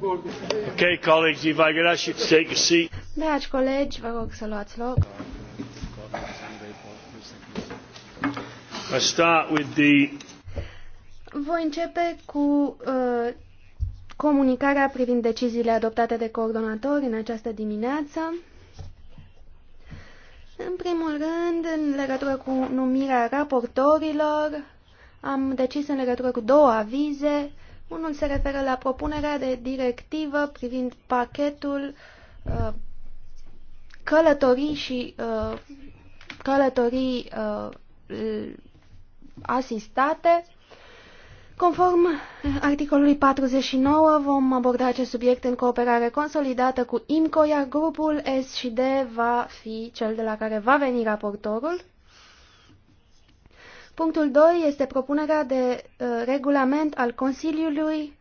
Okay, colleagues, if I could ask you to take a seat. Dragi colegi, vă rog să luați loc. I start with the... Voi începe cu uh, comunicarea privind deciziile adoptate de coordonatori în această dimineață. În primul rând, în legătură cu numirea raportorilor, am decis în legătură cu două avize unul se referă la propunerea de directivă privind pachetul uh, călătorii și uh, călătorii uh, asistate. Conform articolului 49 vom aborda acest subiect în cooperare consolidată cu IMCO, iar grupul S și D va fi cel de la care va veni raportorul. Punctul 2 este propunerea de uh, regulament al Consiliului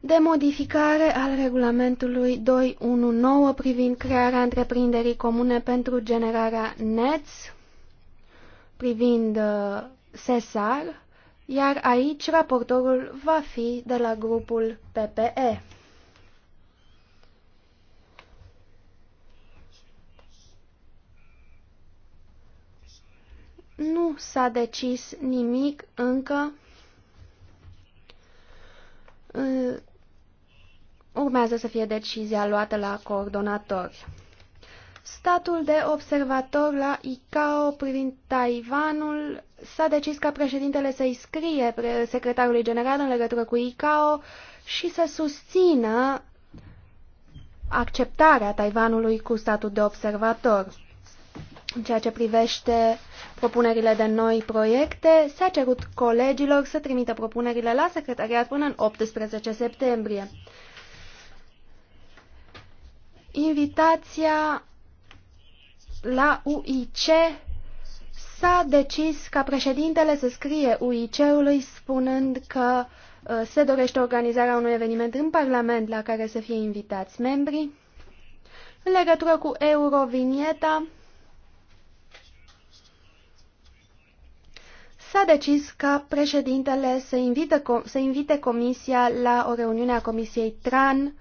de modificare al regulamentului 219 privind crearea întreprinderii comune pentru generarea NETS, privind uh, SESAR, iar aici raportorul va fi de la grupul PPE. nu s-a decis nimic încă. Uh, urmează să fie decizia luată la coordonator. Statul de observator la ICAO privind Taiwanul s-a decis ca președintele să-i scrie secretarului general în legătură cu ICAO și să susțină acceptarea Taiwanului cu statul de observator. În ceea ce privește propunerile de noi proiecte, s-a cerut colegilor să trimită propunerile la secretariat până în 18 septembrie. Invitația la UIC s-a decis ca președintele să scrie UIC-ului spunând că uh, se dorește organizarea unui eveniment în Parlament la care să fie invitați membrii. În legătură cu Eurovinieta, s-a decis ca președintele să invite, să invite comisia la o reuniune a comisiei TRAN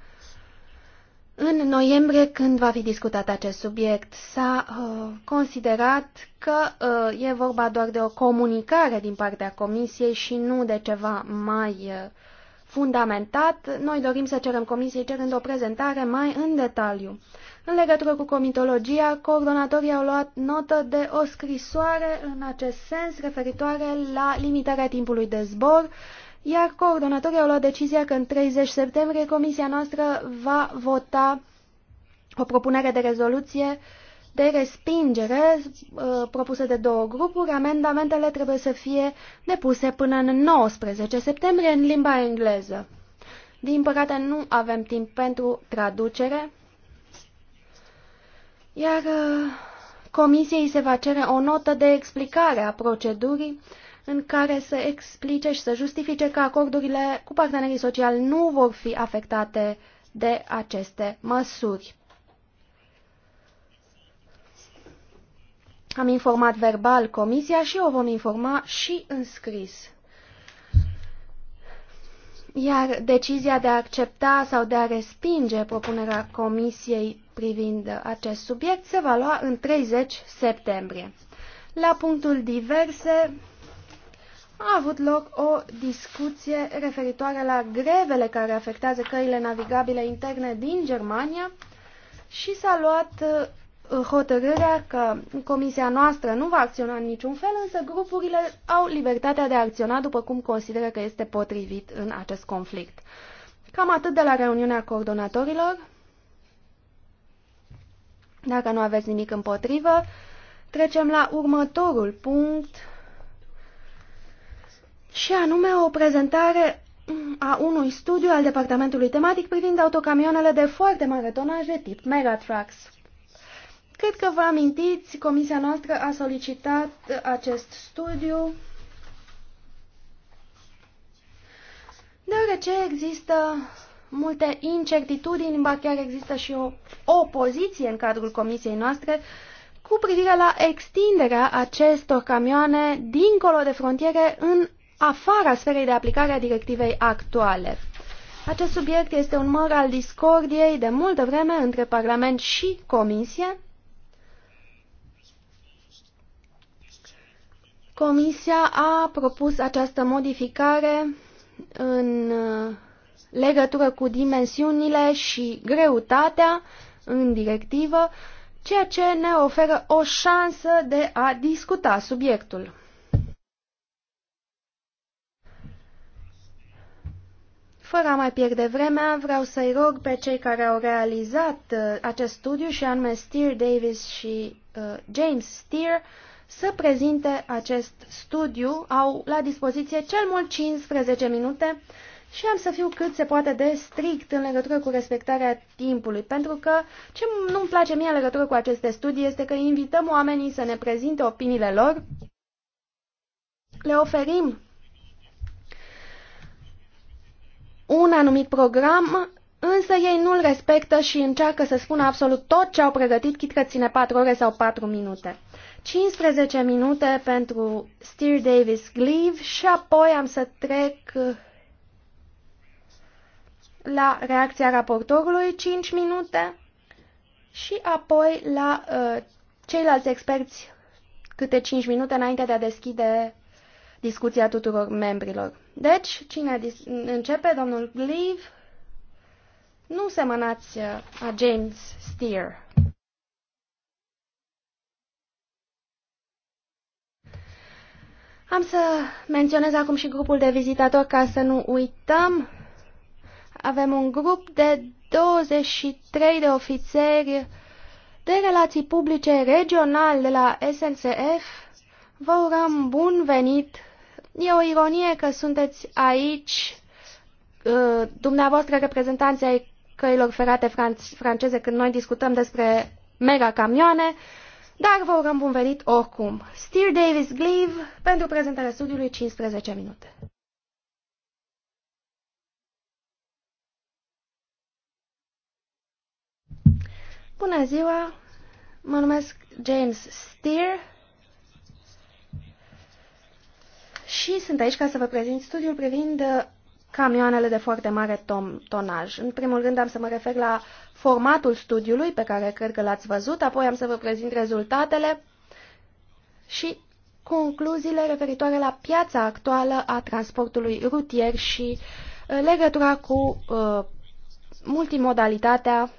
în noiembrie, când va fi discutat acest subiect, s-a uh, considerat că uh, e vorba doar de o comunicare din partea Comisiei și nu de ceva mai uh, fundamentat. Noi dorim să cerem Comisiei cerând o prezentare mai în detaliu. În legătură cu comitologia, coordonatorii au luat notă de o scrisoare în acest sens referitoare la limitarea timpului de zbor, iar coordonatorii au luat decizia că în 30 septembrie comisia noastră va vota o propunere de rezoluție de respingere uh, propusă de două grupuri. Amendamentele trebuie să fie depuse până în 19 septembrie în limba engleză. Din păcate nu avem timp pentru traducere iar uh, Comisiei se va cere o notă de explicare a procedurii în care să explice și să justifice că acordurile cu partenerii sociali nu vor fi afectate de aceste măsuri. Am informat verbal comisia și o vom informa și în scris. Iar decizia de a accepta sau de a respinge propunerea comisiei privind acest subiect se va lua în 30 septembrie. La punctul diverse a avut loc o discuție referitoare la grevele care afectează căile navigabile interne din Germania și s-a luat uh, hotărârea că comisia noastră nu va acționa în niciun fel, însă grupurile au libertatea de a acționa după cum consideră că este potrivit în acest conflict. Cam atât de la reuniunea coordonatorilor. Dacă nu aveți nimic împotrivă, trecem la următorul punct și anume o prezentare a unui studiu al departamentului tematic privind autocamioanele de foarte mare tonaj de tip Megatrucks. Cred că vă amintiți, comisia noastră a solicitat acest studiu deoarece există multe incertitudini, ba chiar există și o opoziție în cadrul comisiei noastre cu privire la extinderea acestor camioane dincolo de frontiere în afara sferei de aplicare a directivei actuale. Acest subiect este un măr al discordiei de multă vreme între Parlament și Comisie. Comisia a propus această modificare în legătură cu dimensiunile și greutatea în directivă, ceea ce ne oferă o șansă de a discuta subiectul. Fără a mai pierde vremea, vreau să-i rog pe cei care au realizat uh, acest studiu, și anume Steer Davis și uh, James Steer, să prezinte acest studiu. Au la dispoziție cel mult 15 minute și am să fiu cât se poate de strict în legătură cu respectarea timpului, pentru că ce nu-mi place mie în legătură cu aceste studii este că invităm oamenii să ne prezinte opiniile lor, le oferim un anumit program, însă ei nu-l respectă și încearcă să spună absolut tot ce au pregătit, chit că ține 4 ore sau 4 minute. 15 minute pentru Steer Davis Gleave și apoi am să trec la reacția raportorului 5 minute și apoi la uh, ceilalți experți câte 5 minute înainte de a deschide discuția tuturor membrilor. Deci, cine începe? Domnul Gleave. Nu semănați uh, a James Steer. Am să menționez acum și grupul de vizitatori ca să nu uităm. Avem un grup de 23 de ofițeri de relații publice regional de la SNCF. Vă urăm bun venit! E o ironie că sunteți aici, uh, dumneavoastră reprezentanții ai căilor ferate franceze, când noi discutăm despre mega camioane, dar vă urăm bun venit oricum. Steer Davis Gleave pentru prezentarea studiului 15 minute. Bună ziua! Mă numesc James Steer și sunt aici ca să vă prezint studiul privind camioanele de foarte mare tonaj. În primul rând am să mă refer la formatul studiului pe care cred că l-ați văzut, apoi am să vă prezint rezultatele și concluziile referitoare la piața actuală a transportului rutier și uh, legătura cu uh, multimodalitatea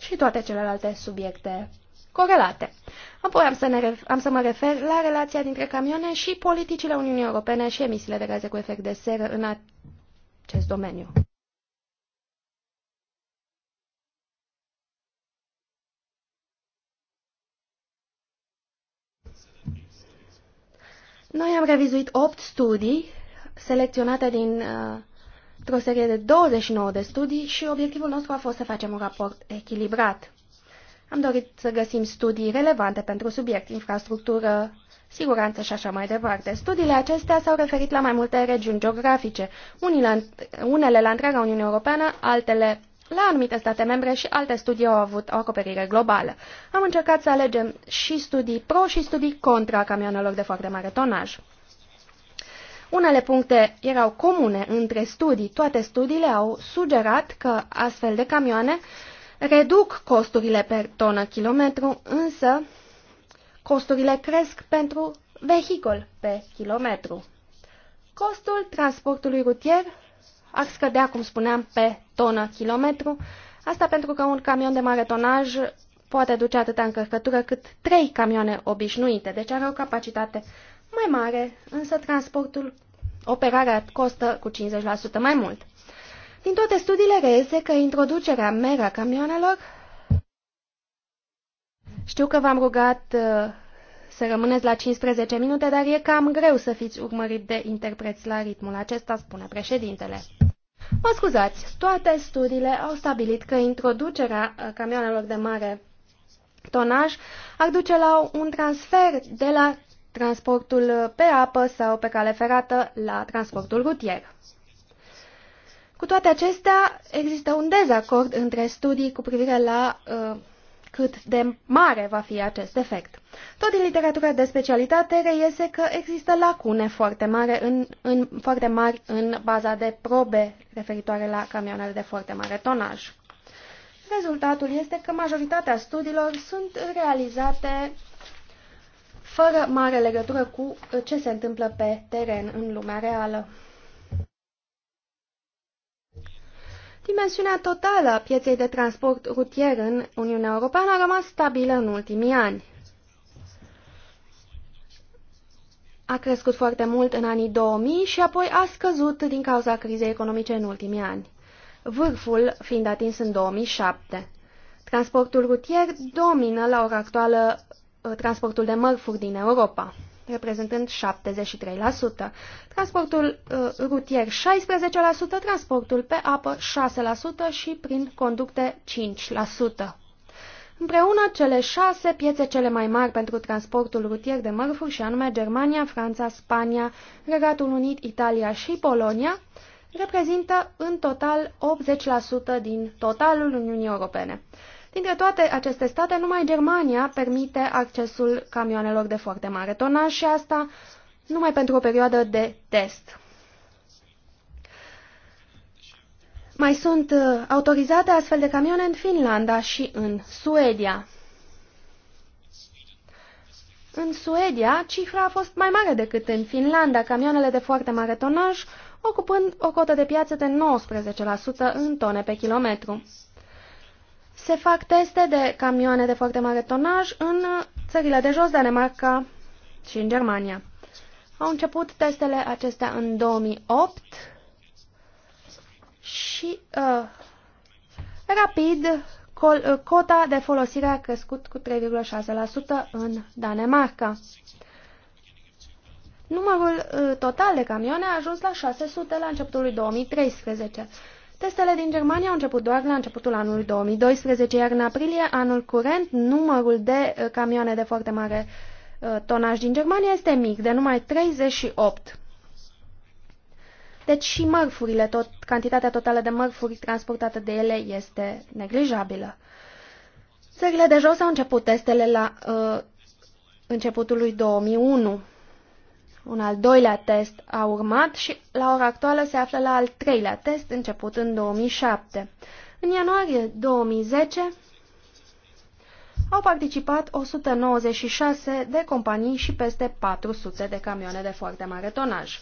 și toate celelalte subiecte corelate. Apoi am să, ne, am să mă refer la relația dintre camioane și politicile Uniunii Europene și emisiile de gaze cu efect de seră în acest domeniu. Noi am revizuit 8 studii selecționate din uh, într-o serie de 29 de studii și obiectivul nostru a fost să facem un raport echilibrat. Am dorit să găsim studii relevante pentru subiect, infrastructură, siguranță și așa mai departe. Studiile acestea s-au referit la mai multe regiuni geografice, unele la întreaga Uniune Europeană, altele la anumite state membre și alte studii au avut o acoperire globală. Am încercat să alegem și studii pro și studii contra camionelor de foarte mare tonaj. Unele puncte erau comune între studii. Toate studiile au sugerat că astfel de camioane reduc costurile per tonă kilometru, însă costurile cresc pentru vehicol pe kilometru. Costul transportului rutier ar scădea, cum spuneam, pe tonă kilometru, asta pentru că un camion de mare tonaj poate duce atâta încărcătură cât trei camioane obișnuite, deci are o capacitate mai mare, însă transportul, operarea costă cu 50% mai mult. Din toate studiile reiese că introducerea mera camioanelor știu că v-am rugat uh, să rămâneți la 15 minute, dar e cam greu să fiți urmărit de interpreți la ritmul acesta, spune președintele. Mă scuzați, toate studiile au stabilit că introducerea uh, camioanelor de mare tonaj ar duce la un transfer de la transportul pe apă sau pe cale ferată la transportul rutier. Cu toate acestea, există un dezacord între studii cu privire la uh, cât de mare va fi acest efect. Tot din literatura de specialitate reiese că există lacune foarte, mare în, în, foarte mari în baza de probe referitoare la camioanele de foarte mare tonaj. Rezultatul este că majoritatea studiilor sunt realizate fără mare legătură cu uh, ce se întâmplă pe teren în lumea reală. Dimensiunea totală a pieței de transport rutier în Uniunea Europeană a rămas stabilă în ultimii ani. A crescut foarte mult în anii 2000 și apoi a scăzut din cauza crizei economice în ultimii ani, vârful fiind atins în 2007. Transportul rutier domină la ora actuală Uh, transportul de mărfuri din Europa, reprezentând 73%, transportul uh, rutier 16%, transportul pe apă 6% și prin conducte 5%. Împreună, cele șase piețe cele mai mari pentru transportul rutier de mărfuri, și anume Germania, Franța, Spania, Regatul Unit, Italia și Polonia, reprezintă în total 80% din totalul Uniunii Europene. Dintre toate aceste state, numai Germania permite accesul camioanelor de foarte mare tonaj și asta numai pentru o perioadă de test. Mai sunt uh, autorizate astfel de camioane în Finlanda și în Suedia. În Suedia, cifra a fost mai mare decât în Finlanda, camioanele de foarte mare tonaj ocupând o cotă de piață de 19% în tone pe kilometru se fac teste de camioane de foarte mare tonaj în țările de jos, Danemarca și în Germania. Au început testele acestea în 2008 și uh, rapid col, uh, cota de folosire a crescut cu 3,6% în Danemarca. Numărul uh, total de camioane a ajuns la 600 la începutul lui 2013. Testele din Germania au început doar la începutul anului 2012, iar în aprilie anul curent numărul de uh, camioane de foarte mare uh, tonaj din Germania este mic, de numai 38. Deci și mărfurile, tot, cantitatea totală de mărfuri transportate de ele este neglijabilă. Țările de jos au început testele la uh, începutul lui 2001. Un al doilea test a urmat și la ora actuală se află la al treilea test, început în 2007. În ianuarie 2010 au participat 196 de companii și peste 400 de camioane de foarte mare tonaj.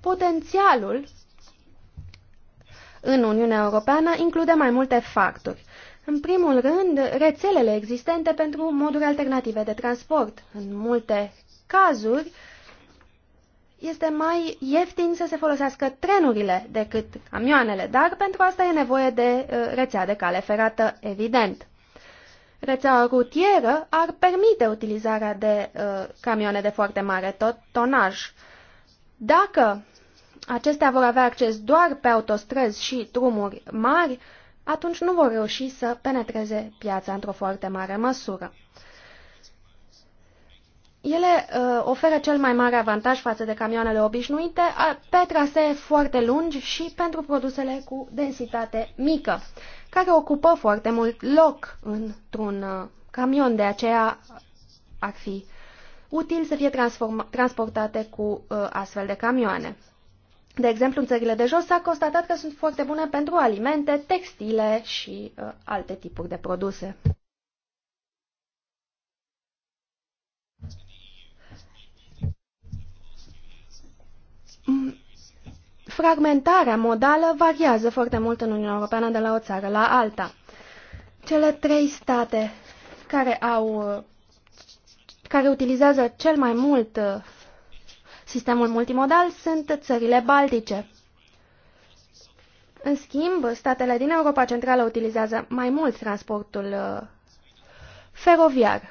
Potențialul în Uniunea Europeană include mai multe factori. În primul rând, rețelele existente pentru moduri alternative de transport. În multe cazuri, este mai ieftin să se folosească trenurile decât camioanele, dar pentru asta e nevoie de uh, rețea de cale ferată, evident. Rețeaua rutieră ar permite utilizarea de uh, camioane de foarte mare tot tonaj. Dacă acestea vor avea acces doar pe autostrăzi și drumuri mari, atunci nu vor reuși să penetreze piața într-o foarte mare măsură. Ele uh, oferă cel mai mare avantaj față de camioanele obișnuite pe trasee foarte lungi și pentru produsele cu densitate mică, care ocupă foarte mult loc într-un uh, camion, de aceea ar fi util să fie transportate cu uh, astfel de camioane. De exemplu, în țările de jos s-a constatat că sunt foarte bune pentru alimente, textile și uh, alte tipuri de produse. Mm, fragmentarea modală variază foarte mult în Uniunea Europeană de la o țară la alta. Cele trei state care au care utilizează cel mai mult uh, sistemul multimodal sunt țările baltice. În schimb, statele din Europa Centrală utilizează mai mult transportul uh, feroviar.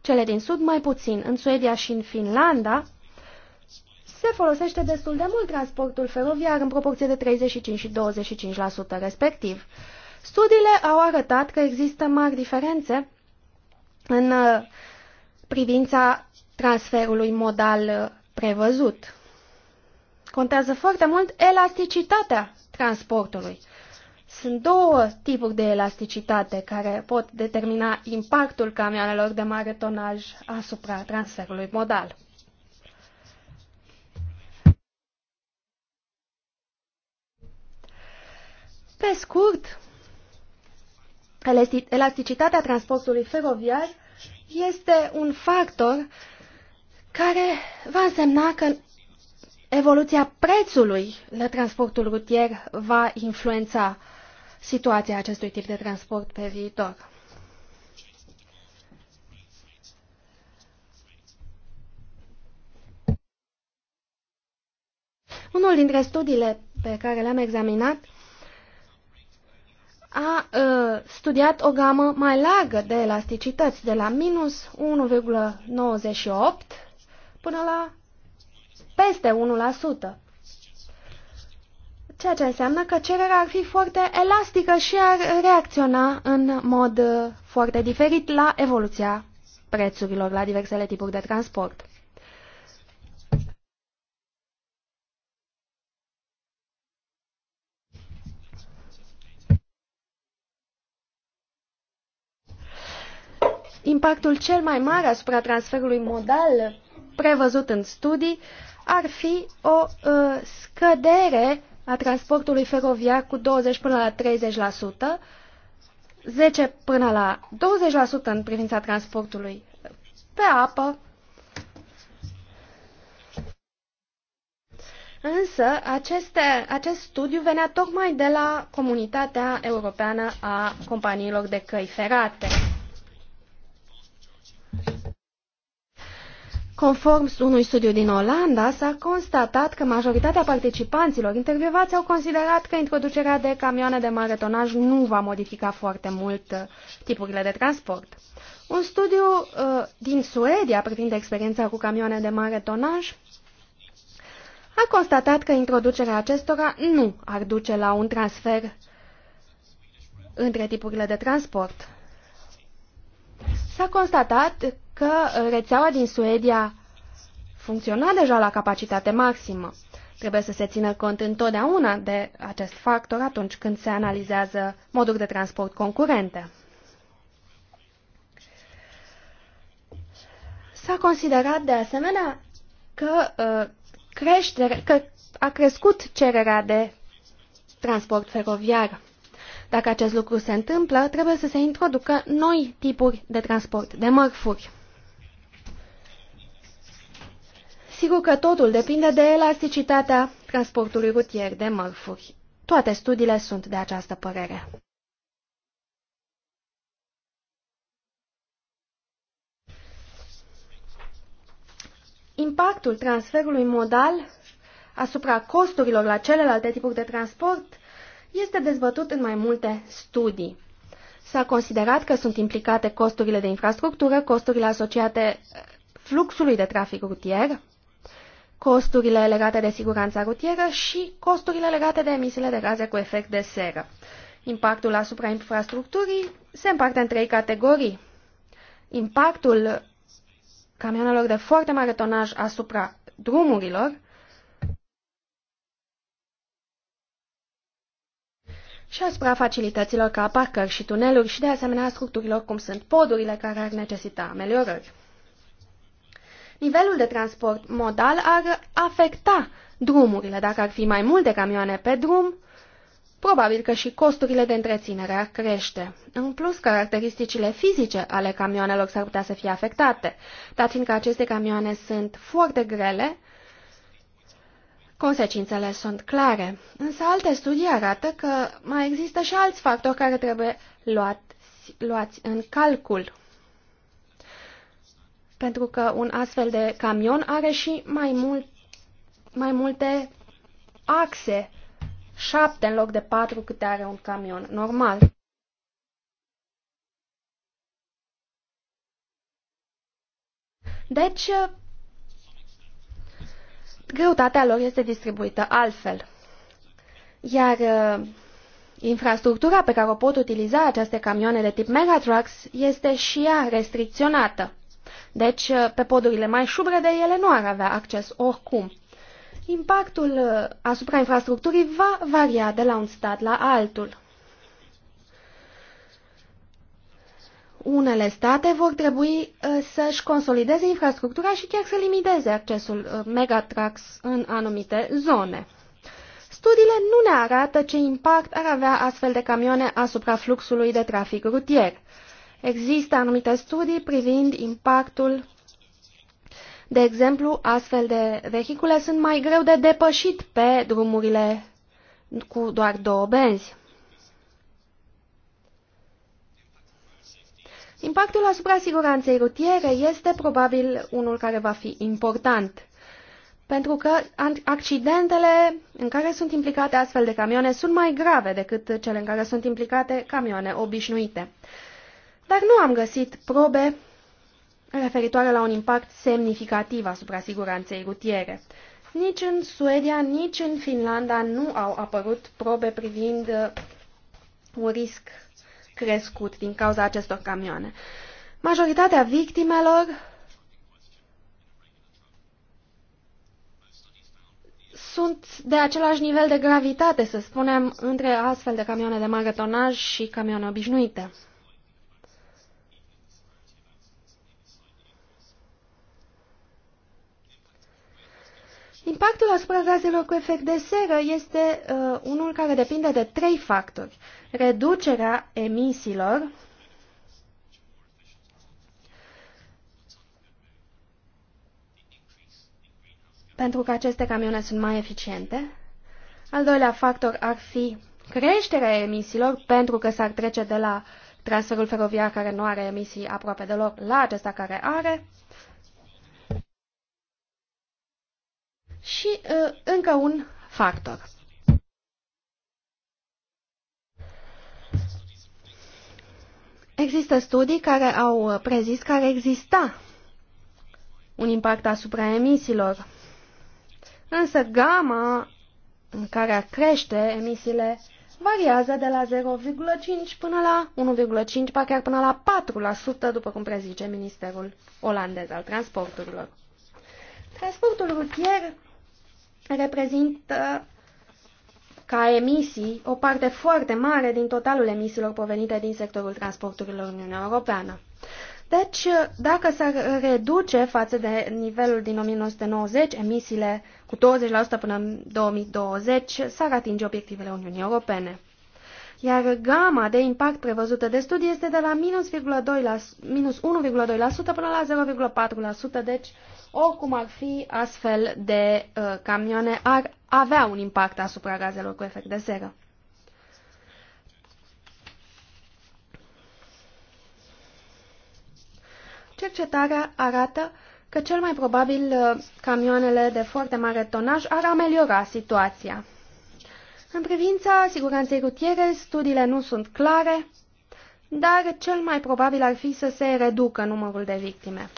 Cele din sud mai puțin. În Suedia și în Finlanda se folosește destul de mult transportul feroviar în proporție de 35 și 25% respectiv. Studiile au arătat că există mari diferențe în uh, privința transferului modal uh, prevăzut. Contează foarte mult elasticitatea transportului. Sunt două tipuri de elasticitate care pot determina impactul camioanelor de mare tonaj asupra transferului modal. Pe scurt, elasticitatea transportului feroviar este un factor care va însemna că evoluția prețului la transportul rutier va influența situația acestui tip de transport pe viitor. Unul dintre studiile pe care le-am examinat a uh, studiat o gamă mai largă de elasticități, de la minus 1,98 până la peste 1%. Ceea ce înseamnă că cererea ar fi foarte elastică și ar reacționa în mod uh, foarte diferit la evoluția prețurilor la diversele tipuri de transport. Impactul cel mai mare asupra transferului modal prevăzut în studii ar fi o uh, scădere a transportului feroviar cu 20 până la 30%, 10 până la 20% în privința transportului pe apă. Însă, aceste, acest studiu venea tocmai de la Comunitatea Europeană a Companiilor de Căi Ferate. Conform unui studiu din Olanda, s-a constatat că majoritatea participanților intervievați au considerat că introducerea de camioane de mare tonaj nu va modifica foarte mult uh, tipurile de transport. Un studiu uh, din Suedia privind experiența cu camioane de mare tonaj a constatat că introducerea acestora nu ar duce la un transfer între tipurile de transport. S-a constatat că uh, rețeaua din Suedia funcționa deja la capacitate maximă. Trebuie să se țină cont întotdeauna de acest factor atunci când se analizează moduri de transport concurente. S-a considerat de asemenea că, uh, creștere, că a crescut cererea de transport feroviar. Dacă acest lucru se întâmplă, trebuie să se introducă noi tipuri de transport de mărfuri. Sigur că totul depinde de elasticitatea transportului rutier de mărfuri. Toate studiile sunt de această părere. Impactul transferului modal asupra costurilor la celelalte tipuri de transport este dezbătut în mai multe studii. S-a considerat că sunt implicate costurile de infrastructură, costurile asociate fluxului de trafic rutier, costurile legate de siguranța rutieră și costurile legate de emisiile de gaze cu efect de seră. Impactul asupra infrastructurii se împarte în trei categorii. Impactul camionelor de foarte mare tonaj asupra drumurilor, și asupra facilităților ca parcări și tuneluri și de asemenea structurilor cum sunt podurile care ar necesita ameliorări nivelul de transport modal ar afecta drumurile. Dacă ar fi mai multe camioane pe drum, probabil că și costurile de întreținere ar crește. În plus, caracteristicile fizice ale camioanelor s-ar putea să fie afectate, dar fiindcă aceste camioane sunt foarte grele, Consecințele sunt clare, însă alte studii arată că mai există și alți factori care trebuie luat, luați în calcul pentru că un astfel de camion are și mai, mult, mai multe axe, șapte în loc de patru câte are un camion normal. Deci, greutatea lor este distribuită altfel. Iar uh, infrastructura pe care o pot utiliza aceste camioane de tip Megatrucks este și ea restricționată. Deci, uh, pe podurile mai șubre de ele nu ar avea acces oricum. Impactul uh, asupra infrastructurii va varia de la un stat la altul. Unele state vor trebui uh, să-și consolideze infrastructura și chiar să limiteze accesul megatrax în anumite zone. Studiile nu ne arată ce impact ar avea astfel de camioane asupra fluxului de trafic rutier. Există anumite studii privind impactul, de exemplu, astfel de vehicule sunt mai greu de depășit pe drumurile cu doar două benzi. Impactul asupra siguranței rutiere este probabil unul care va fi important, pentru că accidentele în care sunt implicate astfel de camioane sunt mai grave decât cele în care sunt implicate camioane obișnuite dar nu am găsit probe referitoare la un impact semnificativ asupra siguranței rutiere. Nici în Suedia, nici în Finlanda nu au apărut probe privind uh, un risc crescut din cauza acestor camioane. Majoritatea victimelor sunt de același nivel de gravitate, să spunem, între astfel de camioane de mare tonaj și camioane obișnuite. Impactul asupra gazelor cu efect de seră este uh, unul care depinde de trei factori. Reducerea emisiilor, pentru că aceste camioane sunt mai eficiente. Al doilea factor ar fi creșterea emisiilor, pentru că s-ar trece de la transferul feroviar care nu are emisii aproape deloc la acesta care are. Și uh, încă un factor. Există studii care au uh, prezis ar exista un impact asupra emisiilor. Însă gama în care crește emisiile variază de la 0,5 până la 1,5, pa chiar până la 4%, după cum prezice Ministerul Olandez al Transporturilor. Transportul rutier reprezintă ca emisii o parte foarte mare din totalul emisiilor provenite din sectorul transporturilor Uniunea Europeană. Deci, dacă s-ar reduce față de nivelul din 1990, emisiile cu 20% până în 2020, s-ar atinge obiectivele Uniunii Europene. Iar gama de impact prevăzută de studii este de la minus, 1,2% până la 0,4%, deci oricum ar fi, astfel de uh, camioane ar avea un impact asupra gazelor cu efect de seră. Cercetarea arată că cel mai probabil uh, camioanele de foarte mare tonaj ar ameliora situația. În privința siguranței rutiere, studiile nu sunt clare, dar cel mai probabil ar fi să se reducă numărul de victime.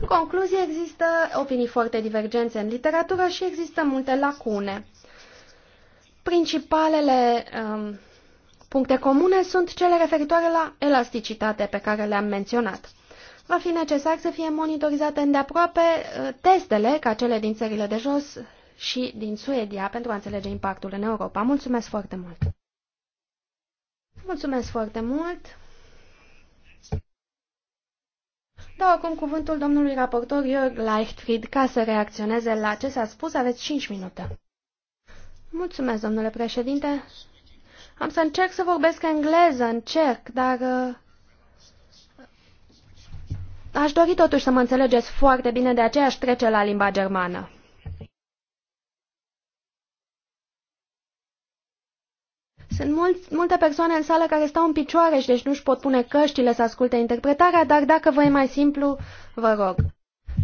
În concluzie, există opinii foarte divergențe în literatură și există multe lacune. Principalele um, puncte comune sunt cele referitoare la elasticitate pe care le-am menționat. Va fi necesar să fie monitorizate îndeaproape uh, testele ca cele din țările de jos și din Suedia pentru a înțelege impactul în Europa. Mulțumesc foarte mult! Mulțumesc foarte mult! Dau acum cuvântul domnului raportor Jörg Leichtfried ca să reacționeze la ce s-a spus. Aveți 5 minute. Mulțumesc, domnule președinte. Am să încerc să vorbesc engleză, încerc, dar... Uh, aș dori totuși să mă înțelegeți foarte bine, de aceea aș trece la limba germană. Sunt mulți, multe persoane în sală care stau în picioare și deci nu-și pot pune căștile să asculte interpretarea, dar dacă vă e mai simplu, vă rog.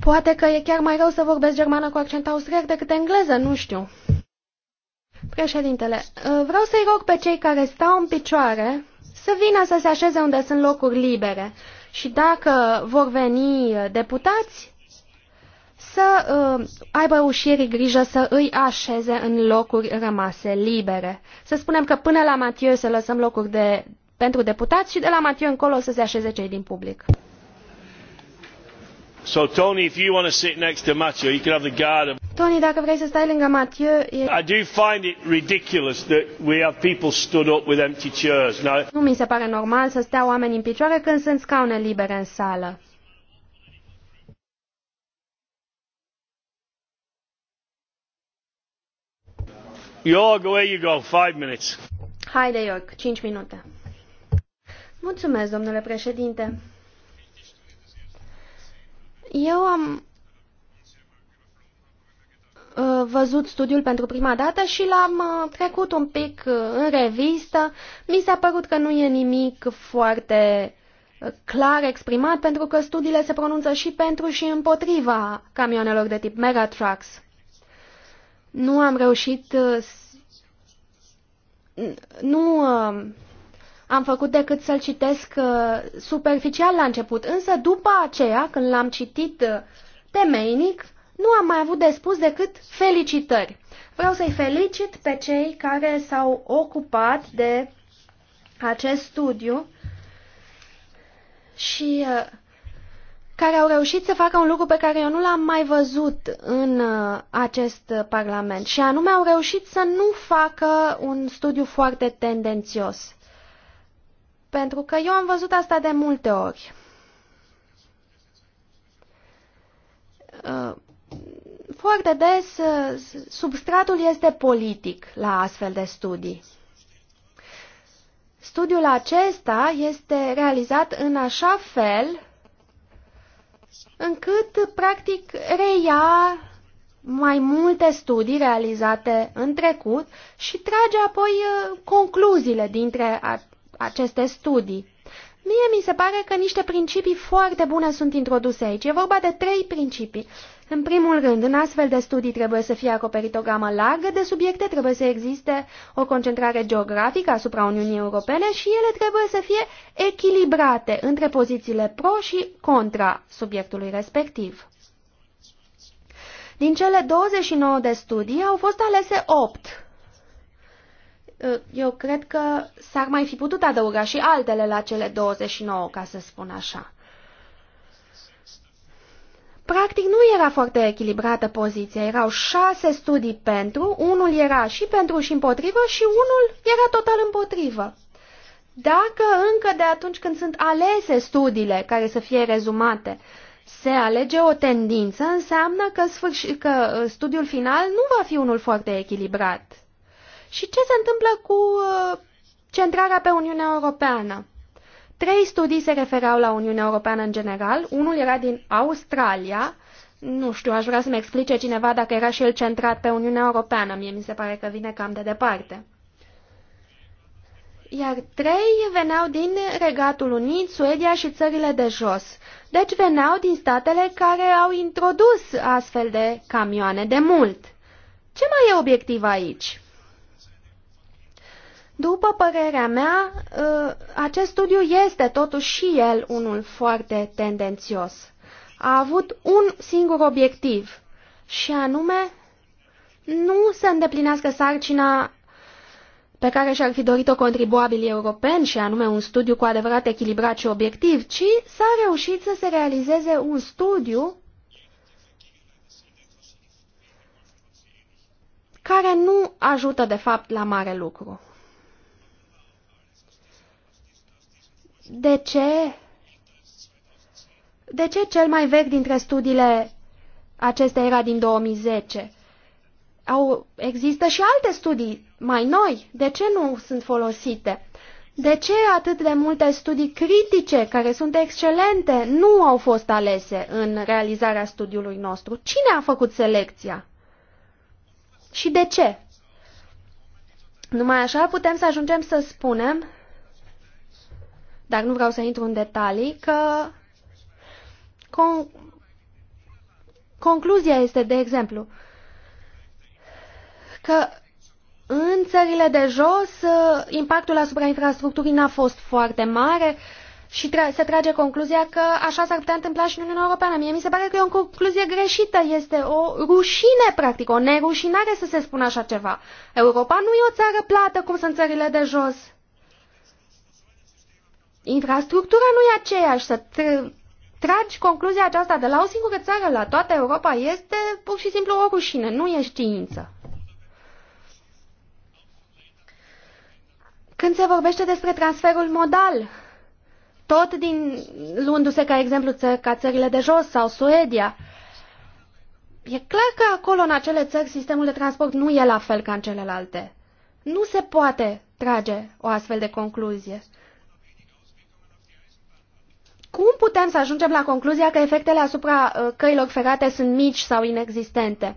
Poate că e chiar mai rău să vorbesc germană cu accent austriac decât engleză, nu știu. Președintele, vreau să-i rog pe cei care stau în picioare să vină să se așeze unde sunt locuri libere. Și dacă vor veni deputați, să uh, aibă ușierii grijă să îi așeze în locuri rămase libere. Să spunem că până la Matiu să lăsăm locuri de, pentru deputați și de la Matiu încolo să se așeze cei din public. So Tony, if you want to sit next to Matthew, you can have the guard of... Tony, dacă vrei să stai lângă Matthew, E... I do find it ridiculous that we have people stood up with empty chairs. Now... Nu mi se pare normal să stea oameni în picioare când sunt scaune libere în sală. Jorg, where you go. Five minutes. Haide, York, cinci minute. Mulțumesc, domnule președinte. Eu am uh, văzut studiul pentru prima dată și l-am uh, trecut un pic uh, în revistă. Mi s-a părut că nu e nimic foarte clar exprimat pentru că studiile se pronunță și pentru și împotriva camionelor de tip megatrucks nu am reușit, uh, nu uh, am făcut decât să-l citesc uh, superficial la început, însă după aceea, când l-am citit temeinic, nu am mai avut de spus decât felicitări. Vreau să-i felicit pe cei care s-au ocupat de acest studiu și care au reușit să facă un lucru pe care eu nu l-am mai văzut în uh, acest Parlament, și anume au reușit să nu facă un studiu foarte tendențios. Pentru că eu am văzut asta de multe ori. Uh, foarte des uh, substratul este politic la astfel de studii. Studiul acesta este realizat în așa fel încât, practic, reia mai multe studii realizate în trecut și trage apoi uh, concluziile dintre aceste studii. Mie mi se pare că niște principii foarte bune sunt introduse aici. E vorba de trei principii. În primul rând, în astfel de studii trebuie să fie acoperit o gamă largă de subiecte, trebuie să existe o concentrare geografică asupra Uniunii Europene și ele trebuie să fie echilibrate între pozițiile pro și contra subiectului respectiv. Din cele 29 de studii au fost alese 8 Uh, eu cred că s-ar mai fi putut adăuga și altele la cele 29, ca să spun așa. Practic nu era foarte echilibrată poziția, erau șase studii pentru, unul era și pentru și împotrivă și unul era total împotrivă. Dacă încă de atunci când sunt alese studiile care să fie rezumate, se alege o tendință, înseamnă că, sfârși, că uh, studiul final nu va fi unul foarte echilibrat. Și ce se întâmplă cu uh, centrarea pe Uniunea Europeană? Trei studii se refereau la Uniunea Europeană în general, unul era din Australia, nu știu, aș vrea să-mi explice cineva dacă era și el centrat pe Uniunea Europeană, mie mi se pare că vine cam de departe. Iar trei veneau din Regatul Unit, Suedia și țările de jos. Deci veneau din statele care au introdus astfel de camioane de mult. Ce mai e obiectiv aici? După părerea mea, ă, acest studiu este totuși și el unul foarte tendențios. A avut un singur obiectiv, și anume nu să îndeplinească sarcina pe care și-ar fi dorit-o contribuabilii europeni, și anume un studiu cu adevărat echilibrat și obiectiv, ci s-a reușit să se realizeze un studiu care nu ajută de fapt la mare lucru. De ce? De ce cel mai vechi dintre studiile acestea era din 2010? Au, există și alte studii mai noi. De ce nu sunt folosite? De ce atât de multe studii critice, care sunt excelente, nu au fost alese în realizarea studiului nostru? Cine a făcut selecția? Și de ce? Numai așa putem să ajungem să spunem dar nu vreau să intru în detalii, că con concluzia este, de exemplu, că în țările de jos uh, impactul asupra infrastructurii n-a fost foarte mare și tra se trage concluzia că așa s-ar putea întâmpla și în Uniunea Europeană. Mie mi se pare că e o concluzie greșită, este o rușine, practic, o nerușinare să se spună așa ceva. Europa nu e o țară plată cum sunt țările de jos infrastructura nu e aceeași. Să tr- tragi concluzia aceasta de la o singură țară la toată Europa este pur și simplu o rușine, nu e știință. Când se vorbește despre transferul modal, tot din luându-se ca exemplu ca țările de jos sau Suedia, e clar că acolo, în acele țări, sistemul de transport nu e la fel ca în celelalte. Nu se poate trage o astfel de concluzie cum putem să ajungem la concluzia că efectele asupra uh, căilor ferate sunt mici sau inexistente?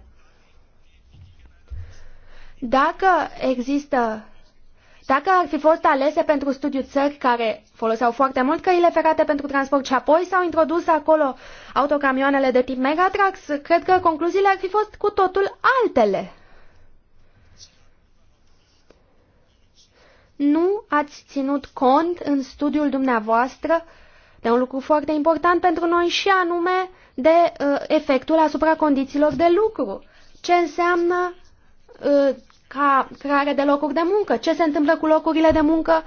Dacă există dacă ar fi fost alese pentru studiu țări care foloseau foarte mult căile ferate pentru transport și apoi s-au introdus acolo autocamioanele de tip Megatrax, cred că concluziile ar fi fost cu totul altele. Nu ați ținut cont în studiul dumneavoastră de un lucru foarte important pentru noi și anume de uh, efectul asupra condițiilor de lucru. Ce înseamnă uh, ca creare de locuri de muncă? Ce se întâmplă cu locurile de muncă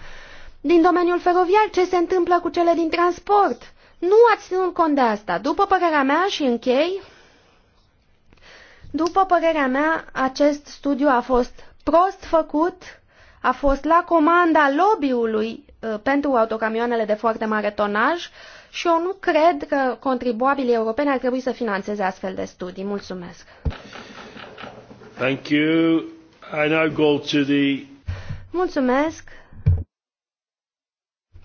din domeniul feroviar? Ce se întâmplă cu cele din transport? Nu ați ținut cont de asta. După părerea mea și închei, după părerea mea, acest studiu a fost prost făcut, a fost la comanda lobby-ului Uh, pentru autocamioanele de foarte mare tonaj și eu nu cred că contribuabilii europeni ar trebui să financeze astfel de studii. Mulțumesc. Thank you. I now go to the... Mulțumesc.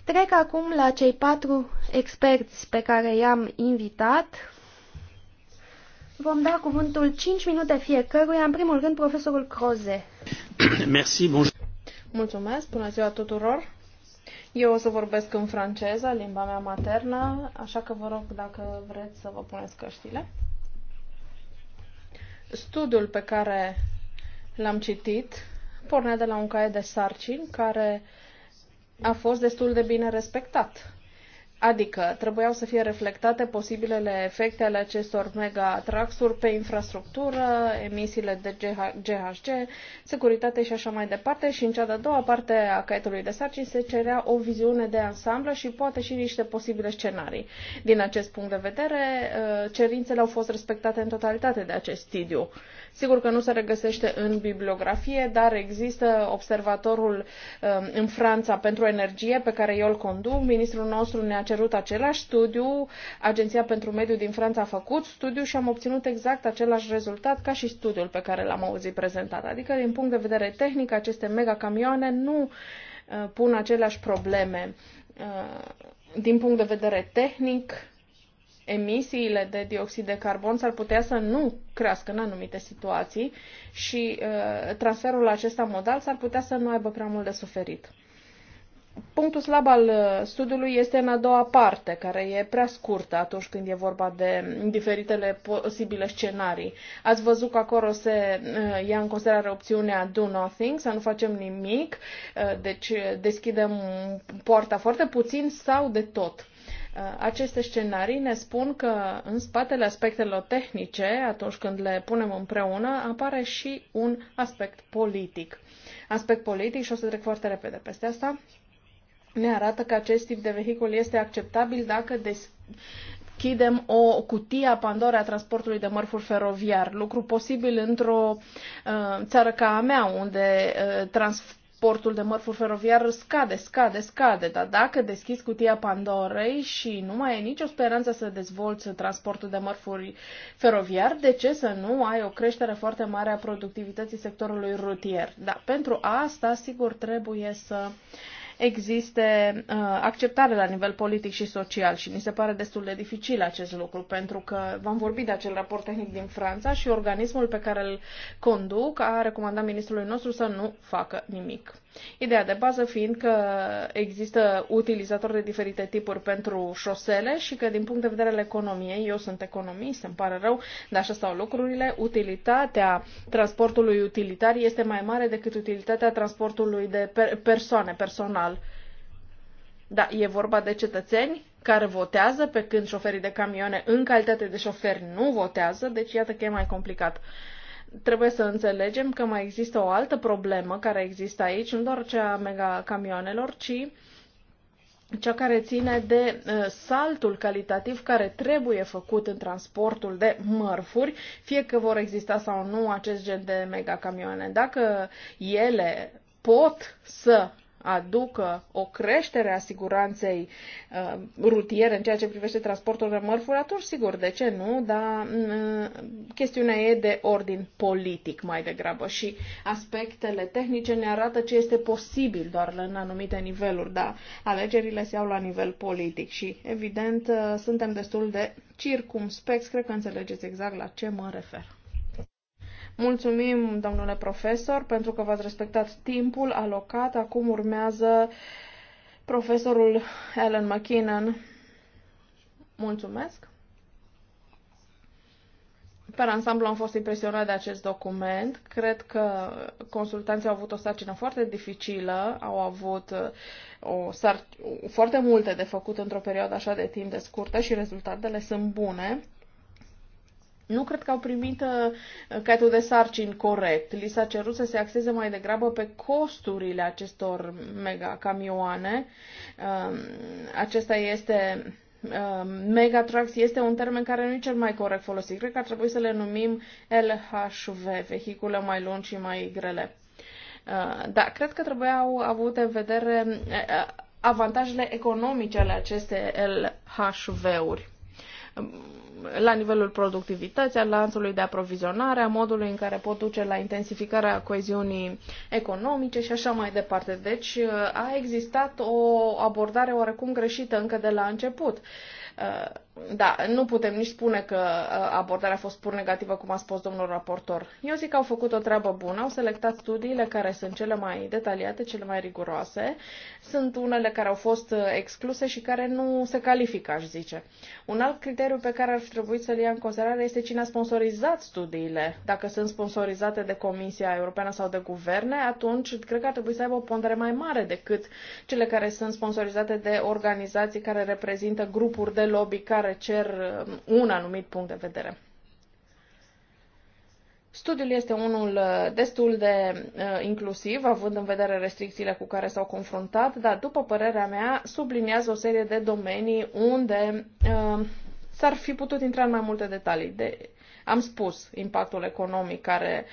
Trec acum la cei patru experți pe care i-am invitat. Vom da cuvântul 5 minute fiecăruia, în primul rând profesorul Croze. Merci, bonjour. Mulțumesc, bună ziua tuturor. Eu o să vorbesc în franceză, limba mea maternă, așa că vă rog dacă vreți să vă puneți căștile. Studiul pe care l-am citit pornea de la un caiet de sarcini care a fost destul de bine respectat Adică trebuiau să fie reflectate posibilele efecte ale acestor mega pe infrastructură, emisiile de GHG, securitate și așa mai departe. Și în cea de-a doua parte a caietului de sarcini se cerea o viziune de ansamblu și poate și niște posibile scenarii. Din acest punct de vedere, uh, cerințele au fost respectate în totalitate de acest studiu. Sigur că nu se regăsește în bibliografie, dar există observatorul um, în Franța pentru energie pe care eu îl conduc. Ministrul nostru ne-a cerut același studiu, Agenția pentru Mediu din Franța a făcut studiu și am obținut exact același rezultat ca și studiul pe care l-am auzit prezentat. Adică, din punct de vedere tehnic, aceste mega camioane nu uh, pun aceleași probleme uh, din punct de vedere tehnic emisiile de dioxid de carbon s-ar putea să nu crească în anumite situații și uh, transferul acesta modal s-ar putea să nu aibă prea mult de suferit. Punctul slab al uh, studiului este în a doua parte, care e prea scurtă atunci când e vorba de diferitele posibile scenarii. Ați văzut că acolo se uh, ia în considerare opțiunea do nothing, să nu facem nimic, uh, deci deschidem poarta foarte puțin sau de tot. Aceste scenarii ne spun că în spatele aspectelor tehnice, atunci când le punem împreună, apare și un aspect politic. Aspect politic, și o să trec foarte repede peste asta, ne arată că acest tip de vehicul este acceptabil dacă deschidem o cutie a Pandora a transportului de mărfuri feroviar, lucru posibil într-o uh, țară ca a mea, unde uh, trans- portul de mărfuri feroviar scade, scade, scade, dar dacă deschizi cutia Pandorei și nu mai e nicio speranță să dezvolți transportul de mărfuri feroviar, de ce să nu ai o creștere foarte mare a productivității sectorului rutier? Da, pentru asta, sigur, trebuie să uh, existe uh, acceptare la nivel politic și social și mi se pare destul de dificil acest lucru pentru că v-am vorbit de acel raport tehnic din Franța și organismul pe care îl conduc a recomandat ministrului nostru să nu facă nimic. Ideea de bază fiind că există utilizatori de diferite tipuri pentru șosele și că din punct de vedere al economiei, eu sunt economist, îmi pare rău, dar așa stau lucrurile, utilitatea transportului utilitar este mai mare decât utilitatea transportului de persoane, personal. Da, e vorba de cetățeni care votează, pe când șoferii de camioane în calitate de șoferi nu votează, deci iată că e mai complicat. Uh, trebuie să înțelegem că mai există o altă problemă care există aici, nu doar cea a megacamioanelor, ci cea care ține de uh, saltul calitativ care trebuie făcut în transportul de mărfuri, fie că vor exista sau nu acest gen de megacamioane. Dacă ele pot să aducă o creștere a siguranței uh, rutiere în ceea ce privește transportul de mărfuri, atunci sigur, de ce nu, dar uh, chestiunea e de ordin politic mai degrabă și aspectele tehnice ne arată ce este posibil doar în anumite niveluri, dar alegerile se iau la nivel politic și evident uh, suntem destul de circumspecți, cred că înțelegeți exact la ce mă refer. Mulțumim, domnule profesor, pentru că v-ați respectat timpul alocat. Acum urmează profesorul Alan McKinnon. Mulțumesc. Pe ansamblu am fost impresionat de acest document. Cred că consultanții au avut o sarcină foarte dificilă, au avut uh, o sar- foarte multe de făcut într-o perioadă așa de timp de scurtă și rezultatele sunt bune nu cred că au primit uh, caietul de sarcini corect. Li s-a cerut să se axeze mai degrabă pe costurile acestor mega camioane. Um, acesta este um, Megatrucks este un termen care nu e cel mai corect folosit. Cred că ar trebui să le numim LHV, vehicule mai lungi și mai grele. Uh, da, cred că trebuiau avut în vedere uh, avantajele economice ale acestei LHV-uri la nivelul productivității, al lanțului de aprovizionare, a modului în care pot duce la intensificarea coeziunii economice și așa mai departe. Deci uh, a existat o abordare oarecum greșită încă de la început uh, da, nu putem nici spune că uh, abordarea a fost pur negativă, cum a spus domnul raportor. Eu zic că au făcut o treabă bună, au selectat studiile care sunt cele mai detaliate, cele mai riguroase. Sunt unele care au fost uh, excluse și care nu se califică, aș zice. Un alt criteriu pe care ar fi trebuit să-l ia în considerare este cine a sponsorizat studiile. Dacă sunt sponsorizate de Comisia Europeană sau de guverne, atunci cred că ar trebui să aibă o pondere mai mare decât cele care sunt sponsorizate de organizații care reprezintă grupuri de lobby care care cer um, un anumit punct de vedere. Studiul este unul uh, destul de uh, inclusiv, având în vedere restricțiile cu care s-au confruntat, dar, după părerea mea, subliniază o serie de domenii unde uh, s-ar fi putut intra în mai multe detalii. De am spus impactul economic care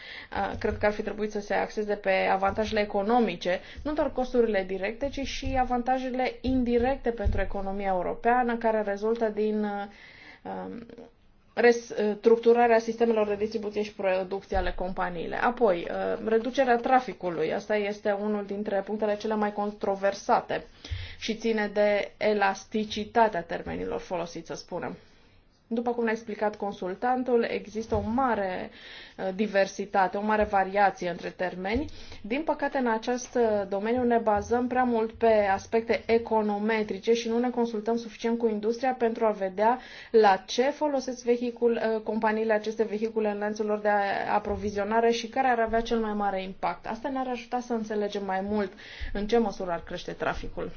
cred că ar fi trebuit să se axeze pe avantajele economice, nu doar costurile directe, ci și avantajele indirecte pentru economia europeană care rezultă din restructurarea sistemelor de distribuție și producție ale companiile. Apoi, reducerea traficului. Asta este unul dintre punctele cele mai controversate și ține de elasticitatea termenilor folosiți, să spunem. După cum ne-a explicat consultantul, există o mare uh, diversitate, o mare variație între termeni. Din păcate, în acest uh, domeniu ne bazăm prea mult pe aspecte econometrice și nu ne consultăm suficient cu industria pentru a vedea la ce folosesc vehicul, uh, companiile aceste vehicule în lanțul lor de aprovizionare și care ar avea cel mai mare impact. Asta ne-ar ajuta să înțelegem mai mult în ce măsură ar crește traficul.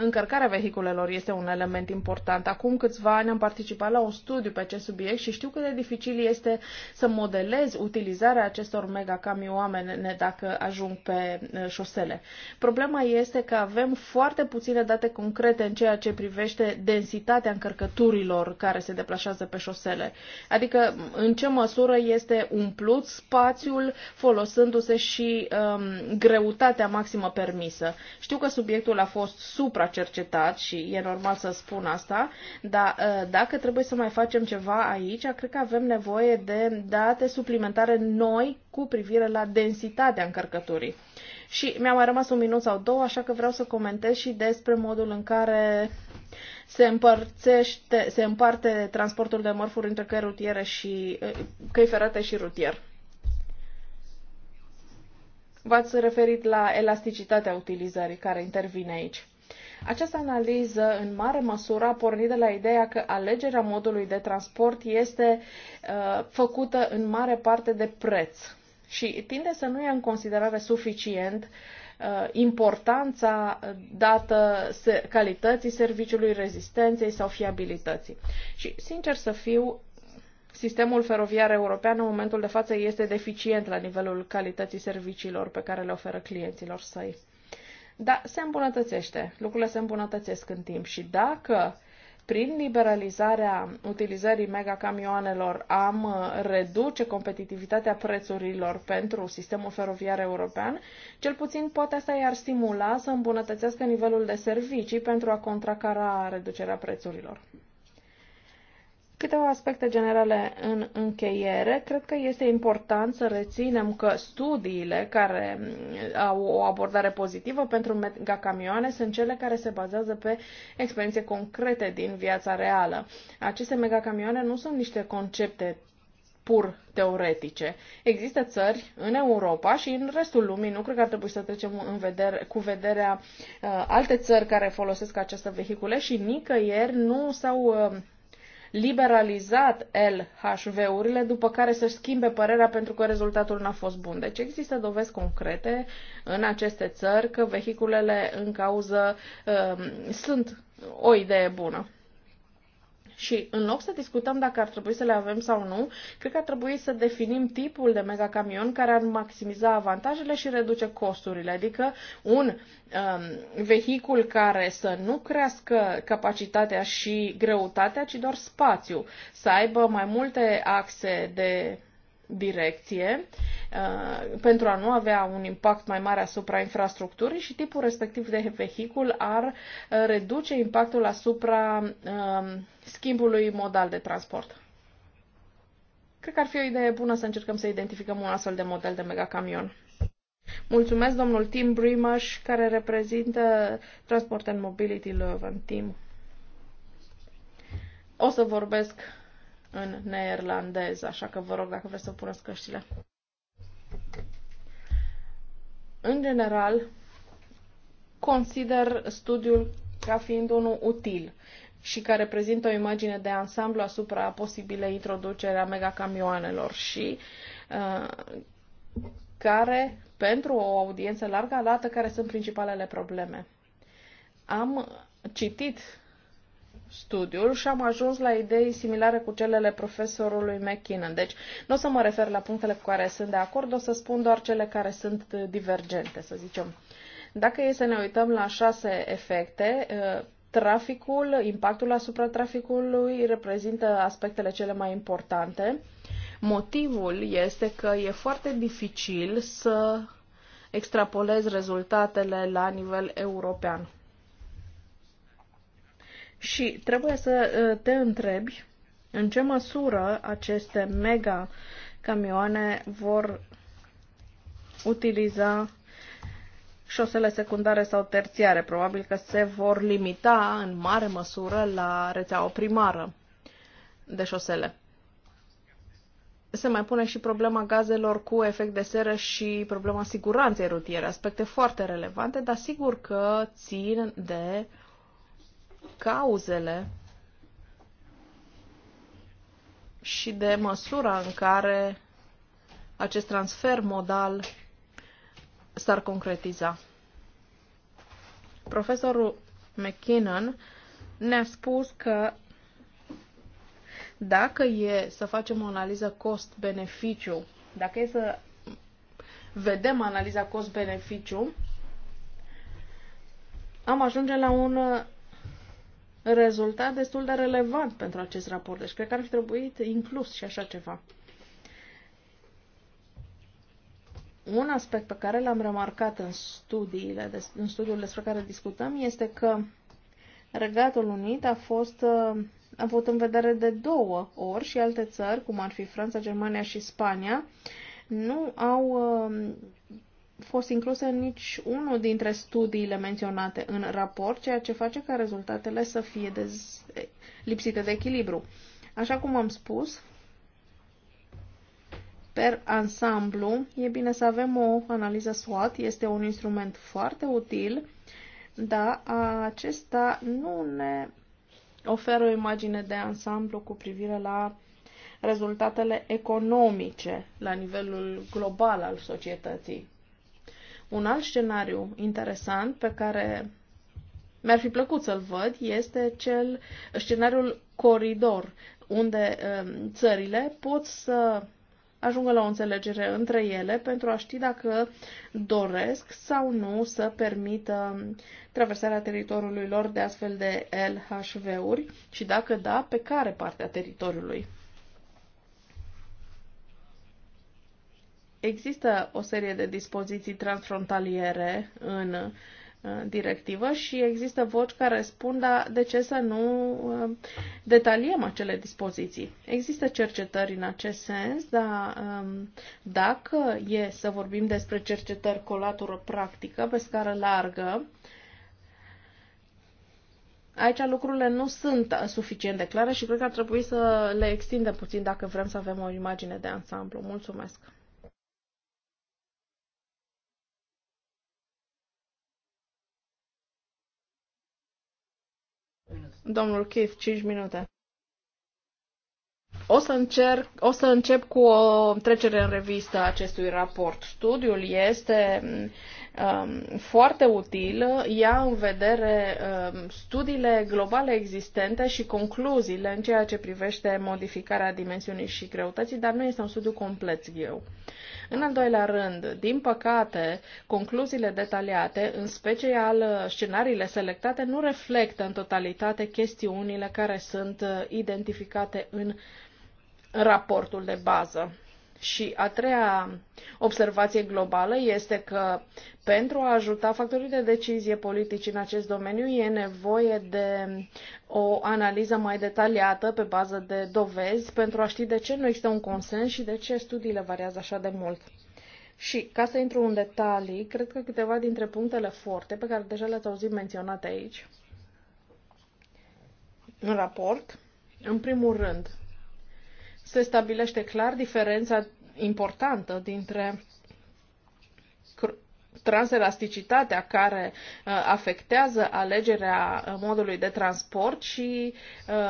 încărcarea vehiculelor este un element important. Acum câțiva ani am participat la un studiu pe acest subiect și știu cât de dificil este să modelez utilizarea acestor megacamioane dacă ajung pe eh, șosele. Problema este că avem foarte puține date concrete în ceea ce privește densitatea încărcăturilor care se deplasează pe șosele. Adică în ce măsură este umplut spațiul folosindu-se și um, greutatea maximă permisă. Știu că subiectul a fost supra cercetat și e normal să spun asta, dar uh, dacă trebuie să mai facem ceva aici, cred că avem nevoie de date suplimentare noi cu privire la densitatea încărcăturii. Și mi-a mai rămas un minut sau două, așa că vreau să comentez și despre modul în care se, împărțește, se împarte transportul de mărfuri între căi rutiere și uh, căi ferate și rutier. V-ați referit la elasticitatea utilizării care intervine aici. Această analiză, în mare măsură, a pornit de la ideea că alegerea modului de transport este uh, făcută în mare parte de preț și tinde să nu ia în considerare suficient uh, importanța dată se, calității serviciului, rezistenței sau fiabilității. Și, sincer să fiu, sistemul feroviar european în momentul de față este deficient la nivelul calității serviciilor pe care le oferă clienților săi. Dar se îmbunătățește, lucrurile se îmbunătățesc în timp și dacă prin liberalizarea utilizării megacamioanelor am uh, reduce competitivitatea prețurilor pentru sistemul feroviar european, cel puțin poate asta i-ar stimula să îmbunătățească nivelul de servicii pentru a contracara reducerea prețurilor. Câteva aspecte generale în încheiere. Cred că este important să reținem că studiile care mm, au o abordare pozitivă pentru megacamioane sunt cele care se bazează pe experiențe concrete din viața reală. Aceste megacamioane nu sunt niște concepte pur teoretice. Există țări în Europa și în restul lumii, nu cred că ar trebui să trecem în vedere, cu vederea uh, alte țări care folosesc această vehicule și nicăieri nu s-au uh, liberalizat LHV-urile, după care să-și schimbe părerea pentru că rezultatul n-a fost bun. Deci există dovezi concrete în aceste țări că vehiculele în cauză uh, sunt o idee bună. Și în loc să discutăm dacă ar trebui să le avem sau nu, cred că ar trebui să definim tipul de megacamion care ar maximiza avantajele și reduce costurile. Adică un um, vehicul care să nu crească capacitatea și greutatea, ci doar spațiu, să aibă mai multe axe de direcție uh, pentru a nu avea un impact mai mare asupra infrastructurii și tipul respectiv de vehicul ar uh, reduce impactul asupra um, schimbului modal de transport. Cred că ar fi o idee bună să încercăm să identificăm un astfel de model de megacamion. Mulțumesc, domnul Tim Brimash, care reprezintă Transport and Mobility and Team. O să vorbesc în neerlandez, așa că vă rog dacă vreți să puneți căștile. În general, consider studiul ca fiind unul util și care prezintă o imagine de ansamblu asupra posibilei introducere a megacamioanelor și uh, care, pentru o audiență largă, arată care sunt principalele probleme. Am citit studiul și am ajuns la idei similare cu celele profesorului McKinnon. Deci nu o să mă refer la punctele cu care sunt de acord, o să spun doar cele care sunt divergente, să zicem. Dacă e să ne uităm la șase efecte, uh, traficul, impactul asupra traficului reprezintă aspectele cele mai importante. Motivul este că e foarte dificil să extrapolez rezultatele la nivel european. Și trebuie să uh, te întrebi în ce măsură aceste mega camioane vor utiliza șosele secundare sau terțiare. Probabil că se vor limita în mare măsură la rețeaua primară de șosele. Se mai pune și problema gazelor cu efect de seră și problema siguranței rutiere, aspecte foarte relevante, dar sigur că țin de uh, cauzele și de măsura în care acest transfer modal s-ar concretiza. Profesorul McKinnon ne-a spus că dacă e să facem o analiză cost-beneficiu, dacă e să vedem analiza cost-beneficiu, am ajunge la un rezultat destul de relevant pentru acest raport. Deci cred că ar fi trebuit inclus și așa ceva. Un aspect pe care l-am remarcat în, studiile, în studiul despre care discutăm este că Regatul Unit a fost uh, a avut în vedere de două ori și alte țări, cum ar fi Franța, Germania și Spania, nu au uh, fost incluse în nici unul dintre studiile menționate în raport, ceea ce face ca rezultatele să fie dez... lipsite de echilibru. Așa cum am spus, per ansamblu, e bine să avem o analiză SWOT, este un instrument foarte util, dar acesta nu ne oferă o imagine de ansamblu cu privire la rezultatele economice la nivelul global al societății. Un alt scenariu interesant pe care mi-ar fi plăcut să-l văd este cel scenariul coridor, unde um, țările pot să ajungă la o înțelegere între ele pentru a ști dacă doresc sau nu să permită traversarea teritoriului lor de astfel de LHV-uri și dacă da, pe care parte a teritoriului. Există o serie de dispoziții transfrontaliere în uh, directivă și există voci care spun, dar de ce să nu uh, detaliem acele dispoziții? Există cercetări în acest sens, dar um, dacă e să vorbim despre cercetări cu o latură practică pe scară largă, aici lucrurile nu sunt suficient de clare și cred că ar trebui să le extindem puțin dacă vrem să avem o imagine de ansamblu. Mulțumesc! Domnul Keith, 5 minute. O să, încerc, o să încep cu o trecere în revistă a acestui raport. Studiul este um, foarte util, ia în vedere um, studiile globale existente și concluziile în ceea ce privește modificarea dimensiunii și greutății, dar nu este un studiu complet eu. În al doilea rând, din păcate, concluziile detaliate, în special uh, scenariile selectate, nu reflectă în totalitate chestiunile care sunt uh, identificate în raportul de bază. Și a treia observație globală este că pentru a ajuta factorii de decizie politici în acest domeniu e nevoie de o analiză mai detaliată pe bază de dovezi pentru a ști de ce nu există un consens și de ce studiile variază așa de mult. Și ca să intru în detalii, cred că câteva dintre punctele forte pe care deja le-ați auzit menționate aici în raport, în primul rând, se stabilește clar diferența importantă dintre transelasticitatea care uh, afectează alegerea uh, modului de transport și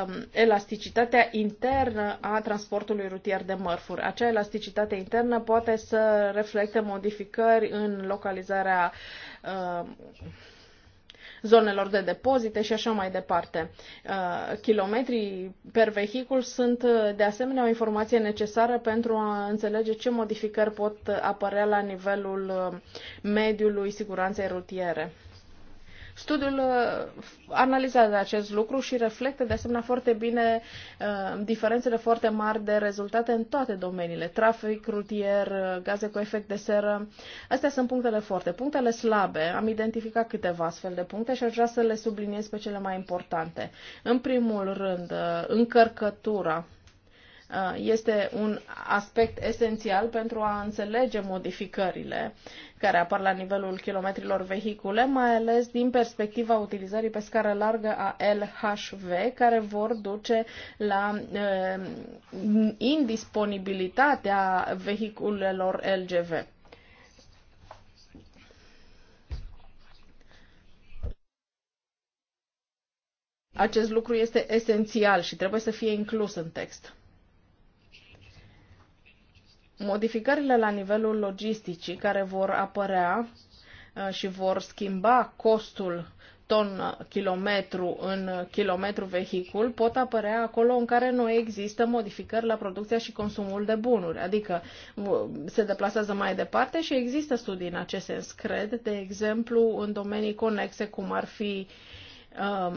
um, elasticitatea internă a transportului rutier de mărfuri. Acea elasticitate internă poate să reflecte modificări în localizarea uh, zonelor de depozite și așa mai departe. Uh, kilometrii per vehicul sunt uh, de asemenea o informație necesară pentru a înțelege ce modificări pot apărea la nivelul uh, mediului siguranței rutiere. Studiul uh, analizează acest lucru și reflectă de asemenea foarte bine uh, diferențele foarte mari de rezultate în toate domeniile, trafic, rutier, uh, gaze cu efect de seră. Astea sunt punctele forte. Punctele slabe, am identificat câteva astfel de puncte și aș vrea să le subliniez pe cele mai importante. În primul rând, încărcătura Uh, este un aspect esențial pentru a înțelege modificările care apar la nivelul kilometrilor vehicule, mai ales din perspectiva utilizării pe scară largă a LHV, care vor duce la uh, indisponibilitatea vehiculelor LGV. Acest lucru este esențial și trebuie să fie inclus în text. Modificările la nivelul logisticii care vor apărea uh, și vor schimba costul ton-kilometru uh, în uh, kilometru-vehicul pot apărea acolo în care nu există modificări la producția și consumul de bunuri, adică se deplasează mai departe și există studii în acest sens, cred, de exemplu, în domenii conexe, cum ar fi um,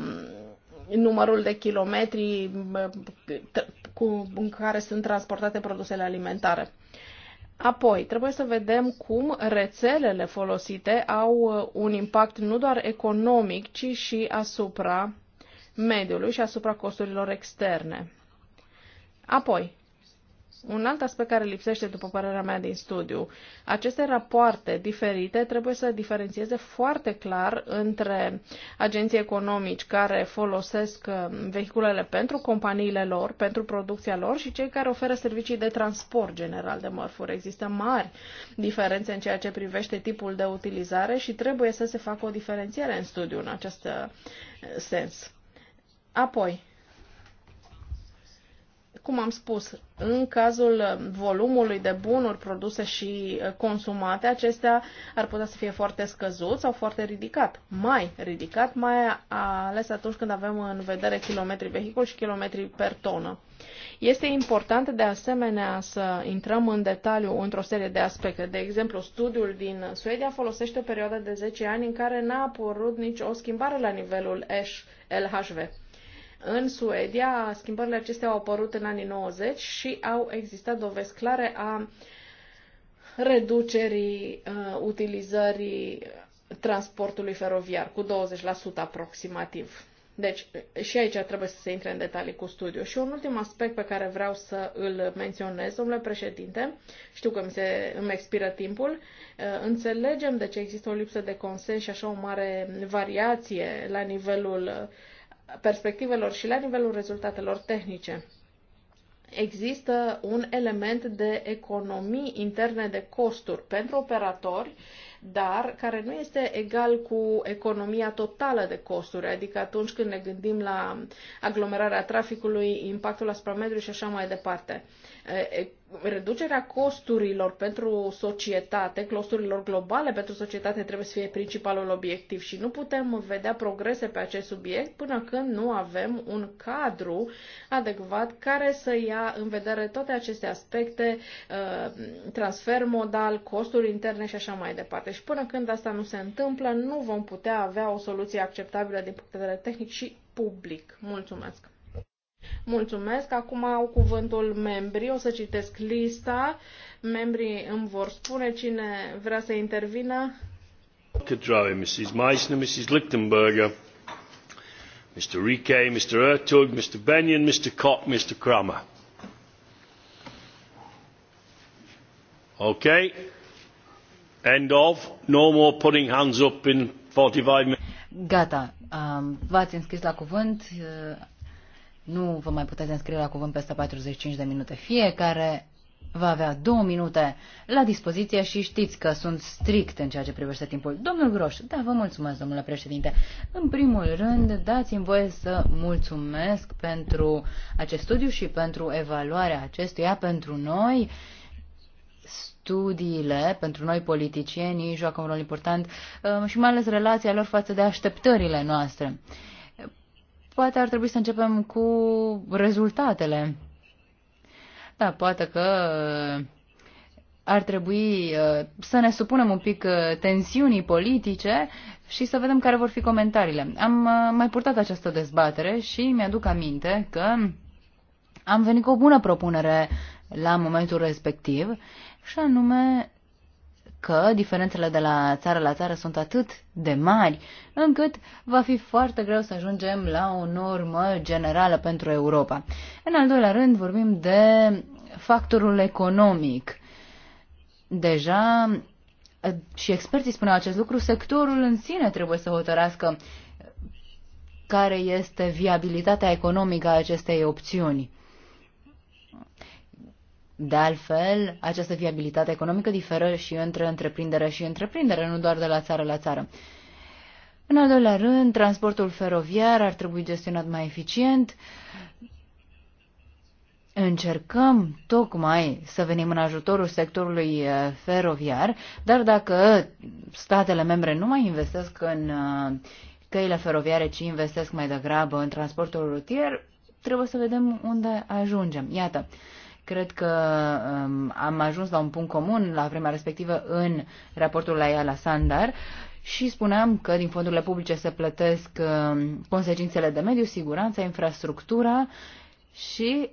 numărul de kilometri cu, în care sunt transportate produsele alimentare. Apoi, trebuie să vedem cum rețelele folosite au uh, un impact nu doar economic, ci și asupra mediului și asupra costurilor externe. Apoi, un alt aspect care lipsește, după părerea mea, din studiu, aceste rapoarte diferite trebuie să diferențieze foarte clar între agenții economici care folosesc uh, vehiculele pentru companiile lor, pentru producția lor și cei care oferă servicii de transport general de mărfuri. Există mari diferențe în ceea ce privește tipul de utilizare și trebuie să se facă o diferențiere în studiu în acest uh, sens. Apoi, cum am spus, în cazul uh, volumului de bunuri produse și uh, consumate, acestea ar putea să fie foarte scăzut sau foarte ridicat, mai ridicat, mai ales atunci când avem în vedere kilometri vehicul și kilometri per tonă. Este important de asemenea să intrăm în detaliu într-o serie de aspecte. De exemplu, studiul din Suedia folosește o perioadă de 10 ani în care n-a apărut nici o schimbare la nivelul LHV. În Suedia, schimbările acestea au apărut în anii 90 și au existat dovezi clare a reducerii uh, utilizării transportului feroviar cu 20% aproximativ. Deci, și aici trebuie să se intre în detalii cu studiu. Și un ultim aspect pe care vreau să îl menționez, domnule președinte, știu că mi se, îmi expiră timpul, uh, înțelegem de ce există o lipsă de consens și așa o mare variație la nivelul uh, perspectivelor și la nivelul rezultatelor tehnice. Există un element de economii interne de costuri pentru operatori, dar care nu este egal cu economia totală de costuri, adică atunci când ne gândim la aglomerarea traficului, impactul asupra mediului și așa mai departe. Uh, reducerea costurilor pentru societate, costurilor globale pentru societate trebuie să fie principalul obiectiv și nu putem vedea progrese pe acest subiect până când nu avem un cadru adecvat care să ia în vedere toate aceste aspecte, transfer modal, costuri interne și așa mai departe. Și până când asta nu se întâmplă, nu vom putea avea o soluție acceptabilă din punct de vedere tehnic și public. Mulțumesc! Mulțumesc. Acum au cuvântul membrii. O să citesc lista. Membrii îmi vor spune cine vrea să intervină. Kadrawi, Mrs. Meissner, Mrs. Lichtenberger, Mr. Rike, Mr. Ertug, Mr. Benyon, Mr. Koch, Mr. Kramer. Ok. End of. No more putting hands up in 45 minutes. Gata. Um, V-ați înscris la cuvânt. Nu vă mai puteți înscrie la cuvânt peste 45 de minute. Fiecare va avea două minute la dispoziție și știți că sunt strict în ceea ce privește timpul. Domnul Groș, da, vă mulțumesc, domnule președinte. În primul rând, dați-mi voie să mulțumesc pentru acest studiu și pentru evaluarea acestuia pentru noi. Studiile pentru noi politicienii joacă un rol important uh, și mai ales relația lor față de așteptările noastre. Poate ar trebui să începem cu rezultatele. Da, poate că ar trebui uh, să ne supunem un pic uh, tensiunii politice și să vedem care vor fi comentariile. Am uh, mai purtat această dezbatere și mi-aduc aminte că am venit cu o bună propunere la momentul respectiv și anume că diferențele de la țară la țară sunt atât de mari, încât va fi foarte greu să ajungem la o normă generală pentru Europa. În al doilea rând, vorbim de factorul economic. Deja eh, și experții spuneau acest lucru, sectorul în sine trebuie să hotărască care este viabilitatea economică a acestei opțiuni. De altfel, această viabilitate economică diferă și între întreprindere și întreprindere, nu doar de la țară la țară. În al doilea rând, transportul feroviar ar trebui gestionat mai eficient. Încercăm tocmai să venim în ajutorul sectorului uh, feroviar, dar dacă statele membre nu mai investesc în uh, căile feroviare, ci investesc mai degrabă în transportul rutier, trebuie să vedem unde ajungem. Iată, Cred că um, am ajuns la un punct comun la vremea respectivă în raportul la ea la Sandar și spuneam că din fondurile publice se plătesc um, consecințele de mediu, siguranța, infrastructura și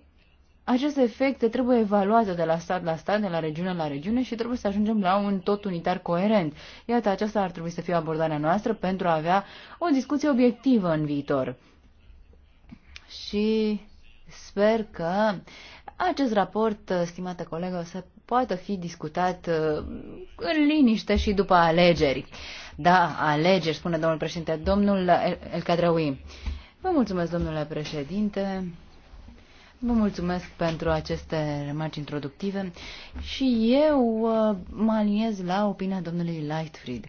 aceste efecte trebuie evaluate de la stat la stat, de la regiune la regiune și trebuie să ajungem la un tot unitar coerent. Iată, aceasta ar trebui să fie abordarea noastră pentru a avea o discuție obiectivă în viitor. Și sper că acest raport, uh, stimată colegă, o să poată fi discutat uh, în liniște și după alegeri. Da, alegeri, spune domnul președinte. Domnul El Cadraui, vă mulțumesc, domnule președinte. Vă mulțumesc pentru aceste remarci introductive și eu uh, mă aliniez la opinia domnului Lightfried.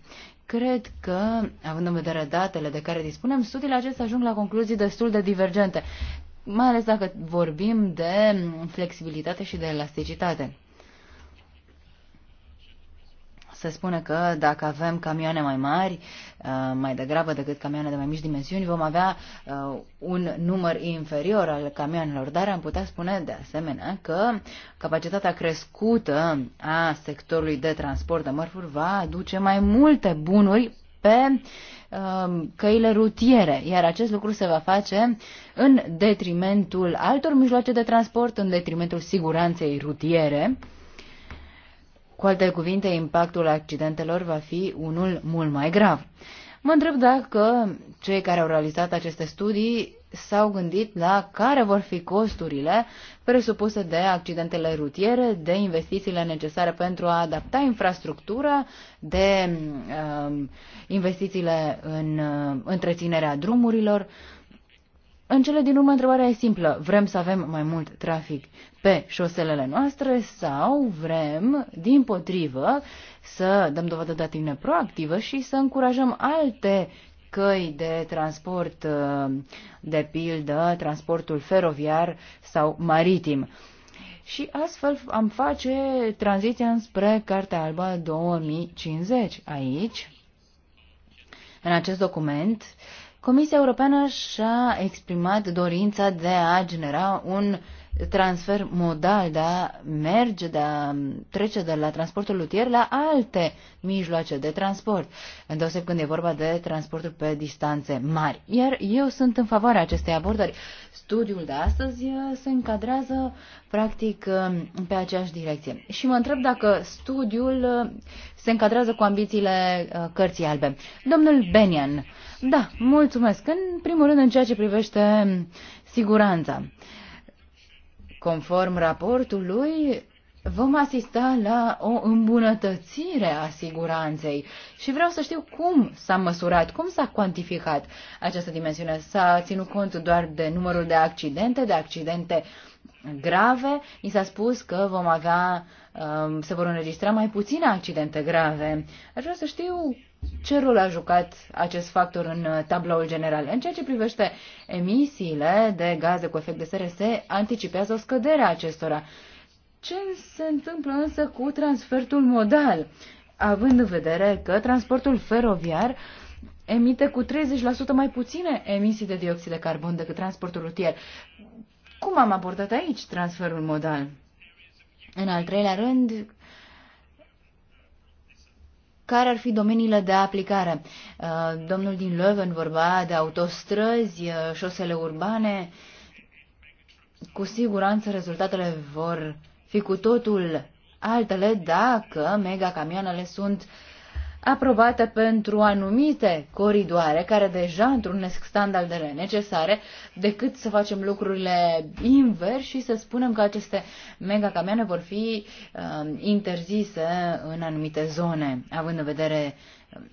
Cred că, având în vedere datele de care dispunem, studiile acestea ajung la concluzii destul de divergente mai ales dacă vorbim de flexibilitate și de elasticitate. Se spune că dacă avem camioane mai mari, uh, mai degrabă decât camioane de mai mici dimensiuni, vom avea uh, un număr inferior al camioanelor, dar am putea spune de asemenea că capacitatea crescută a sectorului de transport de mărfuri va aduce mai multe bunuri pe um, căile rutiere, iar acest lucru se va face în detrimentul altor mijloace de transport, în detrimentul siguranței rutiere. Cu alte cuvinte, impactul accidentelor va fi unul mult mai grav. Mă întreb dacă cei care au realizat aceste studii s-au gândit la care vor fi costurile presupuse de accidentele rutiere, de investițiile necesare pentru a adapta infrastructura, de uh, investițiile în uh, întreținerea drumurilor. În cele din urmă, întrebarea e simplă. Vrem să avem mai mult trafic pe șoselele noastre sau vrem, din potrivă, să dăm dovadă de atitudine proactivă și să încurajăm alte căi de transport, uh, de pildă, transportul feroviar sau maritim. Și astfel am face tranziția spre Cartea Albă 2050. Aici, în acest document, Comisia Europeană și-a exprimat dorința de a genera un uh, transfer modal, da merge, da trece de la transportul lutier la alte mijloace de transport, îndeoseb când e vorba de transportul pe distanțe mari. Iar eu sunt în favoarea acestei abordări. Studiul de astăzi uh, se încadrează practic uh, pe aceeași direcție. Și mă întreb dacă studiul uh, se încadrează cu ambițiile cărții albe. Domnul Benian, da, mulțumesc. În primul rând, în ceea ce privește siguranța. Conform raportului, vom asista la o îmbunătățire a siguranței și vreau să știu cum s-a măsurat, cum s-a cuantificat această dimensiune. S-a ținut cont doar de numărul de accidente, de accidente grave. Mi s-a spus că vom avea, um, se vor înregistra mai puține accidente grave. Aș vrea să știu ce rol a jucat acest factor în uh, tabloul general. În ceea ce privește emisiile de gaze cu efect de seră, se anticipează o scădere a acestora. Ce se întâmplă însă cu transferul modal, având în vedere că transportul feroviar emite cu 30% mai puține emisii de dioxid de carbon decât transportul rutier? Cum am abordat aici transferul modal? În al treilea rând, care ar fi domeniile de aplicare. Uh, domnul din Leuven vorbea de autostrăzi, uh, șosele urbane. Cu siguranță rezultatele vor fi cu totul altele dacă megacamioanele sunt uh, aprobată pentru anumite coridoare care deja întrunesc standardele necesare, decât să facem lucrurile invers și să spunem că aceste megacamioane vor fi uh, interzise în anumite zone, având în vedere um,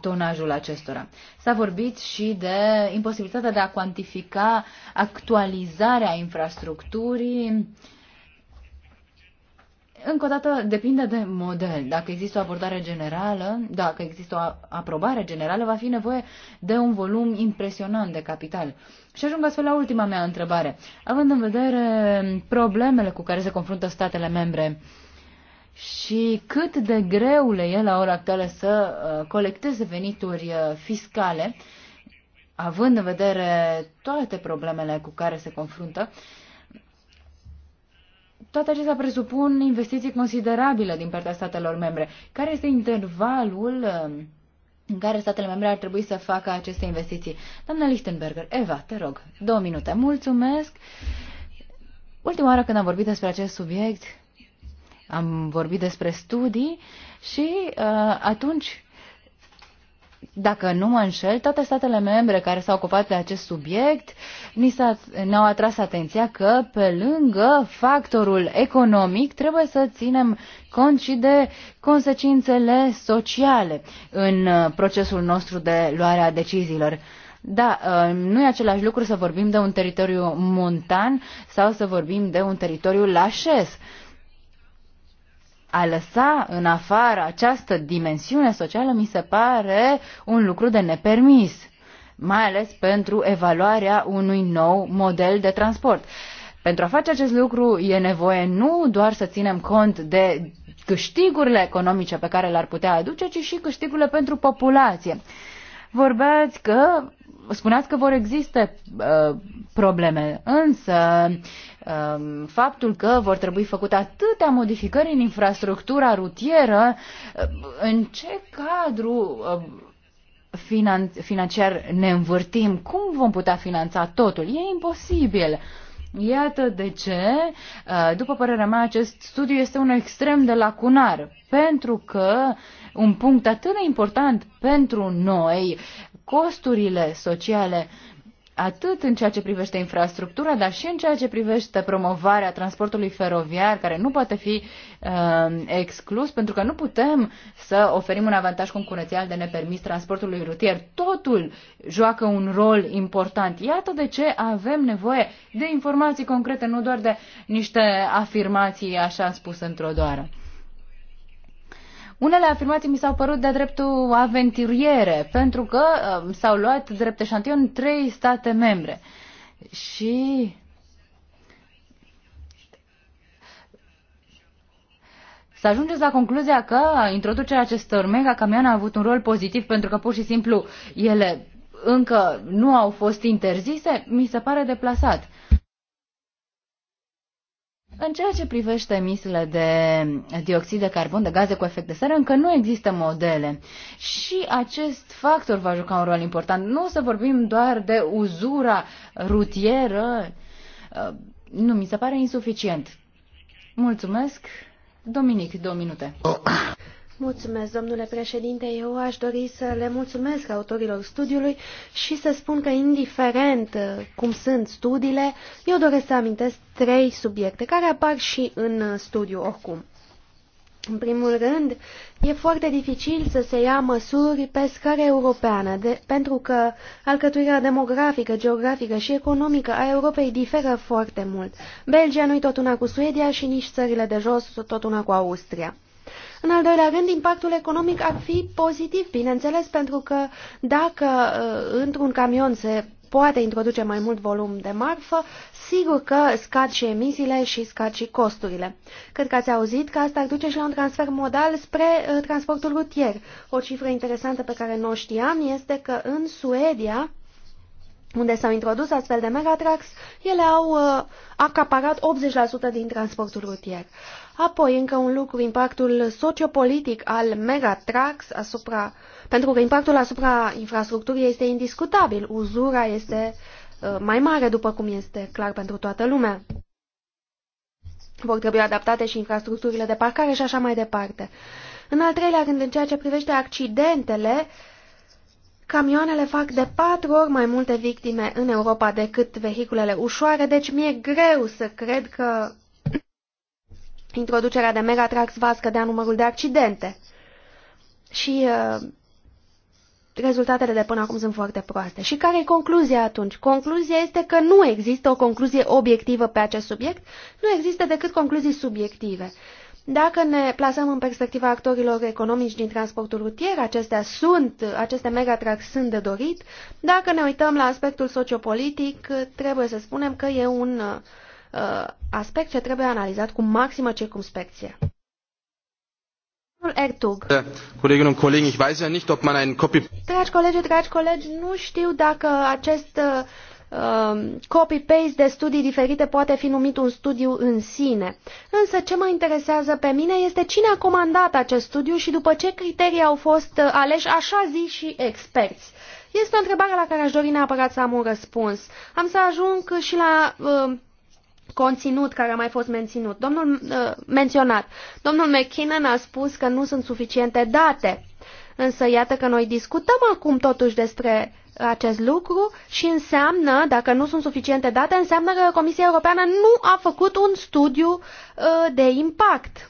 tonajul acestora. S-a vorbit și de imposibilitatea de a cuantifica actualizarea infrastructurii uh, încă o dată, depinde de model. Dacă există o abordare generală, dacă există o aprobare generală, va fi nevoie de un volum impresionant de capital. Și ajung astfel la ultima mea întrebare. Având în vedere problemele cu care se confruntă statele membre și cât de greu le e la ora actuală să uh, colecteze venituri uh, fiscale, având în vedere toate problemele cu care se confruntă, uh, toate acestea presupun investiții considerabile din partea statelor membre. Care este intervalul um, în care statele membre ar trebui să facă aceste investiții? Doamna Lichtenberger, Eva, te rog, două minute. Mulțumesc! Ultima oară când am vorbit despre acest subiect, am vorbit despre studii și uh, atunci dacă nu mă înșel, toate statele membre care s-au ocupat de acest subiect ne-au atras atenția că, pe lângă factorul economic, trebuie să ținem cont și de consecințele sociale în uh, procesul nostru de luare a deciziilor. Da, uh, nu e același lucru să vorbim de un teritoriu montan sau să vorbim de un teritoriu lașes a lăsa în afară această dimensiune socială mi se pare un lucru de nepermis, mai ales pentru evaluarea unui nou model de transport. Pentru a face acest lucru e nevoie nu doar să ținem cont de câștigurile economice pe care le-ar putea aduce, ci și câștigurile pentru populație. Vorbeați că spuneați că vor existe uh, probleme, însă uh, faptul că vor trebui făcute atâtea modificări în infrastructura rutieră, uh, în ce cadru uh, finan- financiar ne învârtim? Cum vom putea finanța totul? E imposibil. Iată de ce, uh, după părerea mea, acest studiu este un extrem de lacunar, pentru că un punct atât de important pentru noi, costurile sociale atât în ceea ce privește infrastructura, dar și în ceea ce privește promovarea transportului feroviar, care nu poate fi uh, exclus, pentru că nu putem să oferim un avantaj concurențial de nepermis transportului rutier. Totul joacă un rol important. Iată de ce avem nevoie de informații concrete, nu doar de niște afirmații așa spuse într-o doară. Unele afirmații mi s-au părut de-a dreptul aventuriere, pentru că um, s-au luat drept eșantion trei state membre. Și să ajungeți la concluzia că introducerea acestor mega camioane a avut un rol pozitiv pentru că pur și simplu ele încă nu au fost interzise, mi se pare deplasat. În ceea ce privește emisiile de dioxid de carbon, de gaze cu efect de seră, încă nu există modele. Și acest factor va juca un rol important. Nu o să vorbim doar de uzura rutieră. Uh, nu, mi se pare insuficient. Mulțumesc. Dominic, două minute. Oh. Mulțumesc, domnule președinte. Eu aș dori să le mulțumesc autorilor studiului și să spun că, indiferent uh, cum sunt studiile, eu doresc să amintesc trei subiecte care apar și în uh, studiu oricum. În primul rând, e foarte dificil să se ia măsuri pe scară europeană, de, pentru că alcătuirea demografică, geografică și economică a Europei diferă foarte mult. Belgia nu-i tot una cu Suedia și nici țările de jos tot una cu Austria. În al doilea rând, impactul economic ar fi pozitiv, bineînțeles, pentru că dacă uh, într-un camion se poate introduce mai mult volum de marfă, sigur că scad și emisiile și scad și costurile. Cred că ați auzit că asta ar duce și la un transfer modal spre uh, transportul rutier. O cifră interesantă pe care nu o știam este că în Suedia, unde s-au introdus astfel de megatrax, ele au uh, acaparat 80% din transportul rutier. Apoi, încă un lucru, impactul sociopolitic al Megatrax asupra, pentru că impactul asupra infrastructurii este indiscutabil. Uzura este uh, mai mare, după cum este clar pentru toată lumea. Vor trebui adaptate și infrastructurile de parcare și așa mai departe. În al treilea rând, în ceea ce privește accidentele, camioanele fac de patru ori mai multe victime în Europa decât vehiculele ușoare, deci mi-e greu să cred că Introducerea de Megatrax va scădea numărul de accidente. Și uh, rezultatele de până acum sunt foarte proaste. Și care e concluzia atunci? Concluzia este că nu există o concluzie obiectivă pe acest subiect, nu există decât concluzii subiective. Dacă ne plasăm în perspectiva actorilor economici din transportul rutier, acestea sunt, aceste megatrax sunt de dorit. Dacă ne uităm la aspectul sociopolitic, trebuie să spunem că e un uh, Uh, aspect ce trebuie analizat cu maximă circumspecție. Äh, dragi colegi, dragi colegi, nu știu dacă acest uh, um, copy-paste de studii diferite poate fi numit un studiu în sine. Însă ce mă interesează pe mine este cine a comandat acest studiu și după ce criterii au fost uh, aleși așa zi și experți. Este o întrebare la care aș dori neapărat să am un răspuns. Am să ajung și la uh, conținut care a mai fost menținut. Domnul, uh, menționat. Domnul McKinnon a spus că nu sunt suficiente date, însă iată că noi discutăm acum totuși despre acest lucru și înseamnă, dacă nu sunt suficiente date, înseamnă că Comisia Europeană nu a făcut un studiu uh, de impact.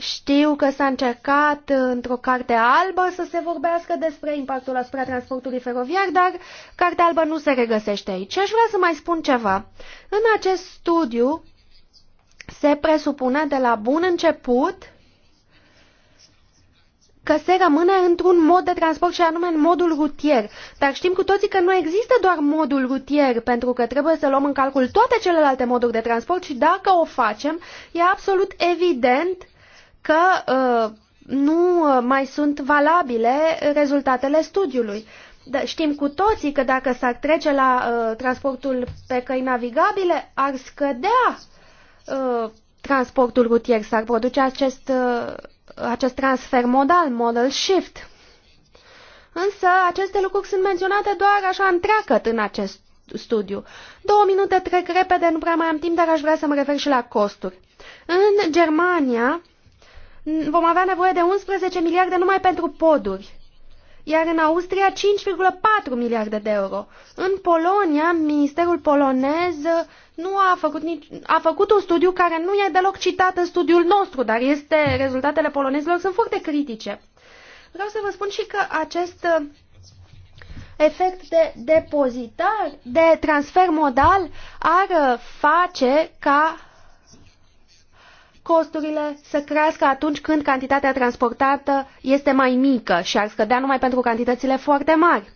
Știu că s-a încercat într-o carte albă să se vorbească despre impactul asupra transportului feroviar, dar cartea albă nu se regăsește aici. Și aș vrea să mai spun ceva. În acest studiu se presupune de la bun început că se rămâne într-un mod de transport și anume în modul rutier. Dar știm cu toții că nu există doar modul rutier, pentru că trebuie să luăm în calcul toate celelalte moduri de transport și dacă o facem, e absolut evident că uh, nu mai sunt valabile rezultatele studiului. Da, știm cu toții că dacă s-ar trece la uh, transportul pe căi navigabile, ar scădea uh, transportul rutier, s-ar produce acest, acest transfer modal, modal shift. Însă aceste lucruri sunt menționate doar așa întreagăt în acest studiu. Două minute trec repede, nu prea mai am timp, dar aș vrea să mă refer și la costuri. În Germania, vom avea nevoie de 11 miliarde numai pentru poduri, iar în Austria 5,4 miliarde de euro. În Polonia, Ministerul polonez nu a făcut, nici, a făcut un studiu care nu e deloc citat în studiul nostru, dar este, rezultatele polonezilor sunt foarte critice. Vreau să vă spun și că acest uh, efect de depozitar, de transfer modal, ar uh, face ca costurile să crească atunci când cantitatea transportată este mai mică și ar scădea numai pentru cantitățile foarte mari.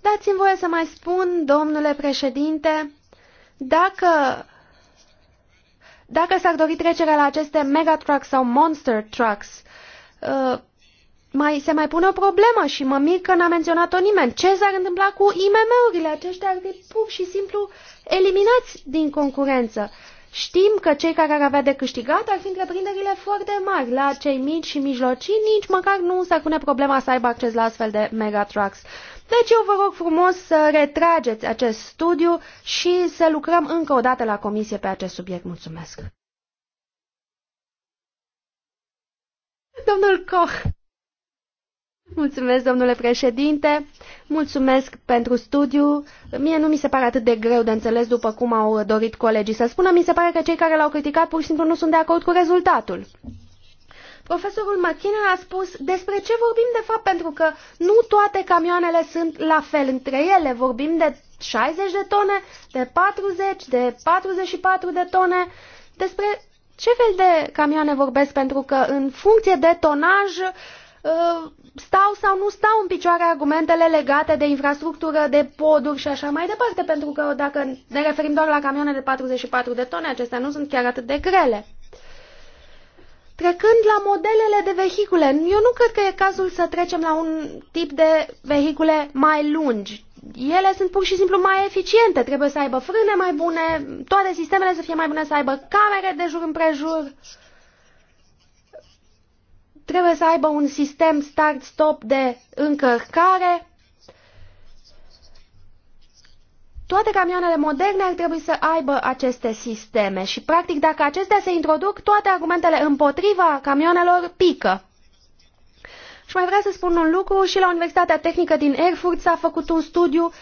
Dați-mi voie să mai spun, domnule președinte, dacă, dacă s-ar dori trecerea la aceste megatrucks sau monster trucks, uh, mai, se mai pune o problemă și mă mir că n-a menționat-o nimeni. Ce s-ar întâmpla cu IMM-urile? Aceștia ar fi pur și simplu eliminați din concurență. Știm că cei care ar avea de câștigat ar fi întreprinderile foarte mari. La cei mici și mijlocii nici măcar nu s-ar pune problema să aibă acces la astfel de megatrucks. Deci eu vă rog frumos să retrageți acest studiu și să lucrăm încă o dată la comisie pe acest subiect. Mulțumesc! Domnul Koch! Mulțumesc, domnule președinte. Mulțumesc pentru studiu. Mie nu mi se pare atât de greu de înțeles după cum au dorit colegii să spună. Mi se pare că cei care l-au criticat pur și simplu nu sunt de acord cu rezultatul. Profesorul McKinnon a spus despre ce vorbim de fapt, pentru că nu toate camioanele sunt la fel între ele. Vorbim de 60 de tone, de 40, de 44 de tone. Despre ce fel de camioane vorbesc? Pentru că în funcție de tonaj ă, stau sau nu stau în picioare argumentele legate de infrastructură, de poduri și așa mai departe, pentru că dacă ne referim doar la camioane de 44 de tone, acestea nu sunt chiar atât de grele. Trecând la modelele de vehicule, eu nu cred că e cazul să trecem la un tip de vehicule mai lungi. Ele sunt pur și simplu mai eficiente, trebuie să aibă frâne mai bune, toate sistemele să fie mai bune, să aibă camere de jur împrejur. Uh, trebuie să aibă un sistem start-stop de încărcare. Toate camioanele moderne ar trebui să aibă aceste sisteme și, practic, dacă acestea se introduc, toate argumentele împotriva camioanelor pică. Și mai vreau să spun un lucru, și la Universitatea Tehnică din Erfurt s-a făcut un studiu uh,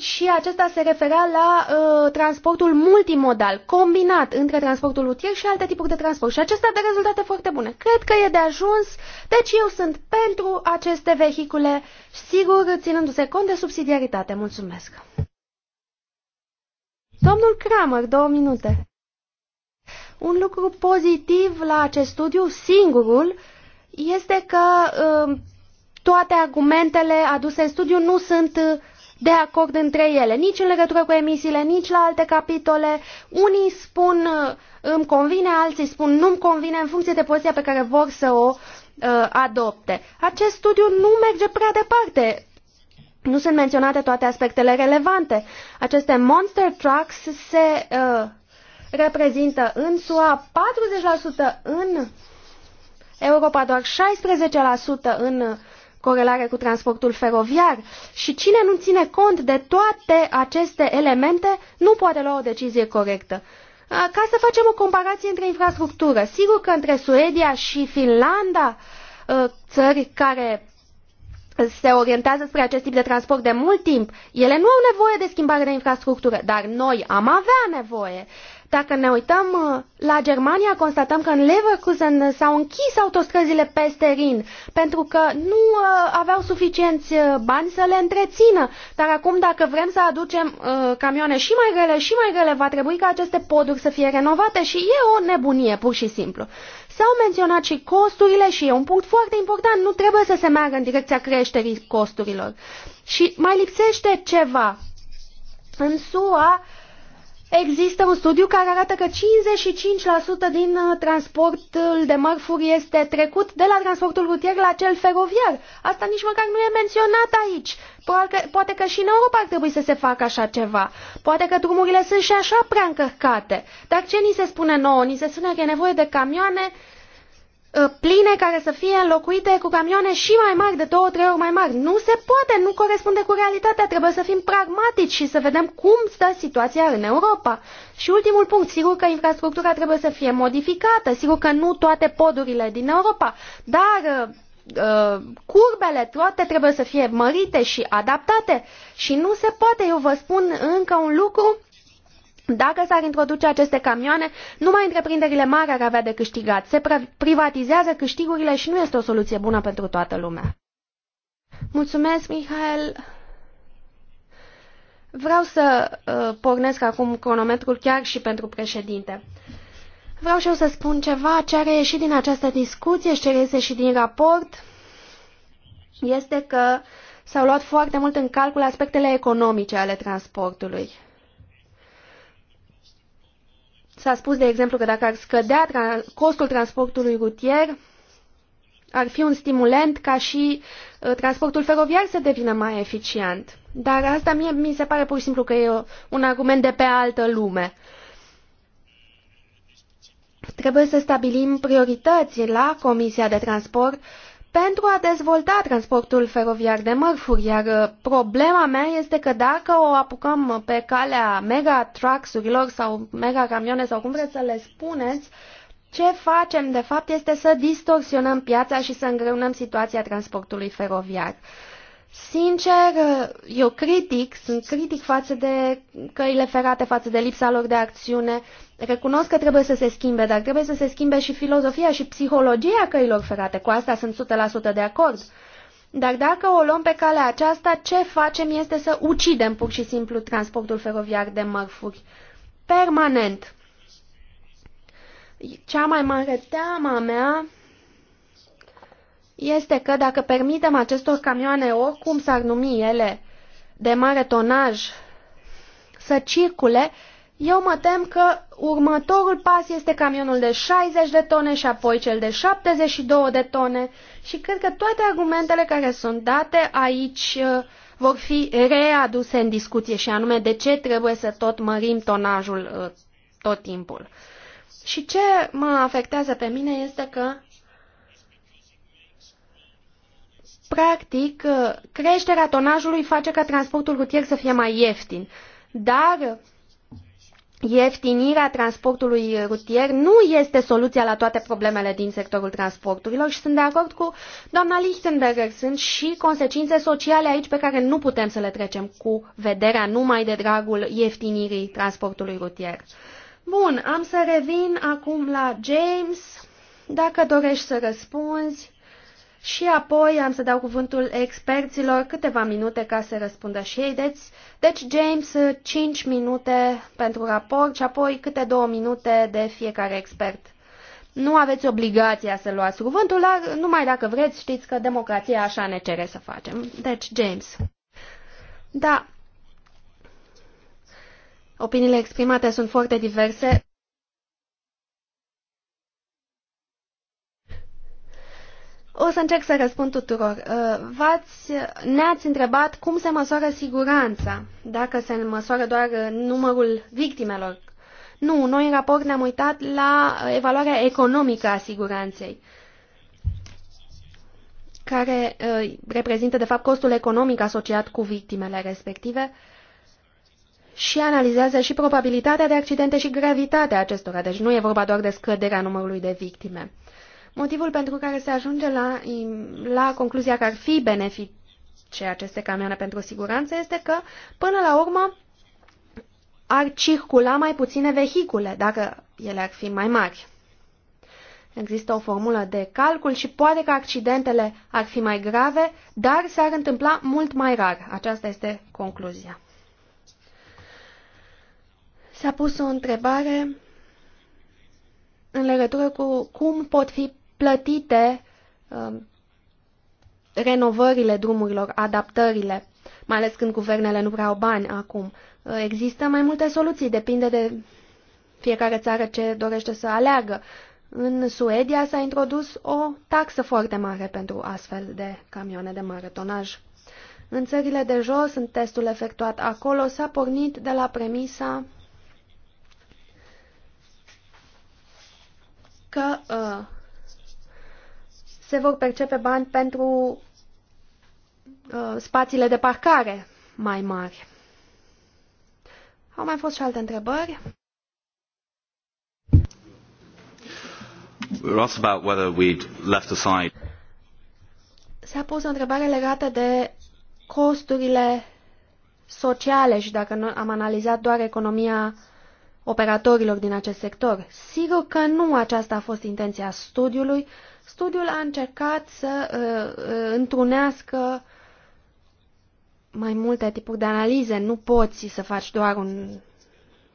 și acesta se referea la uh, transportul multimodal, combinat între transportul rutier și alte tipuri de transport. Și acesta dă rezultate foarte bune. Cred că e de ajuns, deci eu sunt pentru aceste vehicule, sigur ținându-se cont de subsidiaritate. Mulțumesc! Domnul Kramer, două minute. Un lucru pozitiv la acest studiu, singurul, este că uh, toate argumentele aduse în studiu nu sunt uh, de acord între ele, nici în legătură cu emisiile, nici la alte capitole. Unii spun uh, îmi convine, alții spun nu-mi convine în funcție de poziția pe care vor să o uh, adopte. Acest studiu nu merge prea departe. Nu sunt menționate toate aspectele relevante. Aceste monster trucks se uh, reprezintă în SUA 40% în Europa, doar 16% în corelare cu transportul feroviar și cine nu ține cont de toate aceste elemente nu poate lua o decizie corectă. Ca să facem o comparație între infrastructură, sigur că între Suedia și Finlanda, țări care se orientează spre acest tip de transport de mult timp, ele nu au nevoie de schimbare de infrastructură, dar noi am avea nevoie. Dacă ne uităm uh, la Germania, constatăm că în Leverkusen uh, s-au închis autostrăzile peste Rin, pentru că nu uh, aveau suficienți bani să le întrețină. Dar acum, dacă vrem să aducem camioane și mai grele și mai grele, va trebui ca aceste poduri să fie renovate și e o nebunie, pur și simplu. S-au menționat și costurile și e un punct foarte important, nu trebuie să se meargă în direcția creșterii costurilor. Și mai lipsește ceva. În SUA, Există un studiu care arată că 55% din uh, transportul de mărfuri este trecut de la transportul rutier la cel feroviar. Asta nici măcar nu e menționat aici. Poate că, poate că și în Europa ar trebui să se facă așa ceva. Poate că drumurile sunt și așa prea încărcate. Dar ce ni se spune nouă? Ni se spune că e nevoie de camioane Uh, pline care să fie înlocuite cu camioane și mai mari, de două, trei ori mai mari. Nu se poate, nu corespunde cu realitatea, trebuie să fim pragmatici și să vedem cum stă situația în Europa. Și ultimul punct, sigur că infrastructura trebuie să fie modificată, sigur că nu toate podurile din Europa, dar uh, uh curbele toate trebuie să fie mărite și adaptate și nu se poate, eu vă spun încă un lucru, dacă s-ar introduce aceste camioane, numai întreprinderile mari ar avea de câștigat. Se privatizează câștigurile și nu este o soluție bună pentru toată lumea. Mulțumesc, Mihail. Vreau să uh, pornesc acum cronometrul chiar și pentru președinte. Vreau și eu să spun ceva ce are ieșit din această discuție și ce reiese și din raport este că s-au luat foarte mult în calcul aspectele economice ale transportului. S-a spus, de exemplu, că dacă ar scădea costul transportului rutier, ar fi un stimulent ca și uh, transportul feroviar să devină mai eficient. Dar asta mie mi se pare pur și simplu că e un argument de pe altă lume. Trebuie să stabilim priorități la Comisia de Transport pentru a dezvolta transportul feroviar de mărfuri, iar uh, problema mea este că dacă o apucăm pe calea mega trucks-urilor sau mega camioane sau cum vreți să le spuneți, ce facem de fapt este să distorsionăm piața și să îngreunăm situația transportului feroviar. Uh, Sincer, eu critic, sunt critic față de căile ferate, față de lipsa lor de acțiune. Recunosc că trebuie să se schimbe, dar trebuie să se schimbe și filozofia și psihologia căilor ferate. Cu asta sunt 100% de acord. Dar dacă o luăm pe calea aceasta, ce facem este să ucidem pur și simplu transportul feroviar de mărfuri. Permanent. Cea mai mare teama mea este că dacă permitem acestor camioane, oricum s-ar numi ele, de mare tonaj, să circule, eu mă tem că următorul pas este camionul de 60 de tone și apoi cel de 72 de tone și cred că toate argumentele care sunt date aici uh, vor fi readuse în discuție și anume de ce trebuie să tot mărim tonajul uh, tot timpul. Și ce mă afectează pe mine este că Practic, uh, creșterea tonajului face ca transportul rutier să fie mai ieftin, dar ieftinirea transportului rutier nu este soluția la toate problemele din sectorul transporturilor și sunt de acord cu doamna Lichtenberger. Sunt și consecințe sociale aici pe care nu putem să le trecem cu vederea numai de dragul ieftinirii transportului rutier. Bun, am să revin acum la James. Dacă dorești să răspunzi, și apoi am să dau cuvântul experților câteva minute ca să răspundă și ei. Deci, deci James, 5 minute pentru raport și apoi câte 2 minute de fiecare expert. Nu aveți obligația să luați cuvântul, dar numai dacă vreți știți că democrația așa ne cere să facem. Deci, James. Da. Opiniile exprimate sunt foarte diverse. O să încerc să răspund tuturor. Uh, ne-ați întrebat cum se măsoară siguranța, dacă se măsoară doar uh, numărul victimelor. Nu, noi în raport ne-am uitat la uh, evaluarea economică a siguranței, care reprezintă de fapt costul economic asociat cu victimele respective și analizează și probabilitatea de accidente și gravitatea acestora, deci nu e vorba doar de scăderea numărului de victime motivul pentru care se ajunge la, la concluzia că ar fi benefice aceste camioane pentru siguranță este că, până la urmă, ar circula mai puține vehicule, dacă ele ar fi mai mari. Există o formulă de calcul și poate că accidentele ar fi mai grave, dar s-ar întâmpla mult mai rar. Aceasta este concluzia. S-a pus o întrebare în legătură cu cum pot fi plătite um, renovările drumurilor, adaptările, mai ales când guvernele nu vreau bani acum. Uh, există mai multe soluții, depinde de fiecare țară ce dorește să aleagă. În Suedia s-a introdus o taxă foarte mare pentru astfel de camioane de mare tonaj. În țările de jos, în testul efectuat acolo, s-a pornit de la premisa că uh, se vor percepe bani pentru uh, spațiile de parcare mai mari. Au mai fost și alte întrebări? S-a pus o întrebare legată de costurile sociale și dacă nu am analizat doar economia operatorilor din acest sector. Sigur că nu aceasta a fost intenția studiului, Studiul a încercat să uh, uh, întrunească mai multe tipuri de analize. Nu poți să faci doar un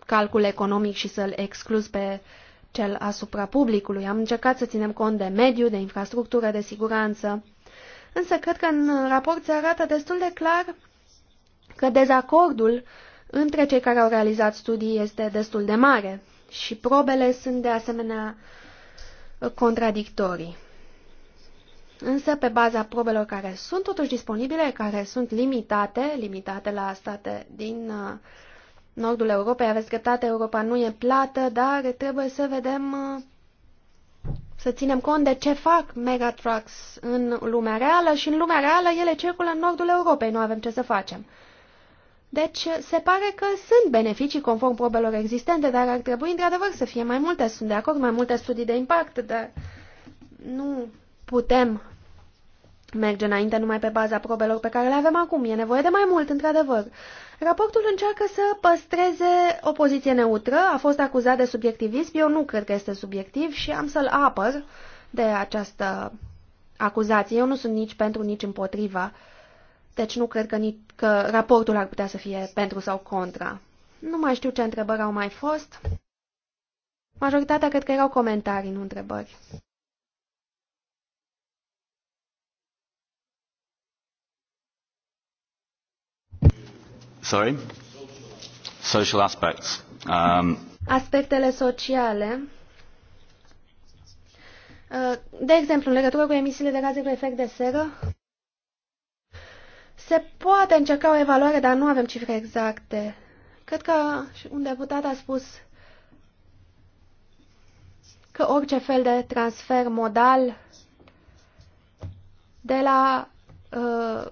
calcul economic și să-l excluzi pe cel asupra publicului. Am încercat să ținem cont de mediu, de infrastructură, de siguranță. Însă cred că în raport se arată destul de clar că dezacordul între cei care au realizat studii este destul de mare și probele sunt de asemenea uh, contradictorii. Însă, pe baza probelor care sunt totuși disponibile, care sunt limitate, limitate la state din uh, nordul Europei, aveți dreptate, Europa nu e plată, dar trebuie să vedem, uh, să ținem cont de ce fac megatrucks în lumea reală și în lumea reală ele circulă în nordul Europei, nu avem ce să facem. Deci, se pare că sunt beneficii conform probelor existente, dar ar trebui, într-adevăr, să fie mai multe. Sunt de acord, mai multe studii de impact, dar nu putem merge înainte numai pe baza probelor pe care le avem acum. E nevoie de mai mult, într-adevăr. Raportul încearcă să păstreze o poziție neutră, a fost acuzat de subiectivism, eu nu cred că este subiectiv și am să-l apăr de această acuzație. Eu nu sunt nici pentru, nici împotriva uh, deci nu cred că, ni că raportul ar putea să fie pentru sau contra. Nu mai știu ce întrebări au mai fost. Majoritatea cred că erau comentarii, nu întrebări. Sorry? Social aspects. Um... Aspectele sociale. Uh, de exemplu, în legătură cu emisiile de gaze cu efect de seră, se poate încerca o evaluare, dar nu avem cifre exacte. Cred că un deputat a spus că orice fel de transfer modal de la uh,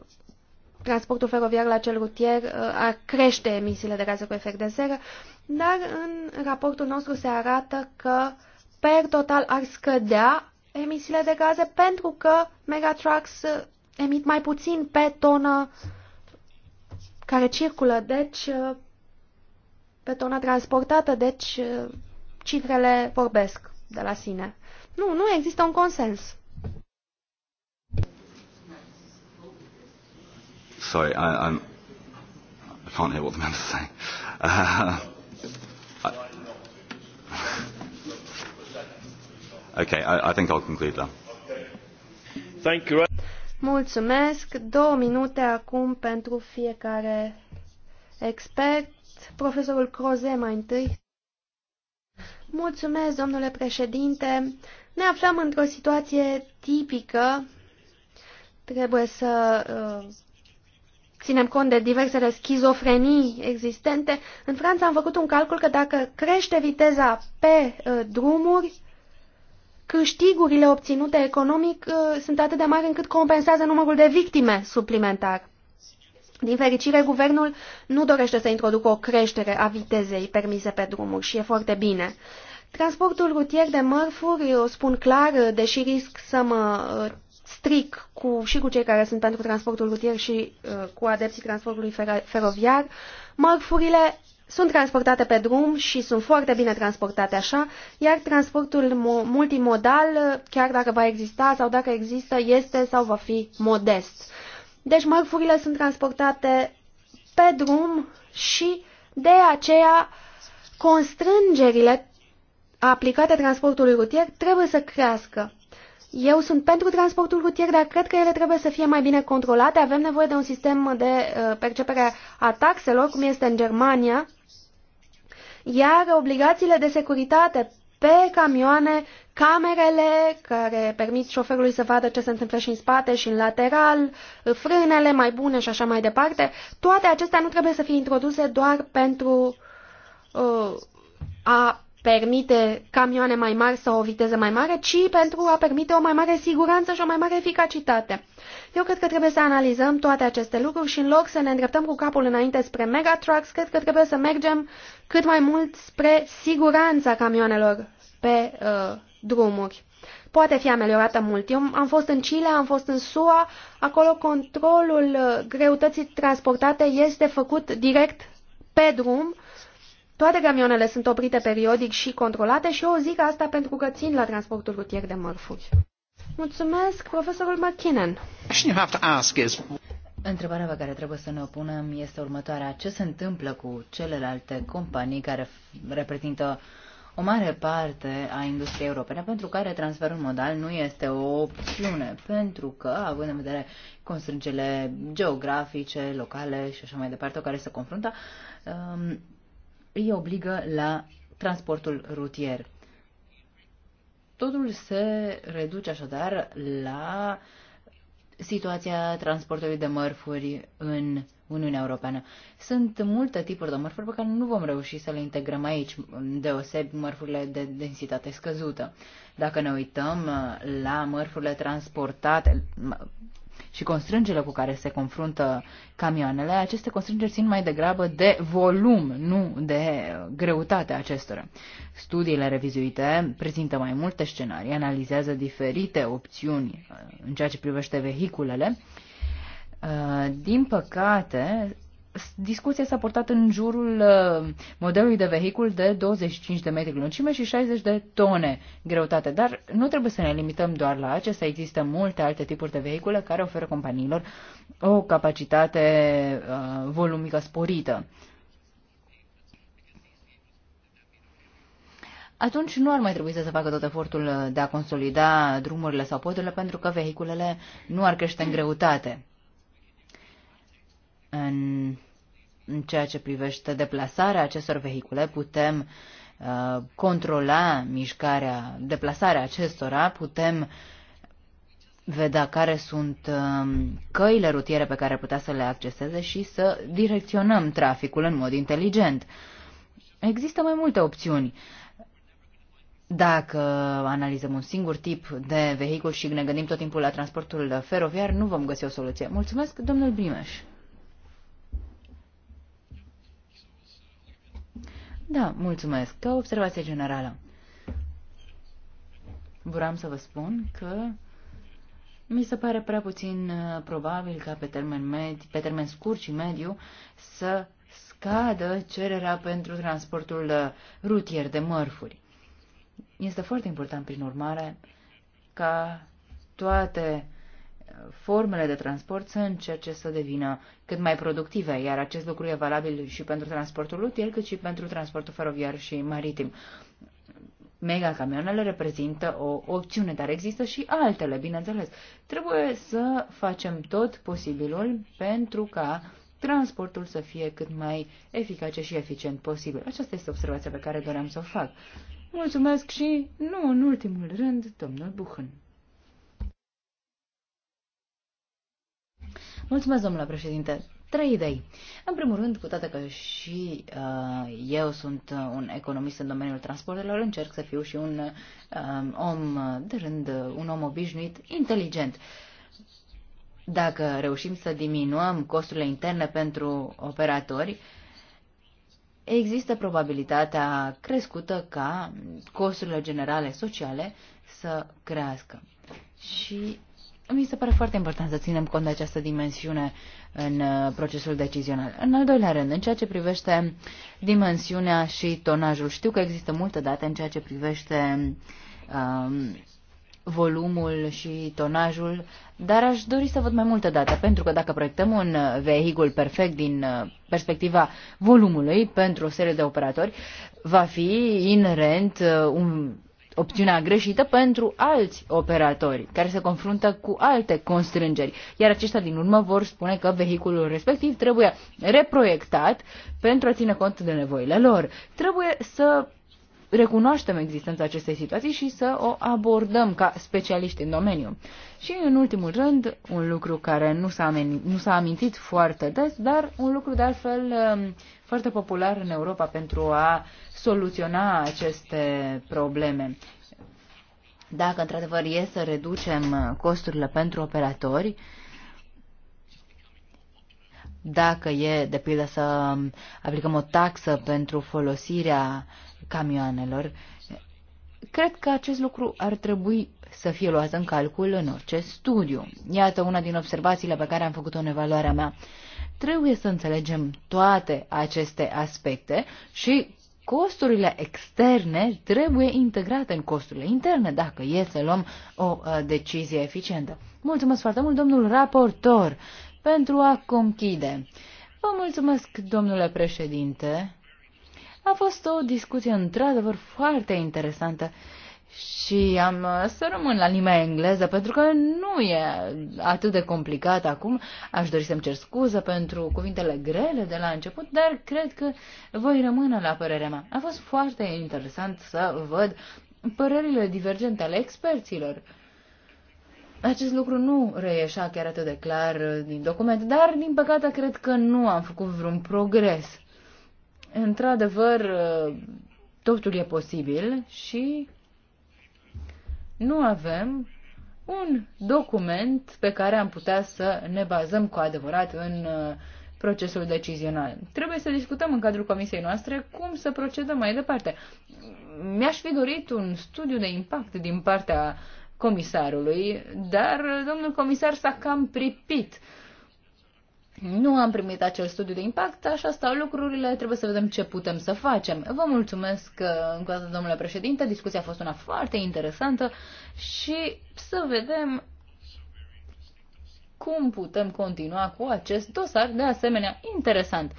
transportul feroviar la cel rutier uh, ar crește emisiile de gaze cu efect de seră, dar în raportul nostru se arată că per total ar scădea emisiile de gaze pentru că megatrucks emit mai puțin pe tonă care circulă, deci uh, pe tonă transportată, deci uh, cifrele vorbesc de la sine. Nu, nu există un consens. Sorry, I, I'm, I can't hear what the member's saying. Uh, I, okay, I, I think I'll conclude that. Thank you. Mulțumesc. Două minute acum pentru fiecare expert. Profesorul Croze mai întâi. Mulțumesc, domnule președinte. Ne aflăm într-o situație tipică. Trebuie să uh, ținem cont de diversele schizofrenii existente. În Franța am făcut un calcul că dacă crește viteza pe uh, drumuri, câștigurile obținute economic uh, sunt atât de mari încât compensează numărul de victime suplimentar. Din fericire, guvernul nu dorește să introducă o creștere a vitezei permise pe drumuri și e foarte bine. Transportul rutier de mărfuri, eu spun clar, uh, deși risc să mă uh, stric cu, și cu cei care sunt pentru transportul rutier și uh, cu adepții transportului fer feroviar, mărfurile sunt transportate pe drum și sunt foarte bine transportate așa, iar transportul multimodal, chiar dacă va exista sau dacă există, este sau va fi modest. Deci mărfurile sunt transportate pe drum și de aceea constrângerile aplicate transportului rutier trebuie să crească. Eu sunt pentru transportul rutier, dar cred că ele trebuie să fie mai bine controlate. Avem nevoie de un sistem de uh, percepere a taxelor, cum este în Germania, iar obligațiile de securitate pe camioane, camerele care permit șoferului să vadă ce se întâmplă și în spate și în lateral, frânele mai bune și așa mai departe, toate acestea nu trebuie să fie introduse doar pentru uh, a permite camioane mai mari sau o viteză mai mare, ci pentru a permite o mai mare siguranță și o mai mare eficacitate. Eu cred că trebuie să analizăm toate aceste lucruri și în loc să ne îndreptăm cu capul înainte spre megatrucks, cred că trebuie să mergem cât mai mult spre siguranța camioanelor pe uh, drumuri. Poate fi ameliorată mult. Eu am fost în Chile, am fost în SUA, acolo controlul uh, greutății transportate este făcut direct pe drum. Toate camioanele sunt oprite periodic și controlate și eu zic asta pentru că țin la transportul rutier de mărfuri. Mulțumesc, profesorul McKinnon. Întrebarea pe care trebuie să ne opunem punem este următoarea. Ce se întâmplă cu celelalte companii care reprezintă o mare parte a industriei europene pentru care transferul modal nu este o opțiune, pentru că, având în vedere constrângele geografice, locale și așa mai departe, care se confruntă, um, îi obligă la transportul rutier. Totul se reduce așadar la situația transportului de mărfuri în Uniunea Europeană. Sunt multe tipuri de mărfuri pe care nu vom reuși să le integrăm aici, deosebi mărfurile de densitate scăzută. Dacă ne uităm la mărfurile transportate, și constrângerile cu care se confruntă camioanele, aceste constrângeri țin mai degrabă de volum, nu de greutatea acestora. Studiile revizuite prezintă mai multe scenarii, analizează diferite opțiuni uh, în ceea ce privește vehiculele. Uh, din păcate, discuție s-a portat în jurul uh, modelului de vehicul de 25 de metri lungime și 60 de tone greutate, dar nu trebuie să ne limităm doar la acesta. Există multe alte tipuri de vehicule care oferă companiilor o capacitate uh, volumică sporită. atunci nu ar mai trebui să se facă tot efortul uh, de a consolida drumurile sau podurile, pentru că vehiculele nu ar crește în greutate. În în ceea ce privește deplasarea acestor vehicule, putem uh, controla mișcarea, deplasarea acestora, putem vedea care sunt uh, căile rutiere pe care putea să le acceseze și să direcționăm traficul în mod inteligent. Există mai multe opțiuni. Dacă analizăm un singur tip de vehicul și ne gândim tot timpul la transportul feroviar, nu vom găsi o soluție. Mulțumesc, domnul Brimeș. Da, mulțumesc. Ca observație generală. Vreau să vă spun că mi se pare prea puțin uh, probabil ca pe termen, med, pe termen scurt și mediu să scadă cererea pentru transportul uh, rutier de mărfuri. Este foarte important, prin urmare, ca toate formele de transport să încerce să devină cât mai productive, iar acest lucru e valabil și pentru transportul util, cât și pentru transportul feroviar și maritim. Mega camioanele reprezintă o opțiune, dar există și altele, bineînțeles. Trebuie să facem tot posibilul pentru ca transportul să fie cât mai eficace și eficient posibil. Aceasta este observația pe care doream să o fac. Mulțumesc și, nu în ultimul rând, domnul Buchan. Mulțumesc, domnule președinte. Trei idei. În primul rând, cu toate că și uh, eu sunt uh, un economist în domeniul transportelor, încerc să fiu și un uh, om de rând, un om obișnuit, inteligent. Dacă reușim să diminuăm costurile interne pentru operatori, există probabilitatea crescută ca costurile generale sociale să crească. Și mi se pare foarte important să ținem cont de această dimensiune în uh, procesul decizional. În al doilea rând, în ceea ce privește dimensiunea și tonajul, știu că există multe date în ceea ce privește um, volumul și tonajul, dar aș dori să văd mai multe date, pentru că dacă proiectăm un vehicul perfect din uh, perspectiva volumului pentru o serie de operatori, va fi inerent uh, un opțiunea greșită pentru alți operatori care se confruntă cu alte constrângeri, iar aceștia din urmă vor spune că vehiculul respectiv trebuie reproiectat pentru a ține cont de nevoile lor. Trebuie să recunoaștem existența acestei situații și să o abordăm ca specialiști în domeniu. Și în ultimul rând, un lucru care nu s-a, amintit foarte des, dar un lucru de altfel um, foarte popular în Europa pentru a soluționa aceste probleme. Dacă într-adevăr e să reducem costurile pentru operatori, dacă e, de pildă, să aplicăm o taxă pentru folosirea camioanelor, cred că acest lucru ar trebui să fie luat în calcul în orice studiu. Iată una din observațiile pe care am făcut-o în evaluarea mea. Trebuie să înțelegem toate aceste aspecte și costurile externe trebuie integrate în costurile interne dacă e să luăm o uh, decizie eficientă. Mulțumesc foarte mult, domnul raportor, pentru a conchide. Vă mulțumesc, domnule președinte. A fost o discuție într-adevăr foarte interesantă și am uh, să rămân la limba engleză pentru că nu e atât de complicat acum. Aș dori să-mi cer scuză pentru cuvintele grele de la început, dar cred că voi rămâne la părerea mea. A fost foarte interesant să văd părerile divergente ale experților. Acest lucru nu reieșa chiar atât de clar uh, din document, dar din păcate cred că nu am făcut vreun progres. Într-adevăr, uh, totul e posibil și nu avem un document pe care am putea să ne bazăm cu adevărat în uh, procesul decizional. Trebuie să discutăm în cadrul comisiei noastre cum să procedăm mai departe. Mi-aș fi dorit un studiu de impact din partea comisarului, dar domnul comisar s-a cam pripit. Uh, nu am primit acel studiu de impact, așa stau lucrurile, trebuie să vedem ce putem să facem. Vă mulțumesc uh, încă o dată, domnule președinte, discuția a fost una foarte interesantă și să vedem cum putem continua cu acest dosar de asemenea interesant.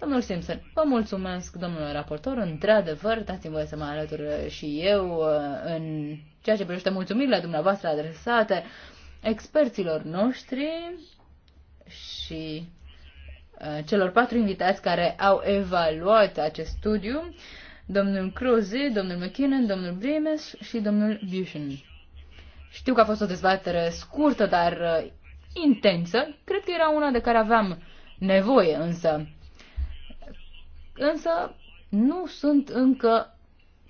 Domnul Simpson, vă mulțumesc, domnule raportor, într-adevăr, dați-mi voie să mă alătur și eu uh, în ceea ce privește mulțumirile dumneavoastră adresate experților noștri și uh, celor patru invitați care au evaluat acest studiu, domnul Cruzi, domnul McKinnon, domnul Bremes și domnul Bushin. Știu că a fost o dezbatere scurtă, dar uh, intensă. Cred că era una de care aveam nevoie, însă. Însă nu sunt încă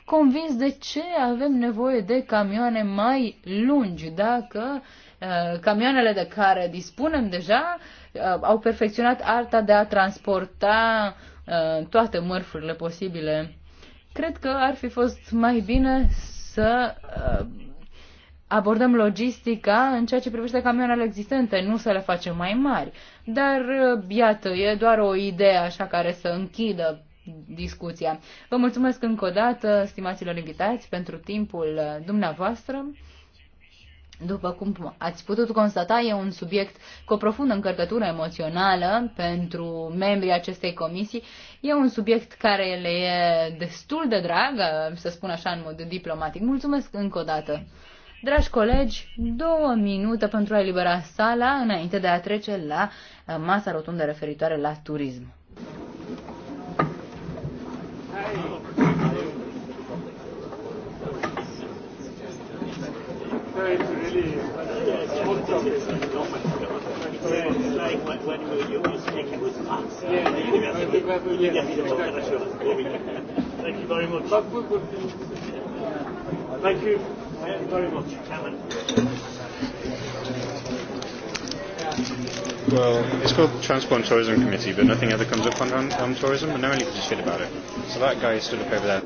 convins de ce avem nevoie de camioane mai lungi dacă uh, Uh, camioanele de care dispunem deja uh, au perfecționat arta de a transporta uh, toate mărfurile posibile. Cred că ar fi fost mai bine să abordăm logistica în ceea ce privește camioanele existente, nu să le facem mai mari. Dar, iată, e doar o idee așa care să închidă discuția. Vă mulțumesc încă o dată, stimaților invitați, pentru timpul dumneavoastră. După cum ați putut constata, e un subiect cu o profundă încărcătură emoțională pentru membrii acestei comisii. E un subiect care le e destul de drag, să spun așa în mod diplomatic. Mulțumesc încă o dată. Dragi colegi, două minute pentru a elibera sala înainte de a trece la uh, masa rotundă referitoare la turism. Thank you. Thank you very much. Thank you very much, Well, it's called Transport and Tourism Committee, but nothing ever comes up on, on, on tourism, and no one gives a shit about it. So that guy stood up over there.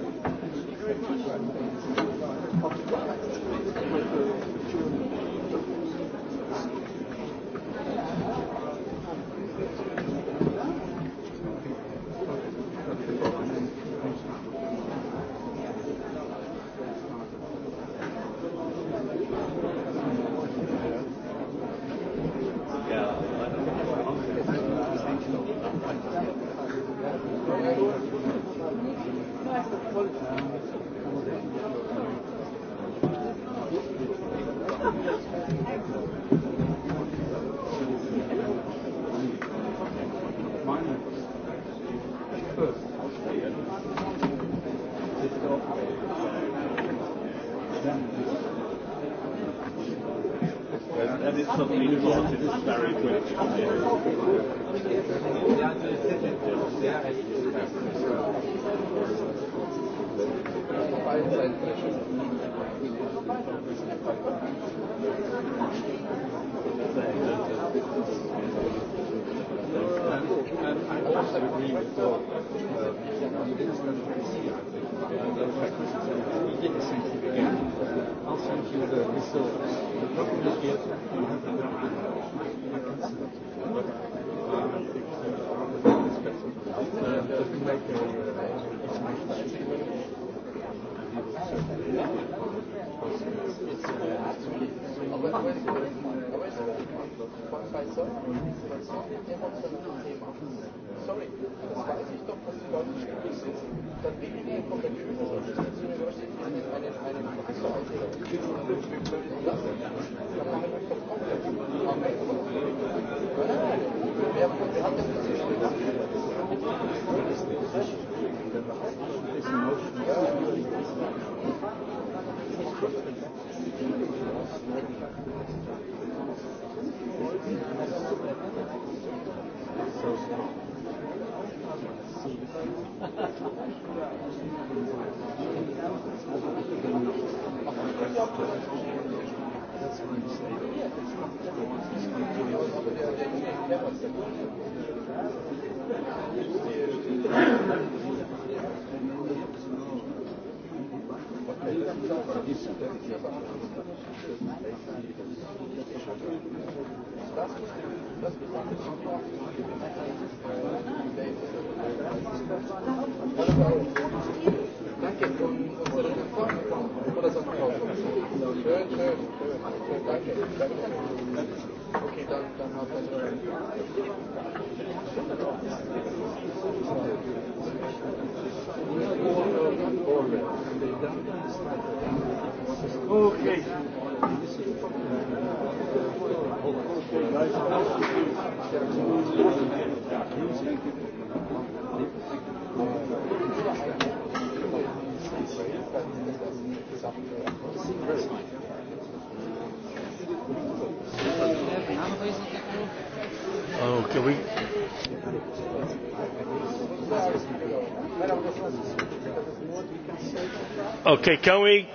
Okay, can we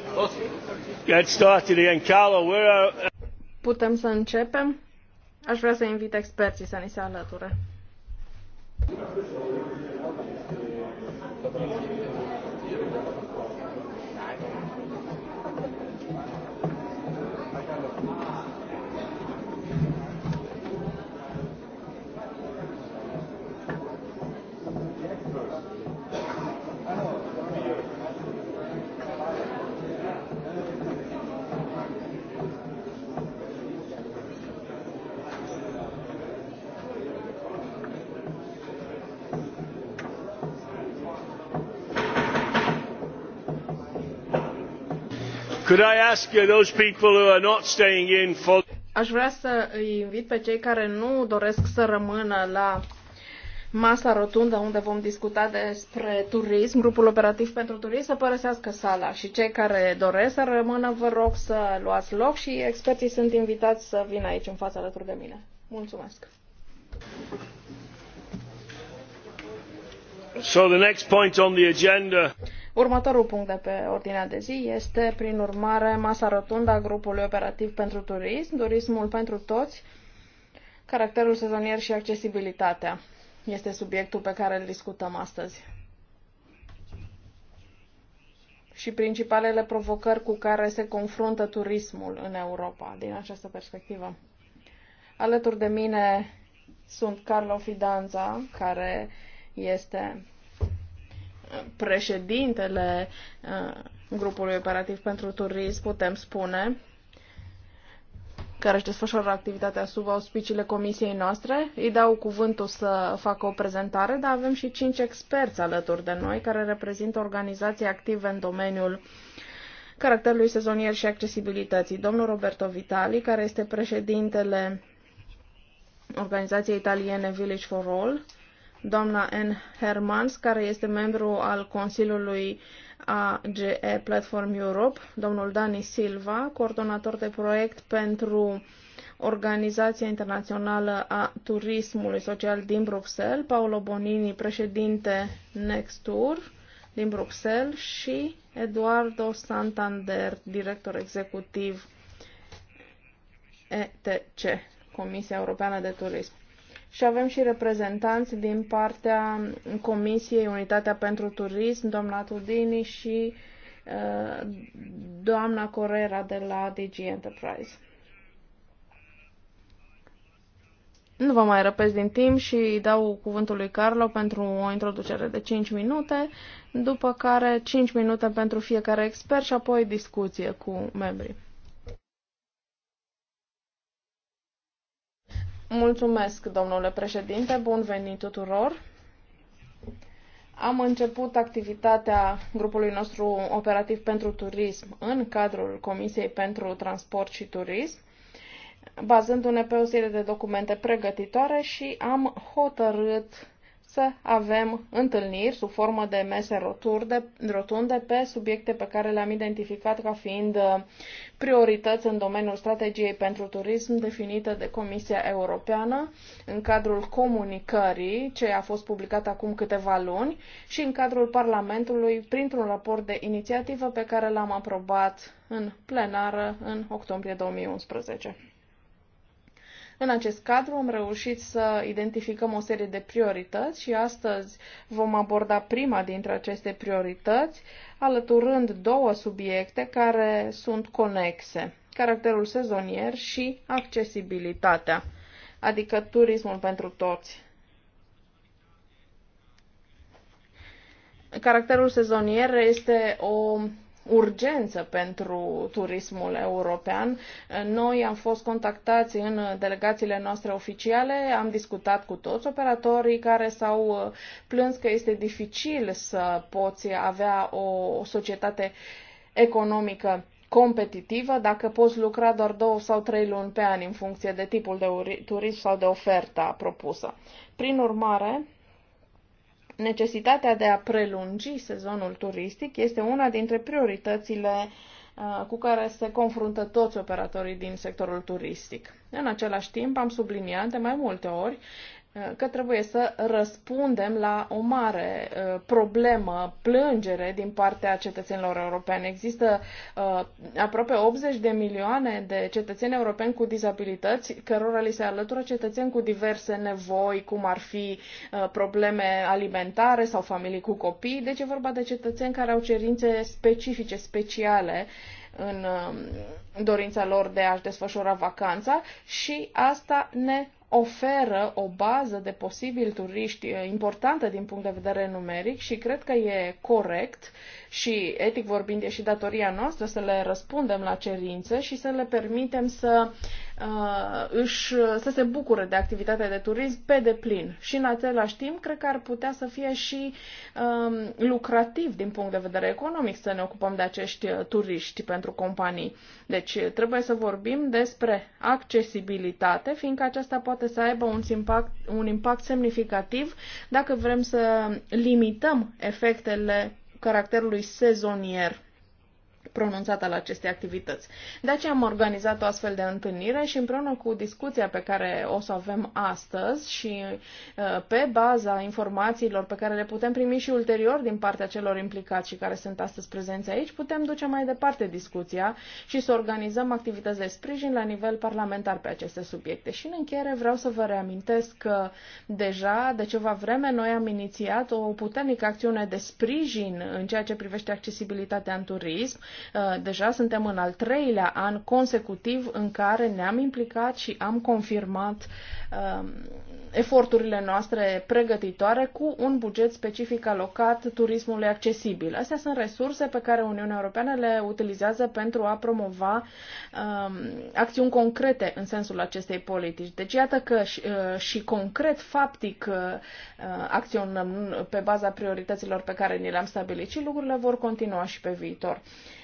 get started again? Carlo, where are... Putem să începem? Aș vrea să invit experții să ni se alăture. Aș vrea să îi invit pe cei care nu doresc să rămână la masa rotundă unde vom discuta despre turism, grupul operativ pentru turism, să părăsească sala și cei care doresc să rămână, vă rog să luați loc și experții sunt invitați să vină aici în fața alături de mine. Mulțumesc! So the next point on the agenda. Următorul punct de pe ordinea de zi este, prin urmare, masa rotundă a grupului operativ pentru turism, turismul pentru toți, caracterul sezonier și accesibilitatea. Este subiectul pe care îl discutăm astăzi. Și principalele provocări cu care se confruntă turismul în Europa, din această perspectivă. Alături de mine sunt Carlo Fidanza, care este președintele uh, grupului operativ pentru turism, putem spune, care își desfășoară activitatea sub auspiciile comisiei noastre. Îi dau cuvântul să facă o prezentare, dar avem și cinci experți alături de noi care reprezintă organizații active în domeniul caracterului sezonier și accesibilității. Domnul Roberto Vitali, care este președintele organizației italiene Village for All, doamna N. Hermans, care este membru al Consiliului AGE Platform Europe, domnul Dani Silva, coordonator de proiect pentru Organizația Internațională a Turismului Social din Bruxelles, Paolo Bonini, președinte Nextur din Bruxelles și Eduardo Santander, director executiv ETC, Comisia Europeană de Turism și avem și reprezentanți din partea Comisiei Unitatea pentru Turism, doamna Tudini și uh, doamna Corera de la DG Enterprise. Nu vă mai răpesc din timp și dau cuvântul lui Carlo pentru o introducere de 5 minute, după care 5 minute pentru fiecare expert și apoi discuție cu membrii. Mulțumesc, domnule președinte. Bun venit tuturor. Am început activitatea grupului nostru operativ pentru turism în cadrul Comisiei pentru Transport și Turism, bazându-ne pe o serie de documente pregătitoare și am hotărât să avem întâlniri sub formă de mese roturde, rotunde pe subiecte pe care le-am identificat ca fiind uh, priorități în domeniul strategiei pentru turism definită de Comisia Europeană în cadrul comunicării ce a fost publicat acum câteva luni și în cadrul Parlamentului printr-un raport de inițiativă pe care l-am aprobat în plenară în octombrie 2011. În acest cadru am reușit să identificăm o serie de priorități și astăzi vom aborda prima dintre aceste priorități, alăturând două subiecte care sunt conexe, caracterul sezonier și accesibilitatea, adică turismul pentru toți. Caracterul sezonier este o urgență pentru turismul european. Noi am fost contactați în delegațiile noastre oficiale, am discutat cu toți operatorii care s-au uh, plâns că este dificil să poți avea o societate economică competitivă dacă poți lucra doar două sau trei luni pe an în funcție de tipul de turism sau de oferta propusă. Prin urmare, Necesitatea de a prelungi sezonul turistic este una dintre prioritățile uh, cu care se confruntă toți operatorii din sectorul turistic. În același timp, am subliniat de mai multe ori că trebuie să răspundem la o mare uh, problemă, plângere din partea cetățenilor europeni. Există uh, aproape 80 de milioane de cetățeni europeni cu dizabilități, cărora li se alătură cetățeni cu diverse nevoi, cum ar fi uh, probleme alimentare sau familii cu copii. Deci e vorba de cetățeni care au cerințe specifice, speciale în um, dorința lor de a-și desfășura vacanța și asta ne oferă o bază de posibil turiști eh, importantă din punct de vedere numeric și cred că e corect și etic vorbind e și datoria noastră să le răspundem la cerințe și să le permitem să Uh, își, uh, să se bucure de activitatea de turism pe deplin. Și în același timp, cred că ar putea să fie și um, lucrativ din punct de vedere economic să ne ocupăm de acești uh, turiști pentru companii. Deci trebuie să vorbim despre accesibilitate, fiindcă aceasta poate să aibă un impact, un impact semnificativ dacă vrem să limităm efectele caracterului sezonier pronunțată al acestei activități. De aceea am organizat o astfel de întâlnire și împreună cu discuția pe care o să o avem astăzi și uh, pe baza informațiilor pe care le putem primi și ulterior din partea celor implicați și care sunt astăzi prezenți aici, putem duce mai departe discuția și să organizăm activități de sprijin la nivel parlamentar pe aceste subiecte. Și în încheiere vreau să vă reamintesc că deja de ceva vreme noi am inițiat o puternică acțiune de sprijin în ceea ce privește accesibilitatea în turism. Uh, deja suntem în al treilea an consecutiv în care ne-am implicat și am confirmat um, eforturile noastre pregătitoare cu un buget specific alocat turismului accesibil. Astea sunt resurse pe care Uniunea Europeană le utilizează pentru a promova um, acțiuni concrete în sensul acestei politici. Deci iată că și, uh, și concret, faptic, uh, uh acționăm pe baza priorităților pe care ni le-am stabilit și lucrurile vor continua și pe viitor. Uh,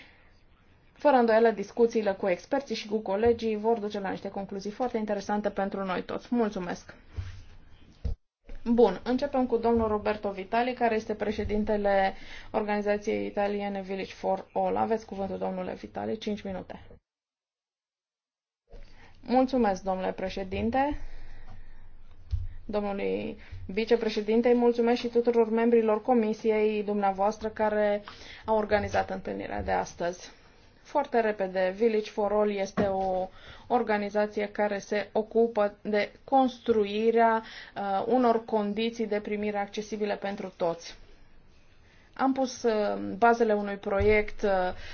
fără îndoială, discuțiile cu experții și cu colegii vor duce la niște concluzii foarte interesante pentru noi toți. Mulțumesc! Bun, începem cu domnul Roberto Vitali, care este președintele organizației italiene Village for All. Aveți cuvântul, domnule Vitali, 5 minute. Mulțumesc, domnule președinte domnului vicepreședinte, mulțumesc și tuturor membrilor comisiei dumneavoastră care au organizat întâlnirea de astăzi. Foarte repede, Village for All este o organizație care se ocupă de construirea uh, unor condiții de primire accesibile pentru toți. Am pus uh, bazele unui proiect uh,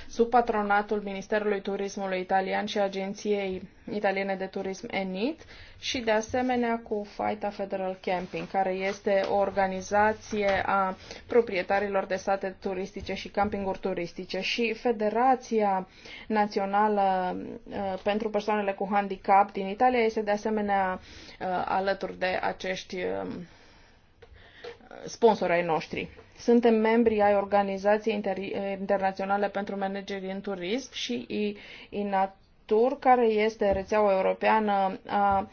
sub patronatul Ministerului Turismului Italian și Agenției Italiene de Turism ENIT și de asemenea cu Faita Federal Camping, care este o organizație a proprietarilor de sate turistice și campinguri turistice și Federația Națională uh, pentru Persoanele cu Handicap din Italia este de asemenea alături de acești sponsori ai noștri. Suntem membri ai Organizației Inter- Internaționale pentru Manageri în Turism și INATUR, care este rețeaua europeană a,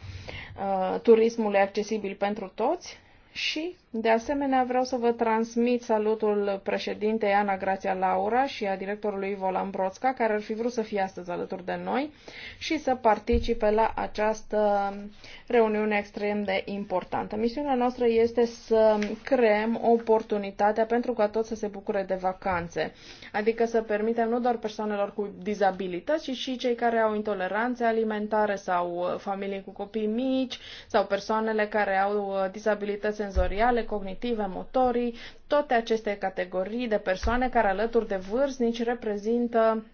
a turismului accesibil pentru toți și de asemenea, vreau să vă transmit salutul președintei Ana Grația Laura și a directorului Volan Broțca, care ar fi vrut să fie astăzi alături de noi și să participe la această reuniune extrem de importantă. Misiunea noastră este să creăm oportunitatea pentru ca toți să se bucure de vacanțe, adică să permitem nu doar persoanelor cu dizabilități, ci și cei care au intoleranțe alimentare sau familii cu copii mici sau persoanele care au dizabilități senzoriale, structurile cognitive, motorii, toate aceste categorii de persoane care alături de vârstnici reprezintă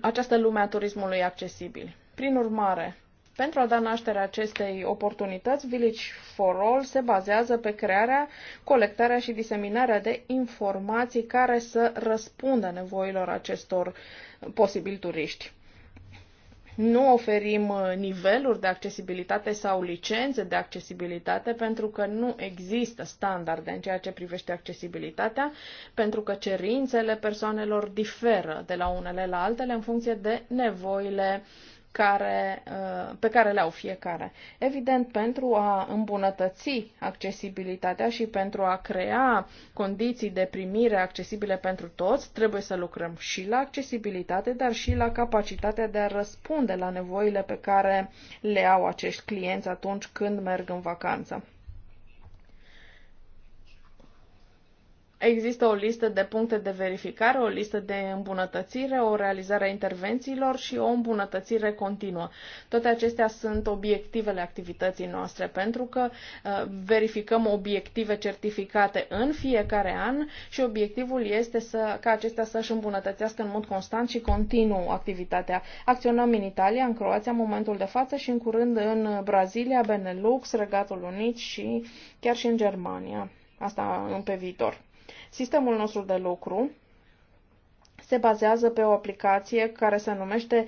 această lume a turismului accesibil. Prin urmare, pentru a da naștere acestei oportunități, Village for All se bazează pe crearea, colectarea și diseminarea de informații care să răspundă nevoilor acestor posibil turiști. Nu oferim uh, niveluri de accesibilitate sau licențe de accesibilitate pentru că nu există standarde în ceea ce privește accesibilitatea, pentru că cerințele persoanelor diferă de la unele la altele în funcție de nevoile care, uh, pe care le au fiecare. Evident, pentru a îmbunătăți accesibilitatea și pentru a crea condiții de primire accesibile pentru toți, trebuie să lucrăm și la accesibilitate, dar și la capacitatea de a răspunde la nevoile pe care le au acești clienți atunci când merg în vacanță. Există o listă de puncte de verificare, o listă de îmbunătățire, o realizare a intervențiilor și o îmbunătățire continuă. Toate acestea sunt obiectivele activității noastre, pentru că uh, verificăm obiective certificate în fiecare an și obiectivul este să, ca acestea să-și îmbunătățească în mod constant și continuu activitatea. Acționăm în Italia, în Croația, în momentul de față și în curând în Brazilia, Benelux, Regatul Unit și chiar și în Germania. Asta pe viitor. Sistemul nostru de lucru se bazează pe o aplicație care se numește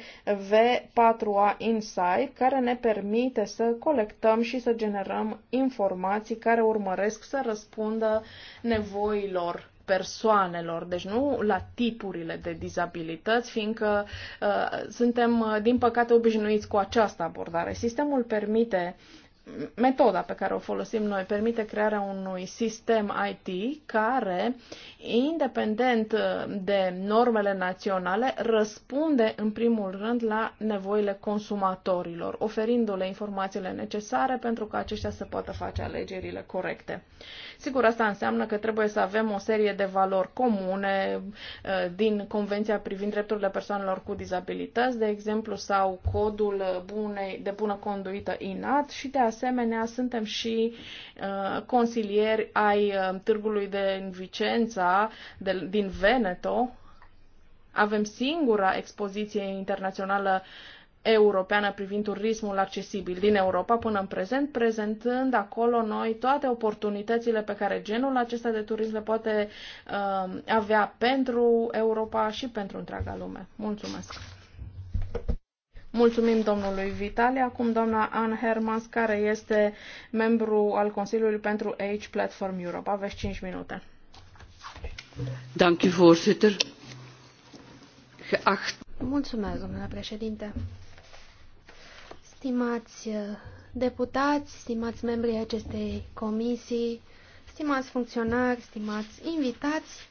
V4A Insight, care ne permite să colectăm și să generăm informații care urmăresc să răspundă nevoilor persoanelor, deci nu la tipurile de dizabilități, fiindcă uh, suntem, uh, din păcate, obișnuiți cu această abordare. Sistemul permite metoda pe care o folosim noi permite crearea unui sistem IT care, independent de normele naționale, răspunde în primul rând la nevoile consumatorilor, oferindu-le informațiile necesare pentru ca aceștia să poată face alegerile corecte. Sigur, asta înseamnă că trebuie să avem o serie de valori comune eh, din Convenția privind drepturile persoanelor cu dizabilități, de exemplu, sau codul bunei, de bună conduită INAT și de asemenea asemenea, suntem și uh, consilieri ai uh, târgului de Vicența, de, din Veneto. Avem singura expoziție internațională europeană privind turismul accesibil din Europa până în prezent, prezentând acolo noi toate oportunitățile pe care genul acesta de turism le poate uh, avea pentru Europa și pentru întreaga lume. Mulțumesc! Mulțumim domnului Vitali. Acum doamna Anne Hermans, care este membru al Consiliului pentru Age Platform Europe. Aveți 5 minute. voorzitter. Geacht. Mulțumesc, domnule președinte. Stimați uh, deputați, stimați membrii acestei comisii, stimați funcționari, stimați invitați,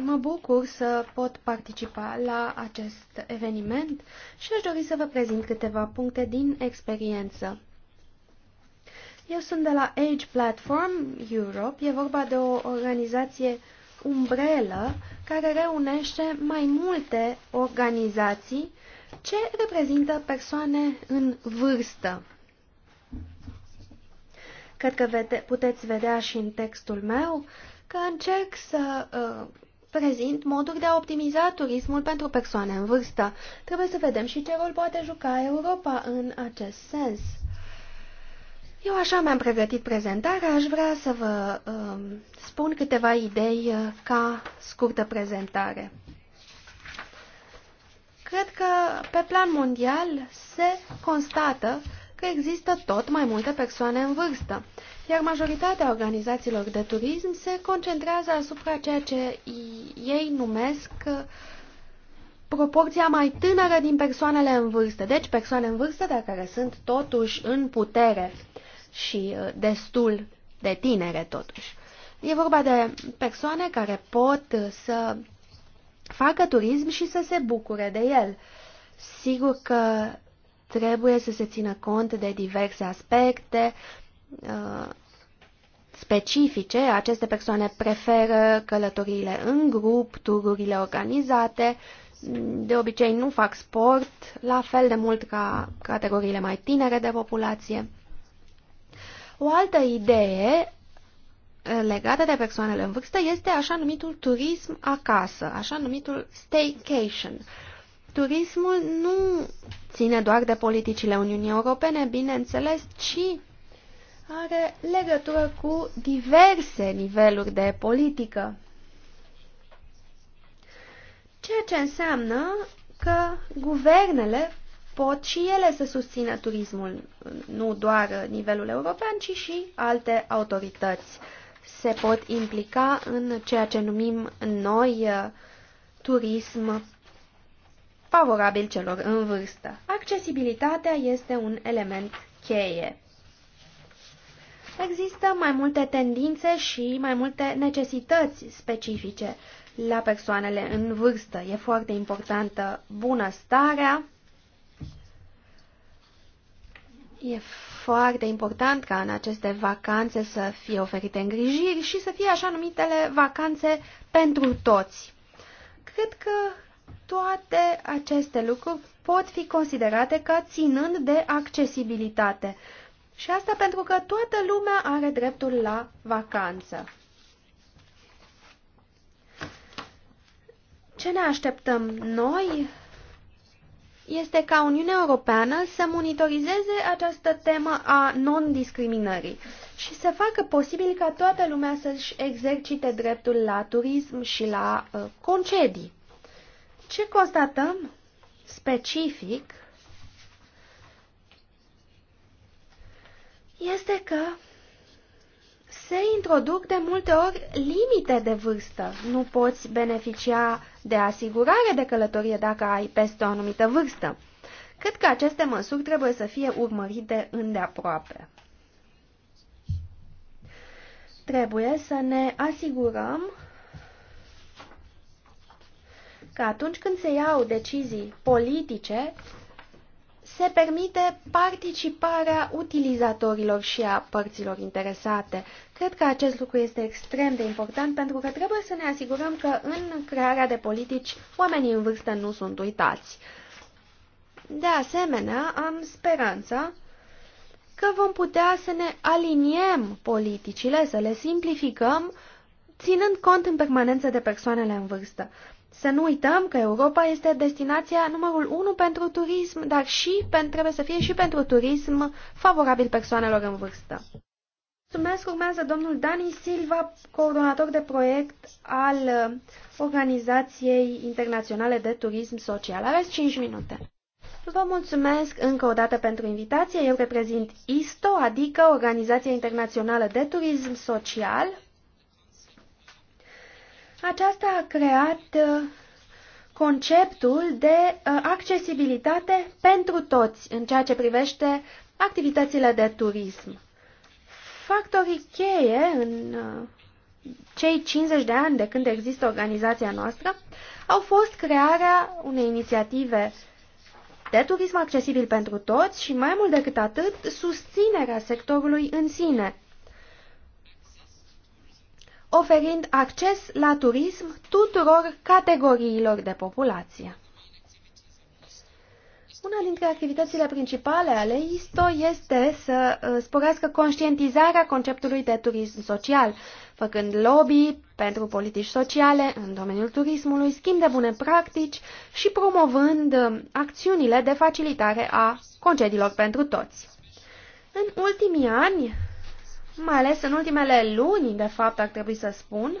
Mă bucur să pot participa la acest eveniment și aș dori să vă prezint câteva puncte din experiență. Eu sunt de la Age Platform Europe. E vorba de o organizație umbrelă care reunește mai multe organizații ce reprezintă persoane în vârstă. Cred că vede, puteți vedea și în textul meu că încerc să uh, prezint moduri de a optimiza turismul pentru persoane în vârstă. Trebuie să vedem și ce rol poate juca Europa în acest sens. Eu așa mi-am pregătit prezentarea, aș vrea să vă uh, spun câteva idei uh, ca scurtă prezentare. Cred că pe plan mondial se constată că există tot mai multe persoane în vârstă iar majoritatea organizațiilor de turism se concentrează asupra ceea ce ei numesc uh, proporția mai tânără din persoanele în vârstă, deci persoane în vârstă, dar care sunt totuși în putere și uh, destul de tinere totuși. E vorba de persoane care pot uh, să facă turism și să se bucure de el. Sigur că trebuie să se țină cont de diverse aspecte, Uh, specifice. Aceste persoane preferă călătoriile în grup, tururile organizate, de obicei nu fac sport, la fel de mult ca categoriile mai tinere de populație. O altă idee legată de persoanele în vârstă este așa numitul turism acasă, așa numitul staycation. Turismul nu ține doar de politicile Uniunii Europene, bineînțeles, ci are legătură cu diverse niveluri de politică. Ceea ce înseamnă că guvernele pot și ele să susțină turismul, nu doar nivelul european, ci și alte autorități. Se pot implica în ceea ce numim noi uh, turism favorabil celor în vârstă. Accesibilitatea este un element cheie. Există mai multe tendințe și mai multe necesități specifice la persoanele în vârstă. E foarte importantă bunăstarea. E foarte important ca în aceste vacanțe să fie oferite îngrijiri și să fie așa numitele vacanțe pentru toți. Cred că toate aceste lucruri pot fi considerate ca ținând de accesibilitate. Și asta pentru că toată lumea are dreptul la vacanță. Ce ne așteptăm noi este ca Uniunea Europeană să monitorizeze această temă a non-discriminării și să facă posibil ca toată lumea să-și exercite dreptul la turism și la uh, concedii. Ce constatăm specific este că se introduc de multe ori limite de vârstă. Nu poți beneficia de asigurare de călătorie dacă ai peste o anumită vârstă. Cred că aceste măsuri trebuie să fie urmărite îndeaproape. Trebuie să ne asigurăm că atunci când se iau decizii politice, se permite participarea utilizatorilor și a părților interesate. Cred că acest lucru este extrem de important pentru că trebuie să ne asigurăm că în crearea de politici oamenii în vârstă nu sunt uitați. De asemenea, am speranța că vom putea să ne aliniem politicile, să le simplificăm, ținând cont în permanență de persoanele în vârstă. Să nu uităm că Europa este destinația numărul 1 pentru turism, dar și trebuie să fie și pentru turism favorabil persoanelor în vârstă. Mulțumesc, urmează domnul Dani Silva, coordonator de proiect al uh, Organizației Internaționale de Turism Social. Aveți 5 minute. Vă mulțumesc încă o dată pentru invitație. Eu reprezint ISTO, adică Organizația Internațională de Turism Social, aceasta a creat uh, conceptul de uh, accesibilitate pentru toți în ceea ce privește activitățile de turism. Factorii cheie în uh, cei 50 de ani de când există organizația noastră au fost crearea unei inițiative de turism accesibil pentru toți și mai mult decât atât susținerea sectorului în sine oferind acces la turism tuturor categoriilor de populație. Una dintre activitățile principale ale ISTO este să uh, sporească conștientizarea conceptului de turism social, făcând lobby pentru politici sociale în domeniul turismului, schimb de bune practici și promovând uh, acțiunile de facilitare a concediilor pentru toți. În ultimii ani, mai ales în ultimele luni, de fapt, ar trebui să spun,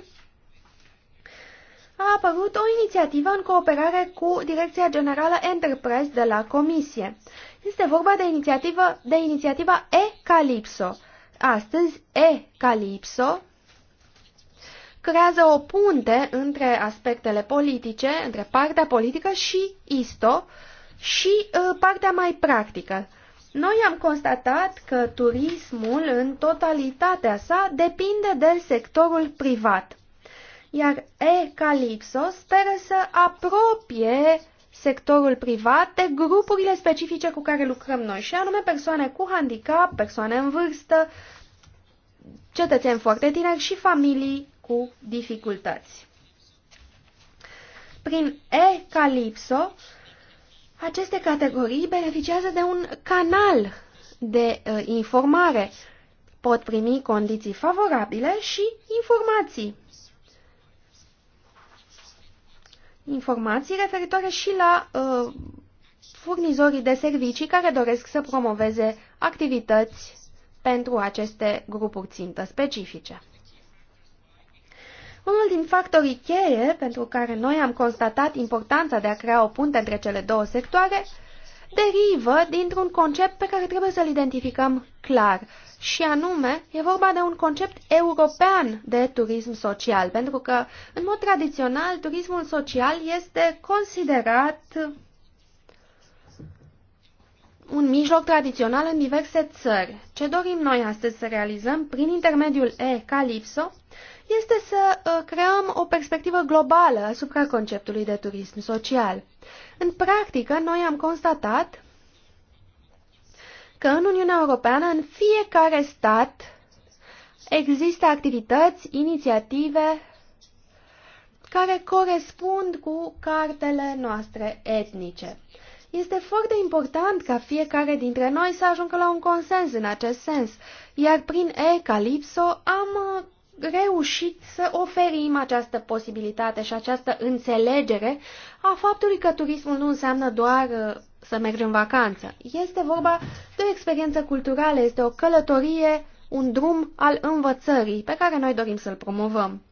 a apărut o inițiativă în cooperare cu Direcția Generală Enterprise de la Comisie. Este vorba de, inițiativă, de inițiativa E-Calypso. Astăzi, E-Calypso creează o punte între aspectele politice, între partea politică și ISTO și uh, partea mai practică. Noi am constatat că turismul în totalitatea sa depinde de sectorul privat, iar E-Calypso speră să apropie sectorul privat de grupurile specifice cu care lucrăm noi, și anume persoane cu handicap, persoane în vârstă, cetățeni foarte tineri și familii cu dificultăți. Prin E-Calypso, aceste categorii beneficiază de un canal de uh, informare, pot primi condiții favorabile și informații. Informații referitoare și la uh, furnizorii de servicii care doresc să promoveze activități pentru aceste grupuri țintă specifice. Unul din factorii cheie pentru care noi am constatat importanța de a crea o punte între cele două sectoare derivă dintr-un concept pe care trebuie să-l identificăm clar, și anume e vorba de un concept european de turism social, pentru că, în mod tradițional, turismul social este considerat un mijloc tradițional în diverse țări. Ce dorim noi astăzi să realizăm prin intermediul E-Calipso este să uh, creăm o perspectivă globală asupra conceptului de turism social. În practică, noi am constatat că în Uniunea Europeană, în fiecare stat, există activități, inițiative care corespund cu cartele noastre etnice. Este foarte important ca fiecare dintre noi să ajungă la un consens în acest sens, iar prin E-Calipso am uh, reușit să oferim această posibilitate și această înțelegere a faptului că turismul nu înseamnă doar uh, să mergi în vacanță. Este vorba de o experiență culturală, este o călătorie, un drum al învățării pe care noi dorim să-l promovăm.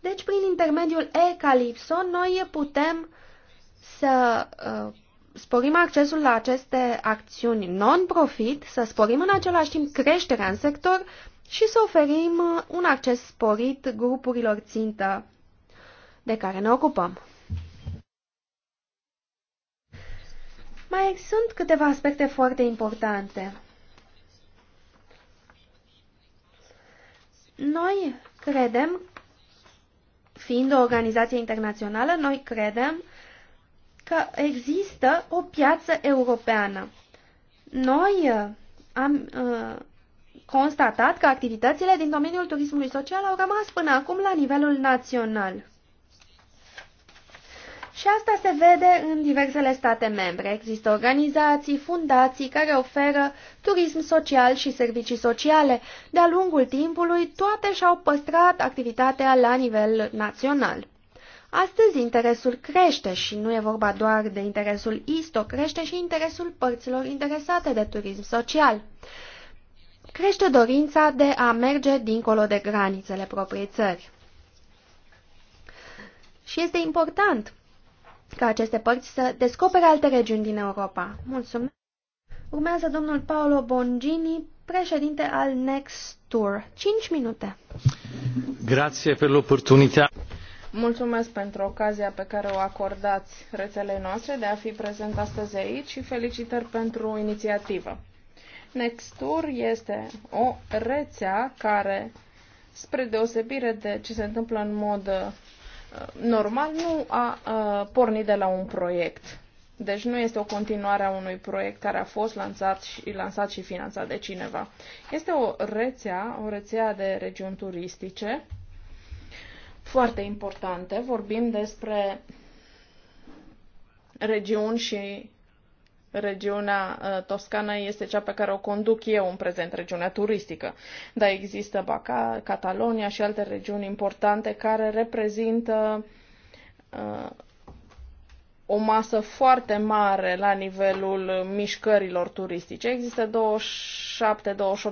Deci, prin intermediul Ecalipso, noi putem să uh, sporim accesul la aceste acțiuni non-profit, să sporim în același timp creșterea în sector și să oferim uh, un acces sporit grupurilor țintă de care ne ocupăm. Mai sunt câteva aspecte foarte importante. Noi credem, fiind o organizație internațională, noi credem că există o piață europeană. Noi uh, am uh, constatat că activitățile din domeniul turismului social au rămas până acum la nivelul național. Și asta se vede în diversele state membre. Există organizații, fundații care oferă turism social și servicii sociale. De-a lungul timpului, toate și-au păstrat activitatea la nivel național. Astăzi interesul crește și nu e vorba doar de interesul ISTO, crește și interesul părților interesate de turism social crește dorința de a merge dincolo de granițele propriei țări. Și este important ca aceste părți să descopere alte regiuni din Europa. Mulțumesc! Urmează domnul Paolo Bongini, președinte al Next Tour. 5 minute. Grazie per l'opportunità. Mulțumesc pentru ocazia pe care o acordați rețelei noastre de a fi prezent astăzi aici și felicitări pentru inițiativă. Nextur este o rețea care, spre deosebire de ce se întâmplă în mod uh, normal, nu a, a uh, pornit de la un proiect. Deci nu este o continuare a unui proiect care a fost lansat și, lansat și finanțat de cineva. Este o rețea, o rețea de regiuni turistice foarte importante. Vorbim despre regiuni și Regiunea uh, Toscana este cea pe care o conduc eu în prezent, regiunea turistică. Dar există Baca, Catalonia și alte regiuni importante care reprezintă uh, o masă foarte mare la nivelul mișcărilor turistice. Există 27-28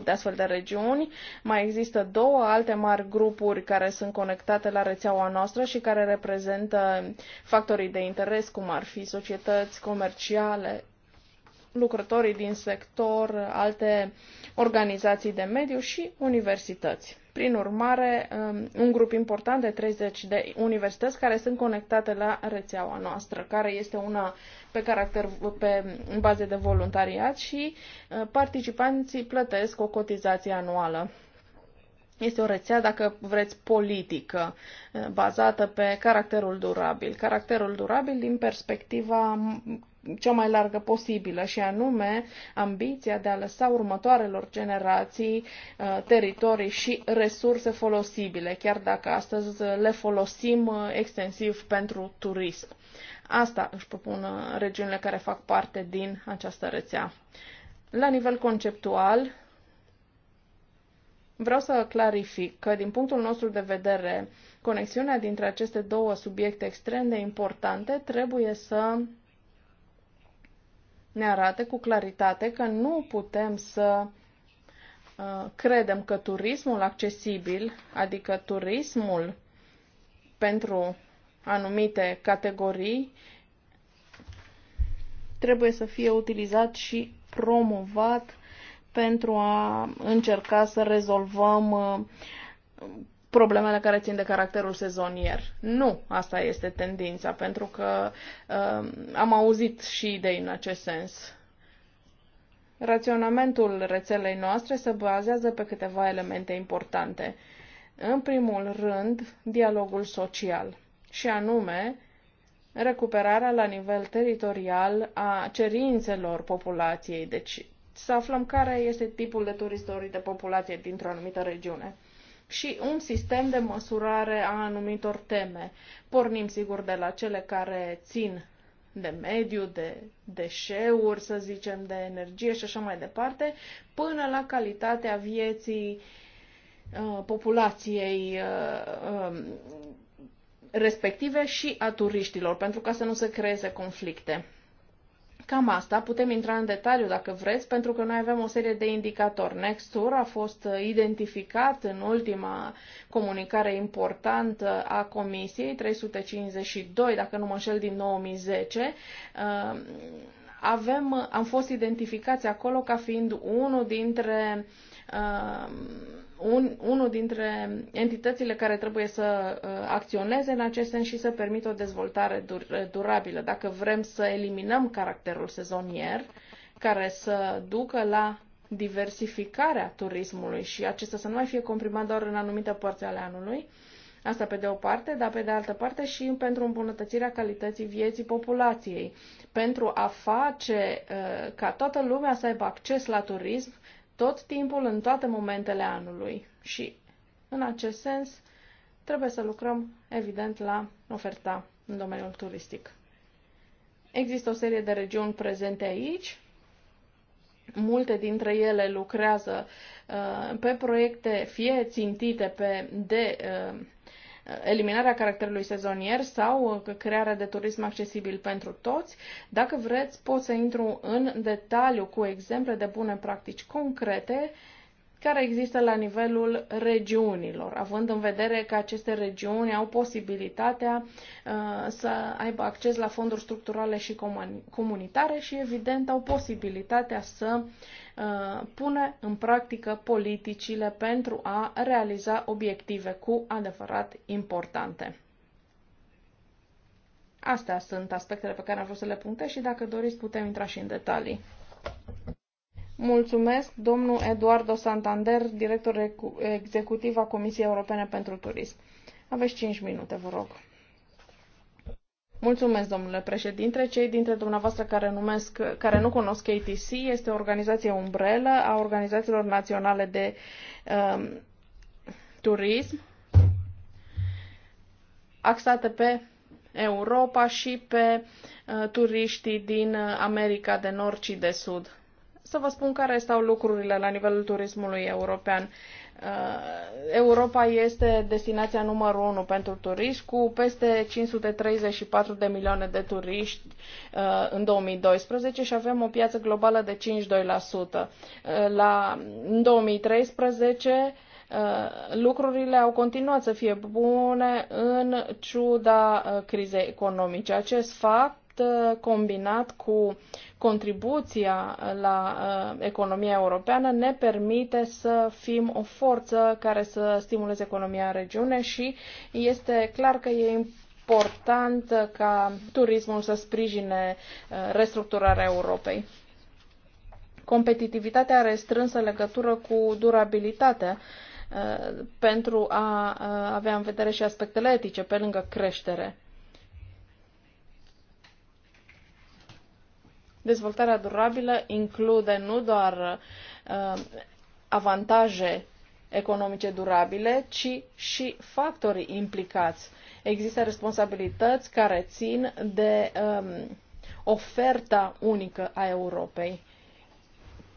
de astfel de regiuni, mai există două alte mari grupuri care sunt conectate la rețeaua noastră și care reprezintă factorii de interes, cum ar fi societăți comerciale, lucrătorii din sector, alte organizații de mediu și universități. Prin urmare, um, un grup important de 30 de universități care sunt conectate la rețeaua noastră, care este una pe caracter pe bază de voluntariat și uh, participanții plătesc o cotizație anuală. Este o rețea, dacă vreți, politică, uh, bazată pe caracterul durabil. Caracterul durabil din perspectiva cea mai largă posibilă și anume ambiția de a lăsa următoarelor generații uh, teritorii și resurse folosibile, chiar dacă astăzi uh, le folosim uh, extensiv pentru turism. Asta își propun regiunile care fac parte din această rețea. La nivel conceptual, Vreau să clarific că, din punctul nostru de vedere, conexiunea dintre aceste două subiecte extrem de importante trebuie să ne arată cu claritate că nu putem să uh, credem că turismul accesibil, adică turismul pentru anumite categorii, trebuie să fie utilizat și promovat pentru a încerca să rezolvăm uh, problemele care țin de caracterul sezonier. Nu, asta este tendința, pentru că uh, am auzit și idei în acest sens. Raționamentul rețelei noastre se bazează pe câteva elemente importante. În primul rând, dialogul social, și anume recuperarea la nivel teritorial a cerințelor populației, deci să aflăm care este tipul de turistori de populație dintr-o anumită regiune și un sistem de măsurare a anumitor teme. Pornim sigur de la cele care țin de mediu, de deșeuri, să zicem, de energie și așa mai departe, până la calitatea vieții uh, populației uh, um, respective și a turiștilor, pentru ca să nu se creeze conflicte. Cam asta, putem intra în detaliu dacă vreți, pentru că noi avem o serie de indicatori. Nextur a fost identificat în ultima comunicare importantă a Comisiei, 352, dacă nu mă înșel, din 2010. Uh, avem, am fost identificați acolo ca fiind unul dintre uh, un, unul dintre entitățile care trebuie să uh, acționeze în acest sens și să permită o dezvoltare dur, durabilă. Dacă vrem să eliminăm caracterul sezonier, care să ducă la diversificarea turismului și acesta să nu mai fie comprimat doar în anumite părți ale anului, Asta pe de o parte, dar pe de altă parte și pentru îmbunătățirea calității vieții populației. Pentru a face uh, ca toată lumea să aibă acces la turism, tot timpul, în toate momentele anului. Și, în acest sens, trebuie să lucrăm, evident, la oferta în domeniul turistic. Există o serie de regiuni prezente aici. Multe dintre ele lucrează uh, pe proiecte fie țintite pe de uh, eliminarea caracterului sezonier sau uh, crearea de turism accesibil pentru toți. Dacă vreți, pot să intru în detaliu cu exemple de bune practici concrete care există la nivelul regiunilor, având în vedere că aceste regiuni au posibilitatea uh, să aibă acces la fonduri structurale și comunitare și, evident, au posibilitatea să Uh, pune în practică politicile pentru a realiza obiective cu adevărat importante. Astea sunt aspectele pe care am vrut să le punctez și dacă doriți putem intra și în detalii. Mulțumesc, domnul Eduardo Santander, director executiv a Comisiei Europene pentru Turism. Aveți 5 minute, vă rog. Mulțumesc, domnule președinte. Cei dintre dumneavoastră care, numesc, care nu cunosc ATC este o organizație umbrelă a organizațiilor naționale de um, turism axată pe Europa și pe uh, turiștii din uh, America de Nord și de Sud. Să vă spun care stau lucrurile la nivelul turismului european. Uh, Uh, Europa este destinația numărul unu pentru turiști, cu peste 534 de milioane de turiști uh, în 2012 și avem o piață globală de 52%. Uh, la, în 2013 lucrurile au continuat să fie bune în ciuda crizei economice. Acest fapt Uh, combinat cu contribuția la uh, economia europeană, ne permite să fim o forță care să stimuleze economia în regiune și este clar că e important ca turismul să sprijine uh, restructurarea Europei. Competitivitatea are strânsă legătură cu durabilitatea pentru a avea în vedere și aspectele etice pe lângă creștere. Dezvoltarea durabilă include nu doar uh, avantaje economice durabile, ci și factorii implicați. Există responsabilități care țin de um, oferta unică a Europei.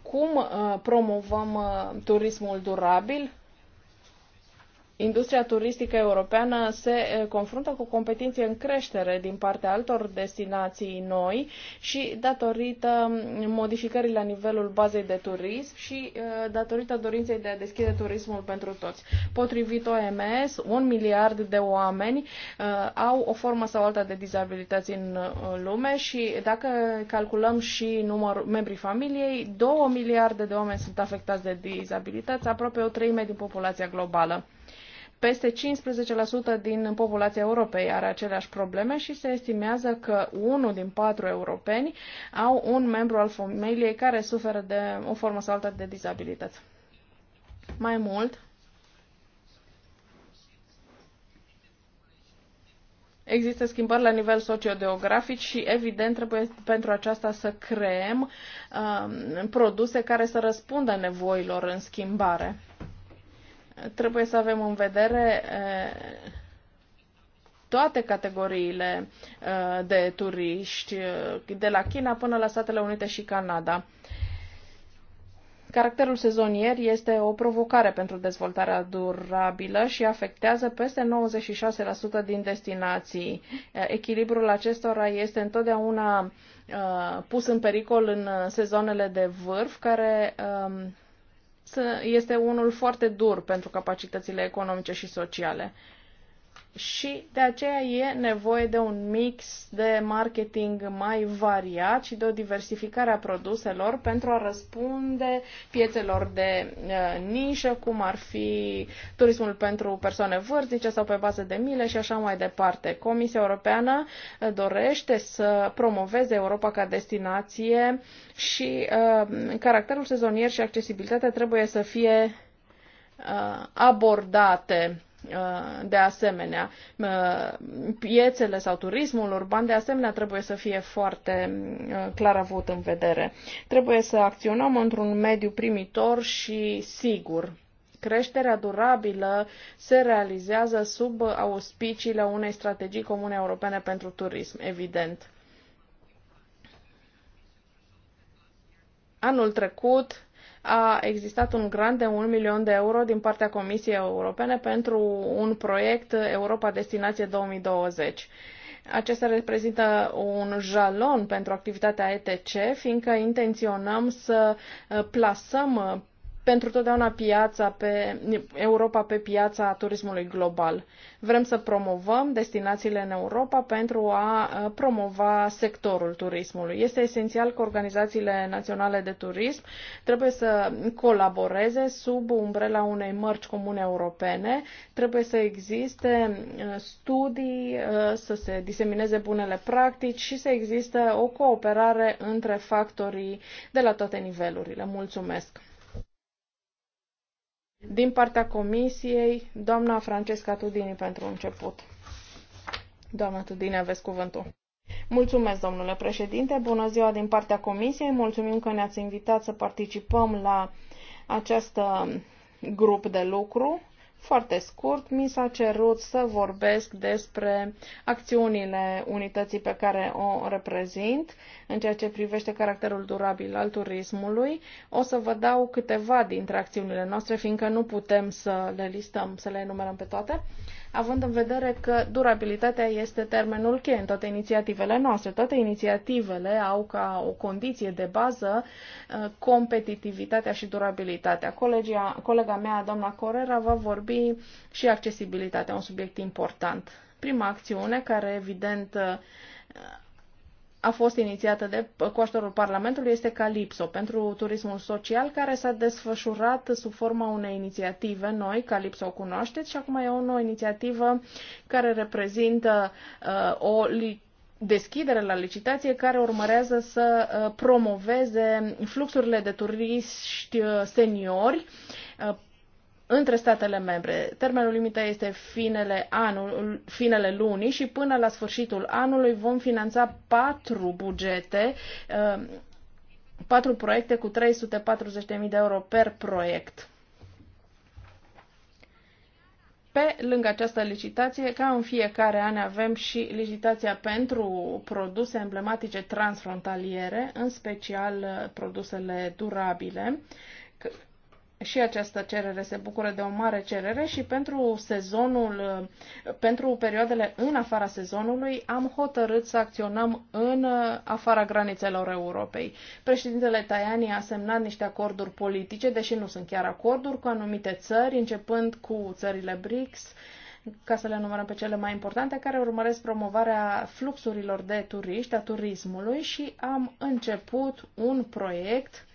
Cum uh, promovăm uh, turismul durabil? Industria turistică europeană se confruntă cu competiție în creștere din partea altor destinații noi și datorită modificării la nivelul bazei de turism și datorită dorinței de a deschide turismul pentru toți. Potrivit OMS, un miliard de oameni au o formă sau alta de dizabilități în lume și dacă calculăm și numărul membrii familiei, 2 miliarde de oameni sunt afectați de dizabilități, aproape o treime din populația globală. Peste 15% din populația Europei are aceleași probleme și se estimează că unul din patru europeni au un membru al familiei care suferă de o formă sau alta de dizabilități. Mai mult, Există schimbări la nivel sociodeografic și, evident, trebuie pentru aceasta să creăm uh, produse care să răspundă nevoilor în schimbare. Trebuie să avem în vedere toate categoriile de turiști, de la China până la Statele Unite și Canada. Caracterul sezonier este o provocare pentru dezvoltarea durabilă și afectează peste 96% din destinații. Echilibrul acestora este întotdeauna pus în pericol în sezoanele de vârf, care este unul foarte dur pentru capacitățile economice și sociale și de aceea e nevoie de un mix de marketing mai variat și de o diversificare a produselor pentru a răspunde piețelor de uh, nișă, cum ar fi turismul pentru persoane vârstnice sau pe bază de mile și așa mai departe. Comisia Europeană dorește să promoveze Europa ca destinație și uh, caracterul sezonier și accesibilitatea trebuie să fie uh, abordate de asemenea. Uh, piețele sau turismul urban de asemenea trebuie să fie foarte uh, clar avut în vedere. Trebuie să acționăm într-un mediu primitor și sigur. Creșterea durabilă se realizează sub auspiciile unei strategii comune europene pentru turism, evident. Anul trecut, a existat un grant de un milion de euro din partea Comisiei Europene pentru un proiect Europa Destinație 2020. Acesta reprezintă un jalon pentru activitatea ETC, fiindcă intenționăm să uh, plasăm uh, pentru totdeauna piața pe, Europa pe piața turismului global. Vrem să promovăm destinațiile în Europa pentru a promova sectorul turismului. Este esențial că organizațiile naționale de turism trebuie să colaboreze sub umbrela unei mărci comune europene, trebuie să existe studii, să se disemineze bunele practici și să existe o cooperare între factorii de la toate nivelurile. Mulțumesc! Din partea comisiei, doamna Francesca Tudini pentru început. Doamna Tudini, aveți cuvântul. Mulțumesc, domnule președinte. Bună ziua din partea comisiei. Mulțumim că ne-ați invitat să participăm la acest grup de lucru foarte scurt, mi s-a cerut să vorbesc despre acțiunile unității pe care o reprezint în ceea ce privește caracterul durabil al turismului. O să vă dau câteva dintre acțiunile noastre, fiindcă nu putem să le listăm, să le enumerăm pe toate având în vedere că durabilitatea este termenul cheie în toate inițiativele noastre. Toate inițiativele au ca o condiție de bază uh, competitivitatea și durabilitatea. Colegia, colega mea, doamna Corera, va vorbi și accesibilitatea, un subiect important. Prima acțiune, care evident uh, a fost inițiată de, cu ajutorul Parlamentului este Calipso pentru turismul social, care s-a desfășurat sub forma unei inițiative noi, Calipso o cunoașteți, și acum e o nouă inițiativă care reprezintă uh, o deschidere la licitație care urmărează să uh, promoveze fluxurile de turiști uh, seniori uh, între statele membre. Termenul limită este finele, anul, finele lunii și până la sfârșitul anului vom finanța patru bugete, uh, patru proiecte cu 340.000 de euro per proiect. Pe lângă această licitație, ca în fiecare an avem și licitația pentru produse emblematice transfrontaliere, în special uh, produsele durabile și această cerere se bucură de o mare cerere și pentru sezonul, pentru perioadele în afara sezonului am hotărât să acționăm în afara granițelor Europei. Președintele Tajani a semnat niște acorduri politice, deși nu sunt chiar acorduri, cu anumite țări, începând cu țările BRICS, ca să le numărăm pe cele mai importante, care urmăresc promovarea fluxurilor de turiști, a turismului și am început un proiect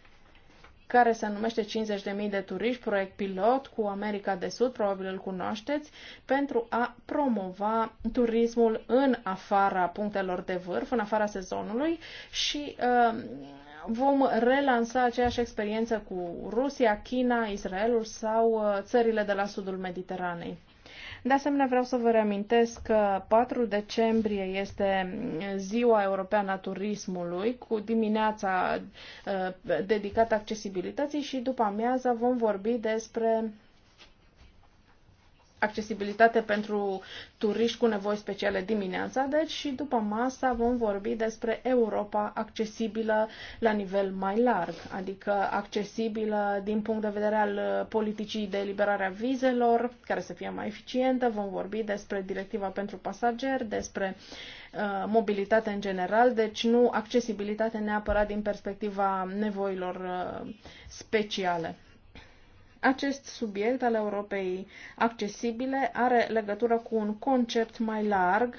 care se numește 50.000 de turiști, proiect pilot cu America de Sud, probabil îl cunoașteți, pentru a promova turismul în afara punctelor de vârf, în afara sezonului și uh, vom relansa aceeași experiență cu Rusia, China, Israelul sau uh, țările de la sudul Mediteranei. De asemenea, vreau să vă reamintesc că 4 decembrie este Ziua Europeană a Turismului, cu dimineața uh, dedicată accesibilității și după amiaza vom vorbi despre accesibilitate pentru turiști cu nevoi speciale dimineața, deci și după masa vom vorbi despre Europa accesibilă la nivel mai larg, adică accesibilă din punct de vedere al politicii de eliberare a vizelor, care să fie mai eficientă, vom vorbi despre directiva pentru pasageri, despre uh, mobilitate în general, deci nu accesibilitate neapărat din perspectiva nevoilor uh, speciale. Acest subiect al Europei accesibile are legătură cu un concept mai larg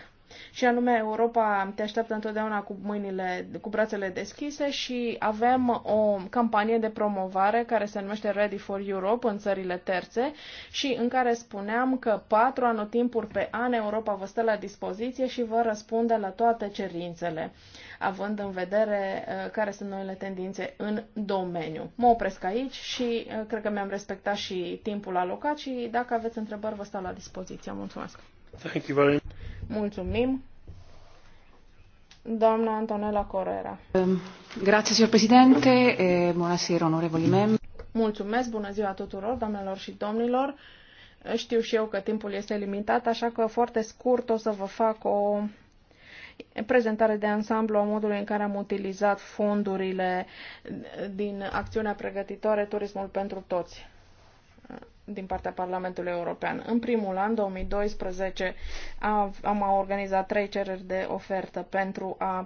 și anume Europa te așteaptă întotdeauna cu mâinile, cu brațele deschise și avem o campanie de promovare care se numește Ready for Europe în țările terțe și în care spuneam că patru anotimpuri pe an Europa vă stă la dispoziție și vă răspunde la toate cerințele având în vedere uh, care sunt noile tendințe în domeniu. Mă opresc aici și uh, cred că mi-am respectat și timpul alocat și dacă aveți întrebări, vă stau la dispoziție. Mulțumesc! Thank you very much. Mulțumim! Doamna Antonella Corera. Um, grazie, signor Presidente. Buonasera, onorevoli membri. Mulțumesc, bună ziua tuturor, doamnelor și domnilor. Știu și eu că timpul este limitat, așa că foarte scurt o să vă fac o prezentare de ansamblu a modului în care am utilizat fondurile din acțiunea pregătitoare Turismul pentru Toți din partea Parlamentului European. În primul an, 2012, am organizat trei cereri de ofertă pentru a uh,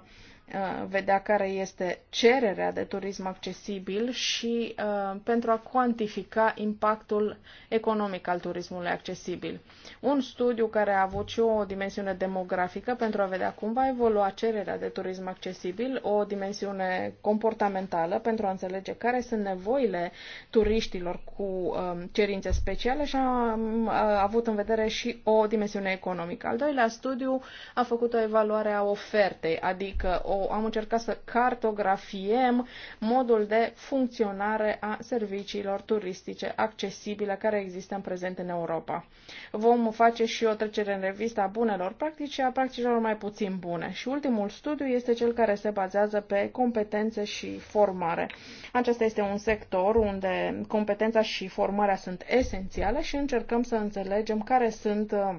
Uh, vedea care este cererea de turism accesibil și uh, pentru a cuantifica impactul economic al turismului accesibil. Un studiu care a avut și o dimensiune demografică pentru a vedea cum va evolua cererea de turism accesibil, o dimensiune comportamentală pentru a înțelege care sunt nevoile turiștilor cu uh, cerințe speciale și a uh, avut în vedere și o dimensiune economică. Al doilea studiu a făcut o evaluare a ofertei, adică o am încercat să cartografiem modul de funcționare a serviciilor turistice accesibile care există în prezent în Europa. Vom face și o trecere în revista bunelor practici și a practicilor mai puțin bune. Și ultimul studiu este cel care se bazează pe competențe și formare. Acesta este un sector unde competența și formarea sunt esențiale și încercăm să înțelegem care sunt uh,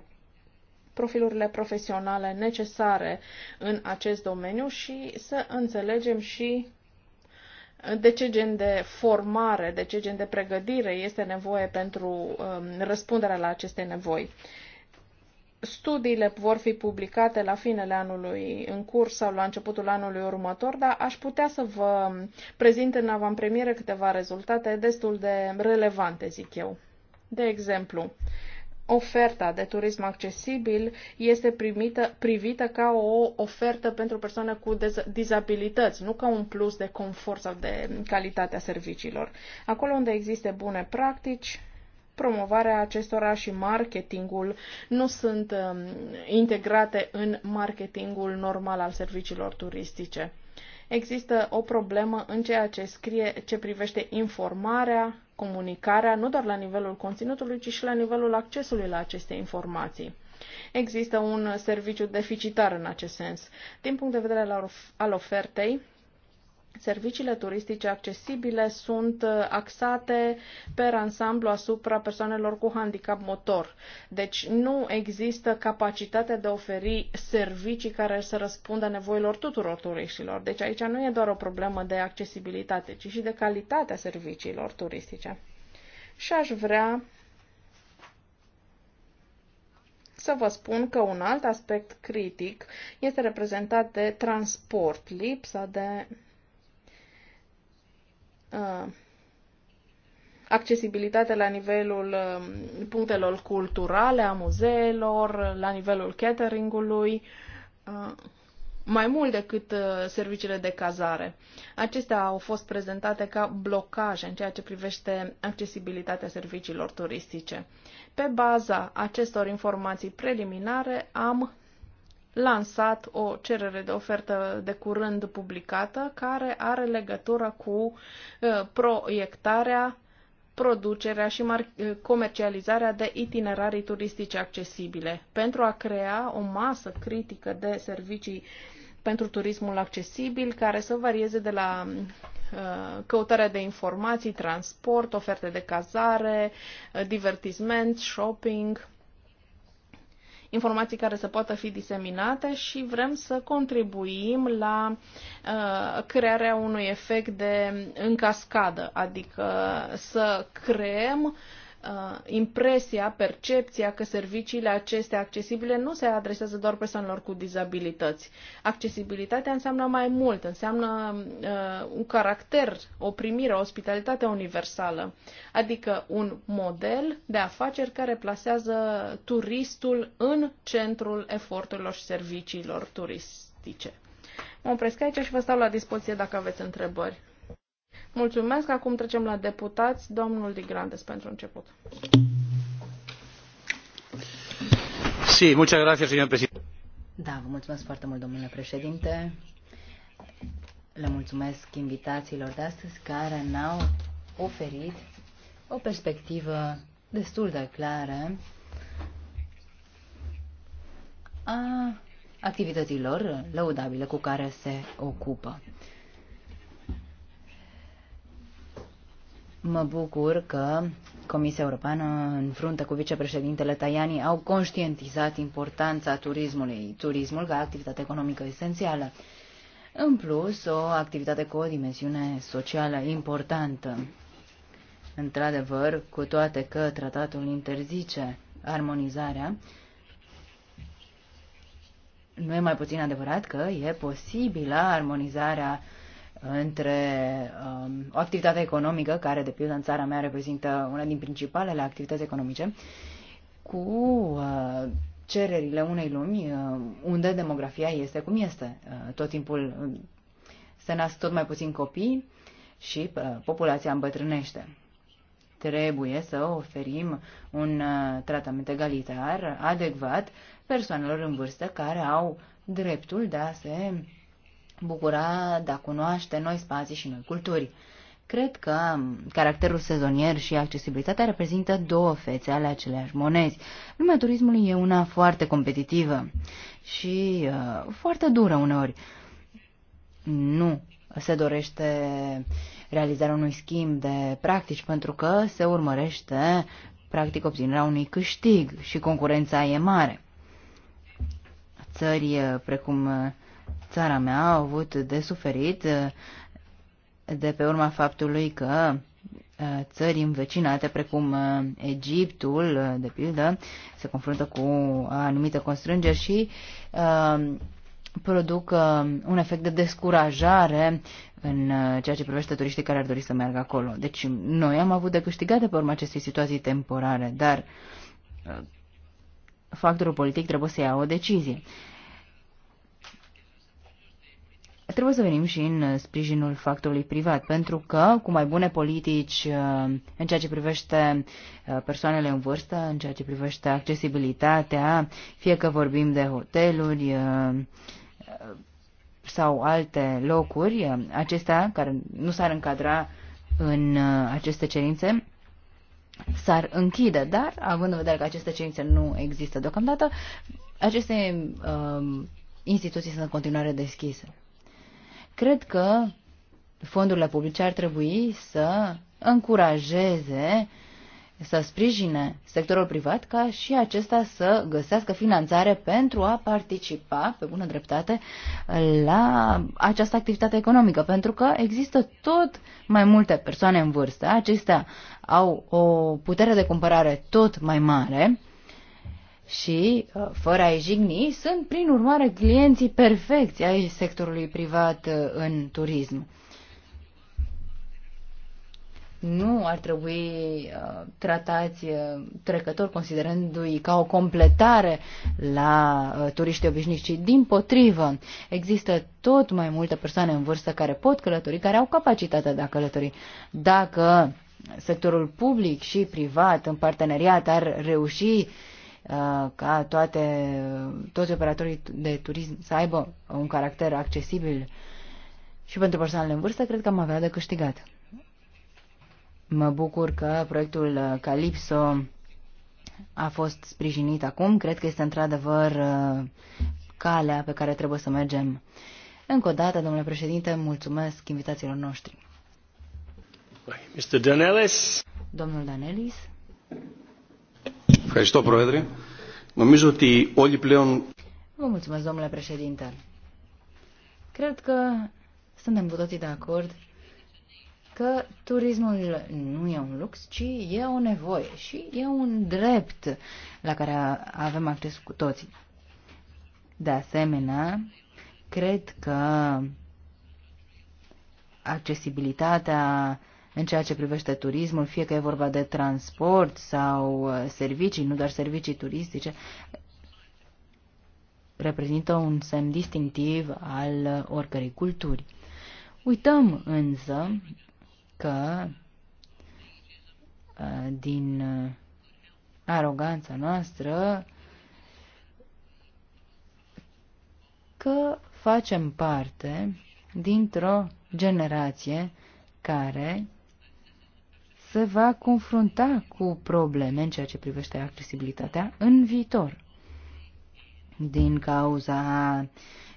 profilurile profesionale necesare în acest domeniu și să înțelegem și de ce gen de formare, de ce gen de pregătire este nevoie pentru um, răspunderea la aceste nevoi. Studiile vor fi publicate la finele anului în curs sau la începutul anului următor, dar aș putea să vă prezint în avantpremiere câteva rezultate destul de relevante, zic eu. De exemplu, oferta de turism accesibil este primită, privită ca o ofertă pentru persoane cu dizabilități, nu ca un plus de confort sau de calitatea serviciilor. Acolo unde există bune practici, promovarea acestora și marketingul nu sunt um, integrate în marketingul normal al serviciilor turistice. Există o problemă în ceea ce scrie ce privește informarea comunicarea nu doar la nivelul conținutului, ci și la nivelul accesului la aceste informații. Există un serviciu deficitar în acest sens. Din punct de vedere al ofertei, Serviciile turistice accesibile sunt uh, axate pe ansamblu asupra persoanelor cu handicap motor. Deci nu există capacitatea de a oferi servicii care să răspundă nevoilor tuturor turiștilor. Deci aici nu e doar o problemă de accesibilitate, ci și de calitatea serviciilor turistice. Și aș vrea să vă spun că un alt aspect critic este reprezentat de transport, lipsa de Uh, accesibilitatea la nivelul um, punctelor culturale, a muzeelor, la nivelul cateringului, uh, mai mult decât uh, serviciile de cazare. Acestea au fost prezentate ca blocaje în ceea ce privește accesibilitatea serviciilor turistice. Pe baza acestor informații preliminare am lansat o cerere de ofertă de curând publicată care are legătură cu uh, proiectarea, producerea și uh, comercializarea de itinerarii turistice accesibile pentru a crea o masă critică de servicii pentru turismul accesibil care să varieze de la uh, căutarea de informații, transport, oferte de cazare, divertisment, shopping, informații care să poată fi diseminate și vrem să contribuim la uh, crearea unui efect de încascadă, adică să creăm uh, uh, impresia, percepția că serviciile acestea accesibile nu se adresează doar persoanelor cu dizabilități. Accesibilitatea înseamnă mai mult, înseamnă uh, un caracter, o primire, o ospitalitate universală, adică un model de afaceri care plasează turistul în centrul eforturilor și serviciilor turistice. Mă opresc aici și vă stau la dispoziție dacă aveți întrebări. Mulțumesc. Acum trecem la deputați. Domnul Di Grandes pentru început. Sí, muchas gracias, señor presidente. Da, vă mulțumesc foarte mult, domnule președinte. Le mulțumesc invitațiilor de astăzi care ne-au oferit o perspectivă destul de clară a activităților lăudabile cu care se ocupă. Mă bucur că Comisia Europeană, în frunte cu vicepreședintele Tajani, au conștientizat importanța turismului, turismul ca activitate economică esențială. În plus, o activitate cu o dimensiune socială importantă. Într-adevăr, cu toate că tratatul interzice armonizarea, nu e mai puțin adevărat că e posibilă armonizarea uh, între um, o activitate economică, care de pildă în țara mea reprezintă una din principalele activități economice, cu uh, cererile unei lumi uh, unde demografia este cum este. Uh, tot timpul uh, se nasc tot mai puțin copii și uh, populația îmbătrânește. Trebuie să oferim un uh, tratament egalitar, adecvat, persoanelor în vârstă care au dreptul de a se bucura de a cunoaște noi spații și noi culturi. Cred că caracterul sezonier și accesibilitatea reprezintă două fețe ale aceleași monezi. Lumea turismului e una foarte competitivă și uh, foarte dură uneori. Nu se dorește realizarea unui schimb de practici pentru că se urmărește practic obținerea unui câștig și concurența e mare. Țări uh, precum uh, țara mea a avut de suferit eh, de pe urma faptului că eh, țări învecinate, precum eh, Egiptul, de pildă, se confruntă cu anumite constrângeri și produc un efect de descurajare în ceea ce privește turiștii care ar dori să meargă acolo. Deci noi am avut de câștigat de pe urma acestei situații temporare, dar factorul politic trebuie să ia o decizie. Trebuie să venim și în uh, sprijinul factorului privat, pentru că cu mai bune politici uh, în ceea ce privește uh, persoanele în vârstă, în ceea ce privește accesibilitatea, fie că vorbim de hoteluri sau alte locuri, acestea care nu s-ar încadra în aceste cerințe, s-ar închide, dar având în vedere că aceste cerințe nu există deocamdată, aceste uh, instituții sunt în continuare deschise. Cred că fondurile publice ar trebui să încurajeze, să sprijine sectorul privat ca și acesta să găsească finanțare pentru a participa, pe bună dreptate, la această activitate economică, pentru că există tot mai multe persoane în vârstă, acestea au o putere de cumpărare tot mai mare și, uh, fără a-i jigni, sunt, prin urmare, clienții perfecți ai sectorului privat uh, în turism. Nu ar trebui uh, tratați trecători considerându-i ca o completare la turiști obișnuiți, ci din potrivă. Există tot mai multe persoane în vârstă care pot călători, care au capacitatea de a călători. Dacă sectorul public și privat în parteneriat ar reuși uh, Uh, ca toate, toți operatorii de turism să aibă un caracter accesibil și pentru persoanele în vârstă, cred că am avea de câștigat. Mă bucur că proiectul Calypso a fost sprijinit acum. Cred că este într-adevăr uh, calea pe care trebuie să mergem. Încă o dată, domnule președinte, mulțumesc invitațiilor noștri. Mr. Danelis. Domnul Danelis. Ευχαριστώ, Πρόεδρε. Νομίζω ότι όλοι πλέον... Vă mulțumesc, domnule președinte. Cred că suntem cu toții de acord că turismul nu e un lux, ci e o nevoie și e un drept la care avem acces cu toții. De asemenea, cred că accesibilitatea în ceea ce privește turismul, fie că e vorba de transport sau uh, servicii, nu doar servicii turistice, reprezintă un semn distinctiv al uh, oricărei culturi. Uităm însă că uh, din aroganța noastră că facem parte dintr-o generație care se va confrunta cu probleme în ceea ce privește accesibilitatea în viitor. Din cauza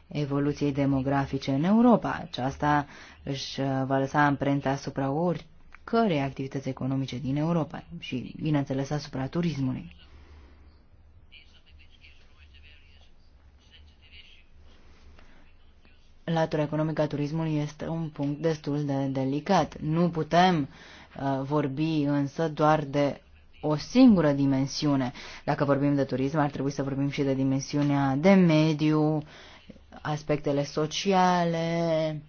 evoluției demografice în Europa, aceasta își va lăsa amprenta asupra oricărei activități economice din Europa și, bineînțeles, asupra turismului. Latura economică a turismului este un punct destul de delicat. Nu putem uh, Uh, vorbi însă doar de o singură dimensiune. Dacă vorbim de turism, ar trebui să vorbim și de dimensiunea de mediu, aspectele sociale,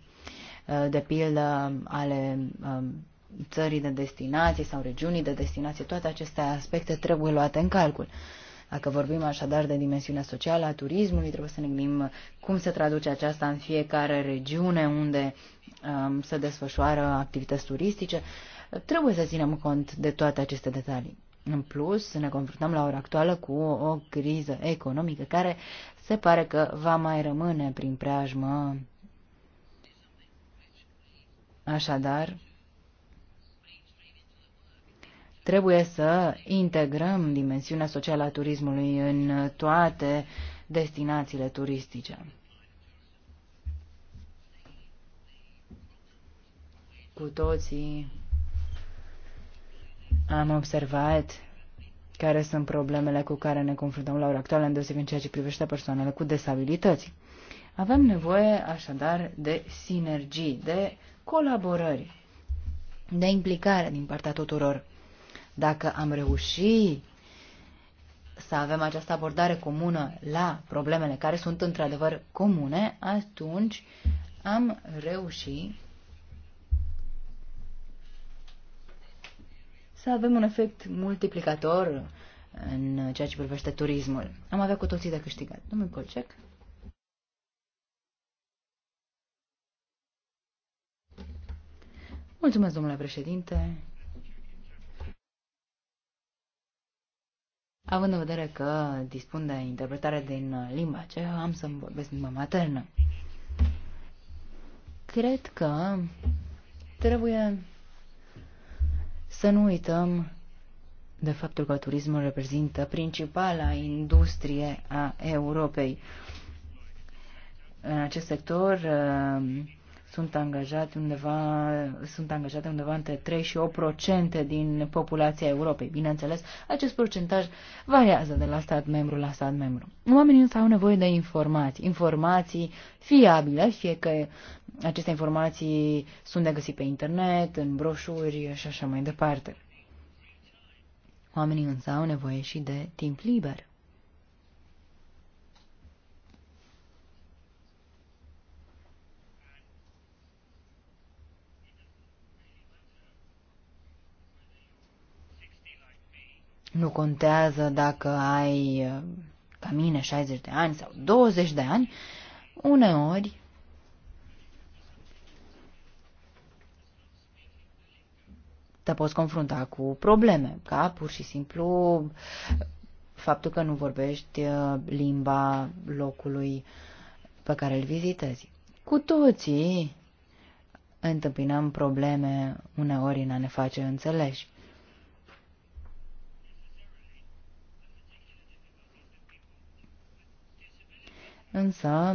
uh, de pildă ale um, țării de destinație sau regiunii de destinație, toate aceste aspecte trebuie luate în calcul. Dacă vorbim așadar de dimensiunea socială a turismului, trebuie să ne gândim cum se traduce aceasta în fiecare regiune unde um, se desfășoară activități turistice. Uh, Trebuie să ținem cont de toate aceste detalii. În plus, ne confruntăm la ora actuală cu o criză economică care se pare că va mai rămâne prin preajmă. Așadar, trebuie să integrăm dimensiunea socială a turismului în toate destinațiile turistice. Cu toții am observat care sunt problemele cu care ne confruntăm la ora actuală, îndeosebit în ceea ce privește persoanele cu disabilități Avem nevoie, așadar, de sinergii, de colaborări, de implicare din partea tuturor. Dacă am reușit să avem această abordare comună la problemele care sunt într-adevăr comune, atunci am reușit să avem un efect multiplicator în ceea ce privește turismul. Am avea cu toții de câștigat. Domnul Colcec? Mulțumesc, domnule președinte. Având în vedere că dispun de interpretare din limba aceea, am să-mi vorbesc limba maternă. Cred că trebuie să nu uităm de faptul că turismul reprezintă principala industrie a Europei. În acest sector sunt angajate undeva, sunt angajate undeva între 3 și 8% din populația Europei. Bineînțeles, acest procentaj variază de la stat membru la stat membru. Oamenii însă au nevoie de informații, informații fiabile, fie că aceste informații sunt de găsit pe internet, în broșuri și așa mai departe. Oamenii însă au nevoie și de timp liber. Nu contează dacă ai, uh, ca mine, 60 de ani sau 20 de ani, uneori te poți confrunta cu probleme, ca pur și simplu faptul că nu vorbești uh, limba locului pe care îl vizitezi. Cu toții întâmpinăm probleme uneori în a ne face înțeleși. însă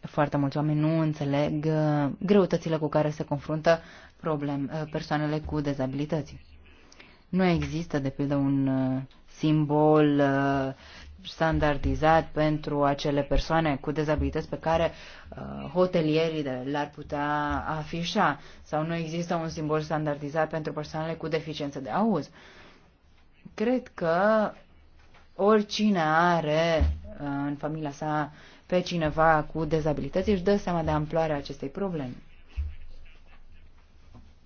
foarte mulți oameni nu înțeleg uh, greutățile cu care se confruntă problem, uh, persoanele cu dezabilități. Nu există, de pildă, un uh, simbol standardizat pentru acele persoane cu dezabilități pe care hotelierii le-ar putea afișa sau nu există un simbol standardizat pentru persoanele cu deficiență de auz. Cred că oricine are în familia sa pe cineva cu dezabilități, își dă seama de amploarea acestei probleme.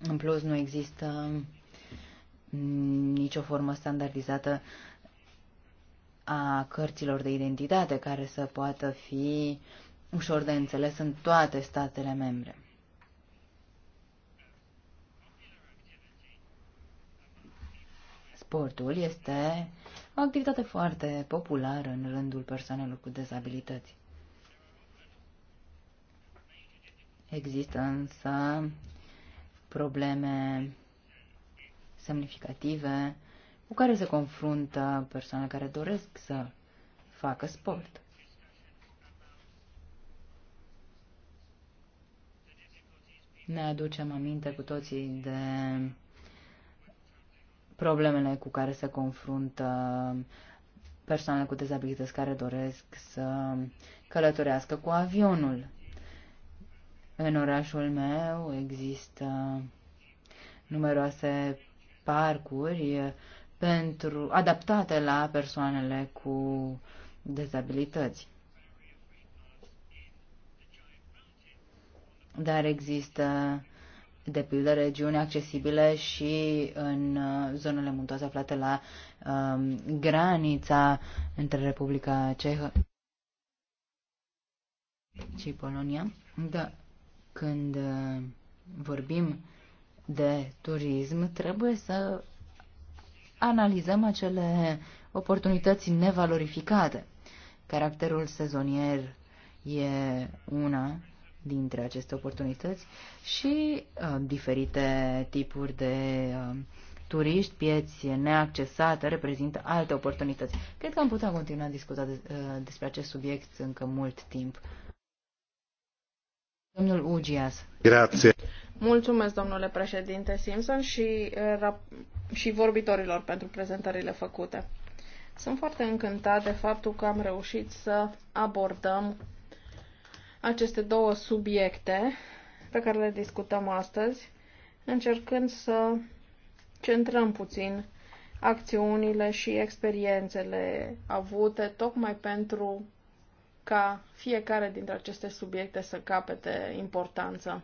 În plus, nu există nicio formă standardizată a cărților de identitate care să poată fi ușor de înțeles în toate statele membre. Sportul este o activitate foarte populară în rândul persoanelor cu dezabilități. Există însă probleme semnificative cu care se confruntă persoanele care doresc să facă sport. Ne aducem aminte cu toții de problemele cu care se confruntă persoanele cu dezabilități care doresc să călătorească cu avionul. În orașul meu există numeroase parcuri eh, pentru, adaptate la persoanele cu dezabilități. Dar există, de pildă, regiuni accesibile și în eh, zonele muntoase aflate la um, granița între Republica Cehă și Polonia. Da. Când uh, vorbim de turism, trebuie să analizăm acele oportunități nevalorificate. Caracterul sezonier e una dintre aceste oportunități și uh, diferite tipuri de uh, turiști, pieți neaccesate, reprezintă alte oportunități. Cred că am putea continua discuta de, uh, despre acest subiect încă mult timp. Domnul Ugias. Grație. Mulțumesc, domnule președinte Simpson și, eh, și vorbitorilor pentru prezentările făcute. Sunt foarte încântat de faptul că am reușit să abordăm aceste două subiecte pe care le discutăm astăzi, încercând să centrăm puțin acțiunile și experiențele avute tocmai pentru ca fiecare dintre aceste subiecte să capete importanță.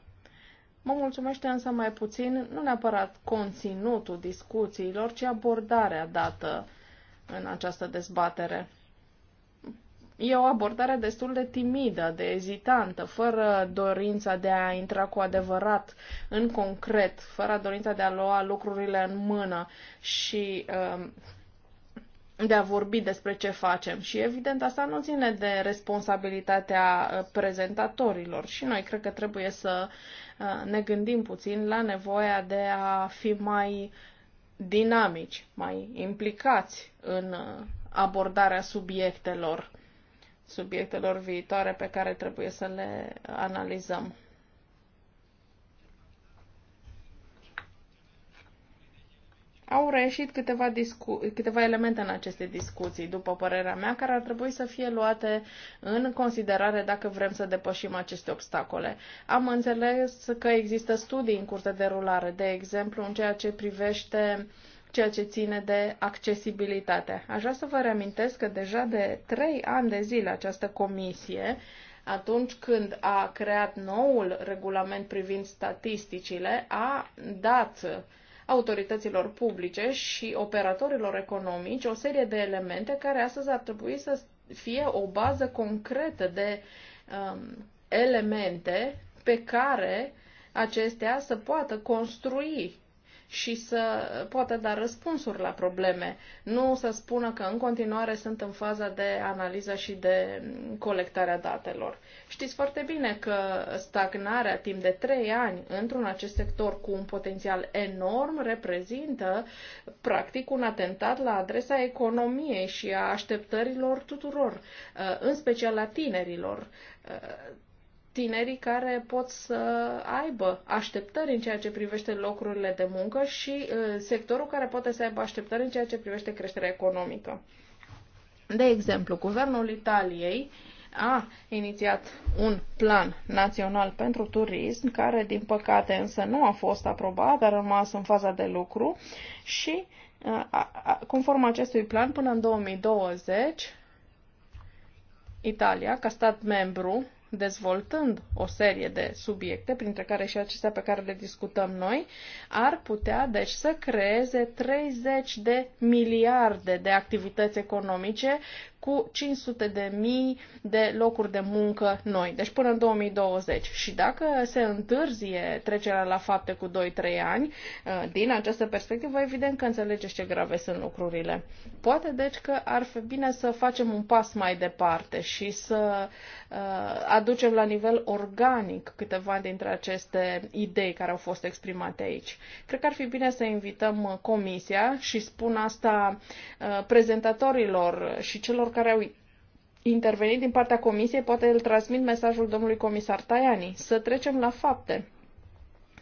Mă mulțumește însă mai puțin, nu neapărat conținutul discuțiilor, ci abordarea dată în această dezbatere. E o abordare destul de timidă, de ezitantă, fără dorința de a intra cu adevărat în concret, fără dorința de a lua lucrurile în mână și uh, de a vorbi despre ce facem. Și evident, asta nu ține de responsabilitatea uh, prezentatorilor. Și noi cred că trebuie să uh, ne gândim puțin la nevoia de a fi mai dinamici, mai implicați în uh, abordarea subiectelor, subiectelor viitoare pe care trebuie să le analizăm. Au reieșit câteva, discu- câteva elemente în aceste discuții, după părerea mea, care ar trebui să fie luate în considerare dacă vrem să depășim aceste obstacole. Am înțeles că există studii în curte de rulare, de exemplu, în ceea ce privește ceea ce ține de accesibilitate. Aș vrea să vă reamintesc că deja de trei ani de zile această comisie atunci când a creat noul regulament privind statisticile, a dat autorităților publice și operatorilor economici o serie de elemente care astăzi ar trebui să fie o bază concretă de um, elemente pe care acestea să poată construi și să poată da răspunsuri la probleme, nu să spună că în continuare sunt în faza de analiză și de colectarea datelor. Știți foarte bine că stagnarea timp de trei ani într-un acest sector cu un potențial enorm reprezintă practic un atentat la adresa economiei și a așteptărilor tuturor, uh, în special a tinerilor uh, tinerii care pot să aibă așteptări în ceea ce privește locurile de muncă și uh, sectorul care poate să aibă așteptări în ceea ce privește creșterea economică. De exemplu, guvernul Italiei a inițiat un plan național pentru turism, care din păcate însă nu a fost aprobat, a rămas în faza de lucru și uh, conform acestui plan până în 2020 Italia, ca stat membru dezvoltând o serie de subiecte, printre care și acestea pe care le discutăm noi, ar putea, deci, să creeze 30 de miliarde de activități economice cu 500 de mii de locuri de muncă noi, deci până în 2020. Și dacă se întârzie trecerea la fapte cu 2-3 ani, uh, din această perspectivă, evident că înțelegeți ce grave sunt lucrurile. Poate deci că ar fi bine să facem un pas mai departe și să uh, aducem la nivel organic câteva dintre aceste idei care au fost exprimate aici. Cred că ar fi bine să invităm uh, comisia și spun asta prezentatorilor și celor celor care au intervenit din partea comisiei, poate îl transmit mesajul domnului comisar Tajani. Să trecem la fapte.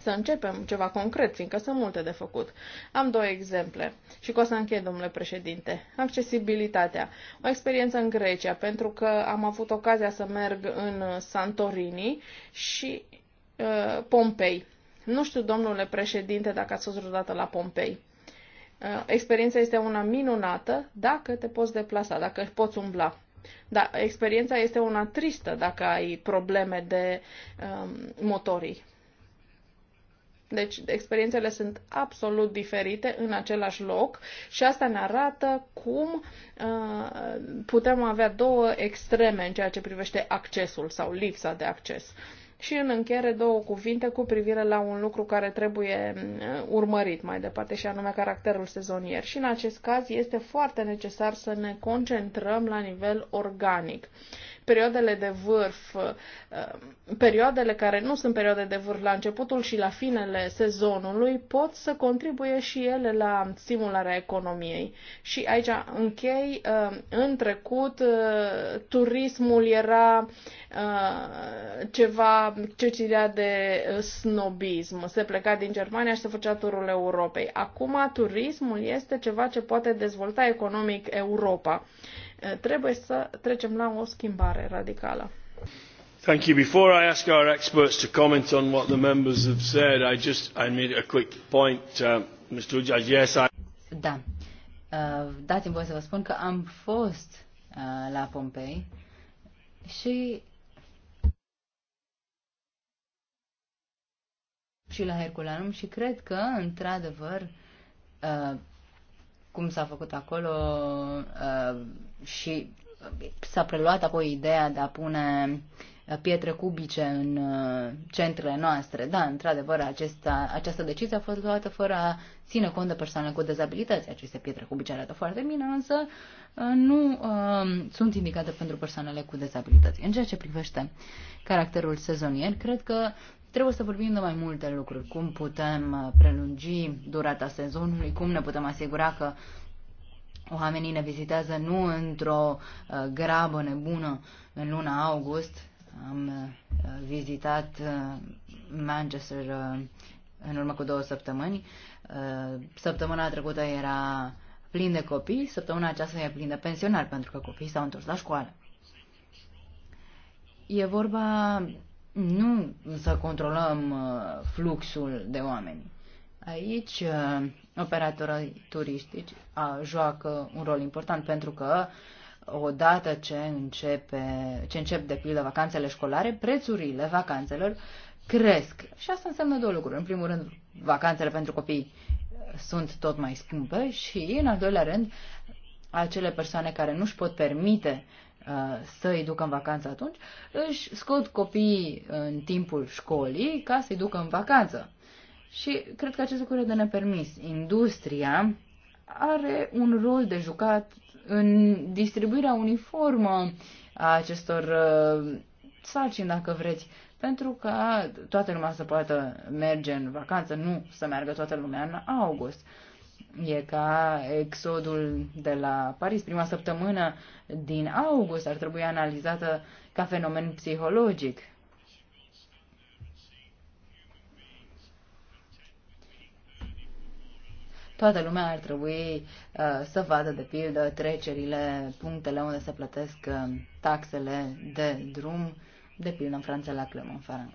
Să începem ceva concret, fiindcă sunt multe de făcut. Am două exemple și cu o să închei, domnule președinte. Accesibilitatea. O experiență în Grecia, pentru că am avut ocazia să merg în Santorini și uh, Pompei. Nu știu, domnule președinte, dacă ați fost vreodată la Pompei. Uh, experiența este una minunată dacă te poți deplasa, dacă poți umbla. Dar experiența este una tristă dacă ai probleme de um, motorii. Deci experiențele sunt absolut diferite în același loc și asta ne arată cum uh, putem avea două extreme în ceea ce privește accesul sau lipsa de acces. Uh, și în încheiere două cuvinte cu privire la un lucru care trebuie mm, urmărit mai departe și anume caracterul sezonier. Și în acest caz este foarte necesar să ne concentrăm la nivel organic perioadele de vârf, uh, perioadele care nu sunt perioade de vârf la începutul și la finele sezonului pot să contribuie și ele la stimularea economiei. Și aici închei, uh, în trecut uh, turismul era ceva ce cirea de snobism. Se pleca din Germania și se făcea turul Europei. Acum turismul este ceva ce poate dezvolta economic Europa. Eh, trebuie să trecem la o schimbare radicală. Thank you. Before I ask our experts to comment on what the members have said, I just I made a quick point, uh, Mr. Ujaj. Yes, I. Da. Uh, dați-mi voie să vă spun că am fost uh, la Pompei și și la Herculanum și cred că, într-adevăr, uh, cum s-a făcut acolo, uh, și uh, s-a preluat apoi ideea de a pune uh, pietre cubice în uh, centrele noastre. Da, într-adevăr, acesta, această decizie a fost luată fără a ține cont de persoane cu dezabilități. Aceste pietre cubice arată foarte bine, însă nu uh, sunt indicate pentru persoanele cu dezabilități. În ceea ce privește caracterul sezonier, cred că trebuie să vorbim de mai multe lucruri. Cum putem prelungi durata sezonului, cum ne putem asigura că Oamenii ne vizitează nu într-o uh, grabă nebună în luna august. Am uh, vizitat uh, Manchester în urmă cu două săptămâni. Săptămâna trecută era plin de copii, săptămâna aceasta e plin de pensionari, pentru că copiii s-au întors la școală. E vorba nu să controlăm fluxul de oameni. Aici, uh, operatorii turistici joacă un rol important pentru că odată ce, începe, ce încep de pildă vacanțele școlare, prețurile vacanțelor cresc. Și asta înseamnă două lucruri. În primul rând, vacanțele pentru copii sunt tot mai scumpe și, în al doilea rând, acele persoane care nu-și pot permite uh, să-i ducă în vacanță atunci, își scot copiii în timpul școlii ca să-i ducă în vacanță. Și cred că acest lucru e de nepermis. Industria are un rol de jucat în distribuirea uniformă a acestor uh, sarcini, dacă vreți, pentru că toată lumea să poată merge în vacanță, nu să meargă toată lumea în august. E ca exodul de la Paris, prima săptămână din august ar trebui analizată ca fenomen psihologic. Toată lumea ar trebui uh, să vadă, de pildă, trecerile, punctele unde se plătesc uh, taxele de drum, de pildă în Franța la Clermont-Ferrand.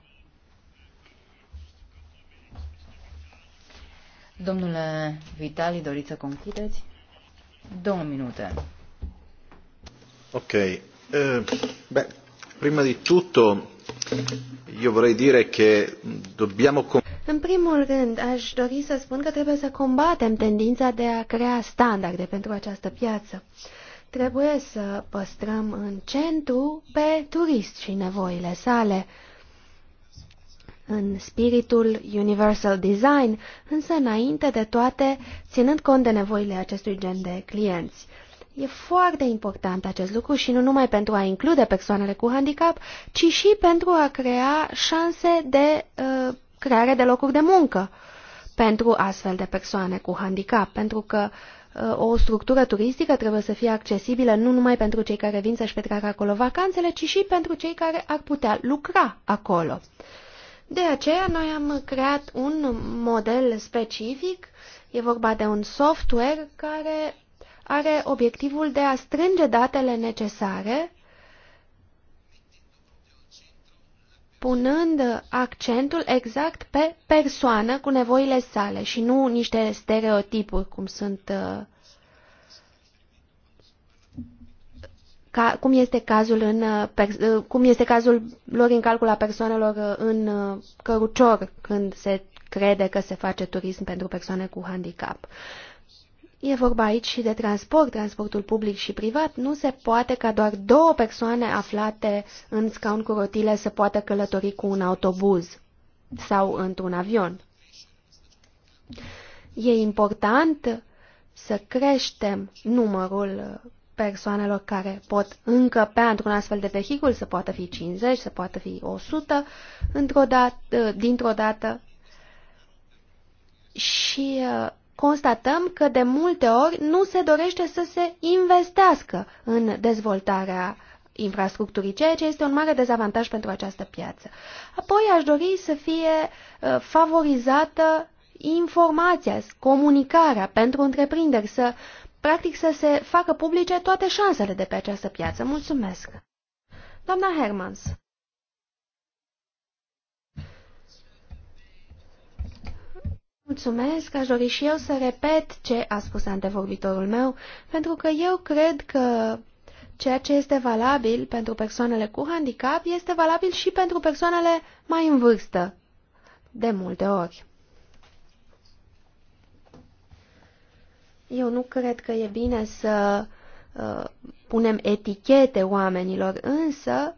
Domnule Vitali, doriți să conchideți? Două minute. Ok. Uh, beh, prima di tutto în primul rând, aș dori să spun că trebuie să combatem tendința de a crea standarde pentru această piață. Trebuie să păstrăm în centru pe turist și nevoile sale. În spiritul Universal Design, însă înainte de toate, ținând cont de nevoile acestui gen de clienți. E foarte important acest lucru și nu numai pentru a include persoanele cu handicap, ci și pentru a crea șanse de uh, creare de locuri de muncă pentru astfel de persoane cu handicap, pentru că uh, o structură turistică trebuie să fie accesibilă nu numai pentru cei care vin să-și petreacă acolo vacanțele, ci și pentru cei care ar putea lucra acolo. De aceea, noi am creat un model specific, e vorba de un software care are obiectivul de a strânge datele necesare, punând accentul exact pe persoană cu nevoile sale și nu niște stereotipuri cum sunt uh, ca, cum este cazul în uh, uh, cum este cazul lor în calcul a persoanelor în cărucior când se crede că se face turism pentru persoane cu handicap. E vorba aici și de transport, transportul public și privat. Nu se poate ca doar două persoane aflate în scaun cu rotile să poată călători cu un autobuz sau într-un avion. E important să creștem numărul persoanelor care pot încăpea într-un astfel de vehicul, să poată fi 50, să poată fi 100 dintr-o dată, dintr-o dată și uh, constatăm că de multe ori nu se dorește să se investească în dezvoltarea infrastructurii, ceea ce este un mare dezavantaj pentru această piață. Apoi aș dori să fie uh, favorizată informația, comunicarea pentru întreprinderi, să practic să se facă publice toate șansele de pe această piață. Mulțumesc! Doamna Hermans Mulțumesc, aș dori și eu să repet ce a spus antevorbitorul meu, pentru că eu cred că ceea ce este valabil pentru persoanele cu handicap este valabil și pentru persoanele mai în vârstă, de multe ori. Eu nu cred că e bine să uh, punem etichete oamenilor, însă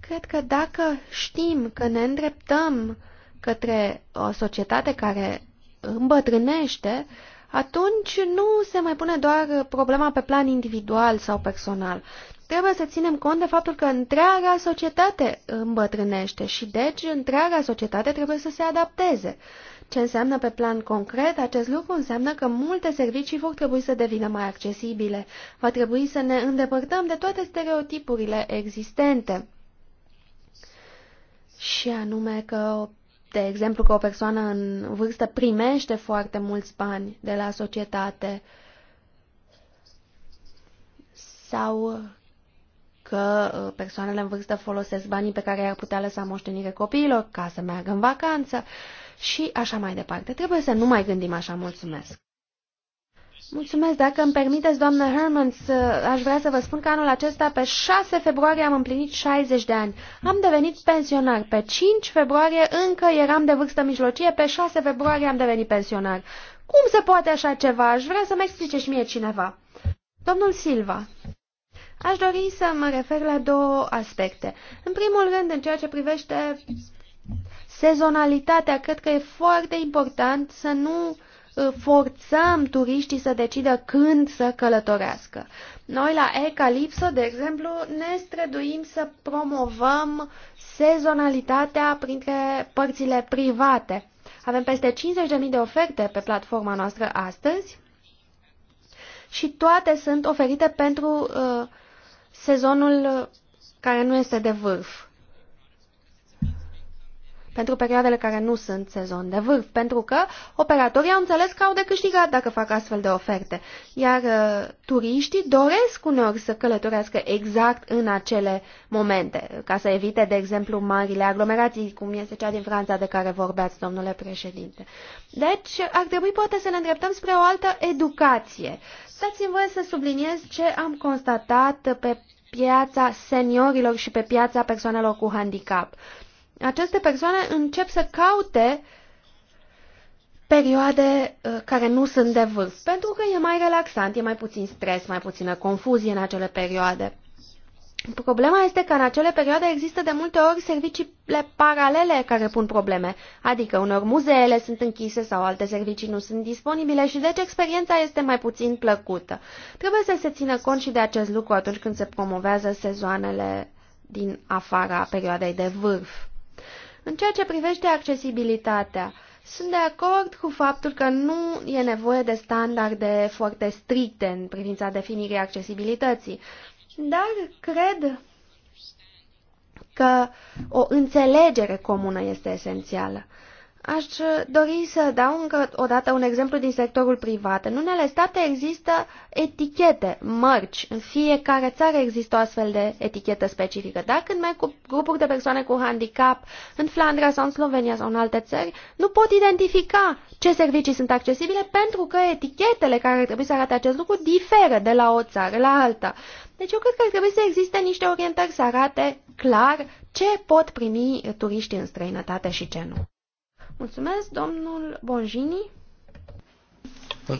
cred că dacă știm că ne îndreptăm către o societate care îmbătrânește, atunci nu se mai pune doar problema pe plan individual sau personal. Trebuie să ținem cont de faptul că întreaga societate îmbătrânește și deci întreaga societate trebuie să se adapteze. Ce înseamnă pe plan concret? Acest lucru înseamnă că multe servicii vor trebui să devină mai accesibile. Va trebui să ne îndepărtăm de toate stereotipurile existente. Și anume că o de exemplu, că o persoană în vârstă primește foarte mulți bani de la societate sau că uh, persoanele în vârstă folosesc banii pe care i-ar putea lăsa moștenire copiilor ca să meargă în vacanță și așa mai departe. Trebuie să nu mai gândim așa. Mulțumesc! Mulțumesc. Dacă îmi permiteți, doamnă Hermans, aș vrea să vă spun că anul acesta, pe 6 februarie, am împlinit 60 de ani. Am devenit pensionar. Pe 5 februarie încă eram de vârstă mijlocie, pe 6 februarie am devenit pensionar. Cum se poate așa ceva? Aș vrea să-mi explice și mie cineva. Domnul Silva, aș dori să mă refer la două aspecte. În primul rând, în ceea ce privește sezonalitatea, cred că e foarte important să nu Uh, forțăm turiștii să decidă când să călătorească. Noi la Ecalipso, de exemplu, ne străduim să promovăm sezonalitatea printre părțile private. Avem peste 50.000 de oferte pe platforma noastră astăzi și toate sunt oferite pentru uh, sezonul care nu este de vârf pentru perioadele care nu sunt sezon de vârf, pentru că operatorii au înțeles că au de câștigat dacă fac astfel de oferte, iar uh, turiștii doresc uneori să călătorească exact în acele momente, ca să evite, de exemplu, marile aglomerații, cum este cea din Franța de care vorbeați, domnule președinte. Deci, ar trebui poate să ne îndreptăm spre o altă educație. Dați-mi voie să subliniez ce am constatat pe piața seniorilor și pe piața persoanelor cu handicap aceste persoane încep să caute perioade uh, care nu sunt de vârf, pentru că e mai relaxant, e mai puțin stres, mai puțină confuzie în acele perioade. Problema este că în acele perioade există de multe ori serviciile paralele care pun probleme, adică unor muzeele sunt închise sau alte servicii nu sunt disponibile și deci experiența este mai puțin plăcută. Trebuie să se țină cont și de acest lucru atunci când se promovează sezoanele din afara perioadei de vârf. În ceea ce privește accesibilitatea, sunt de acord cu faptul că nu e nevoie de standarde foarte stricte în privința definirii accesibilității, dar cred că o înțelegere comună este esențială. Aș dori să dau încă o dată un exemplu din sectorul privat. În unele state există etichete, mărci. În fiecare țară există o astfel de etichetă specifică. Dar când merg cu grupuri de persoane cu handicap în Flandra sau în Slovenia sau în alte țări, nu pot identifica ce servicii sunt accesibile pentru că etichetele care ar trebui să arate acest lucru diferă de la o țară la alta. Deci eu cred că ar trebui să existe niște orientări să arate clar ce pot primi turiștii în străinătate și ce nu. Mulțumesc, domnul Bonjini.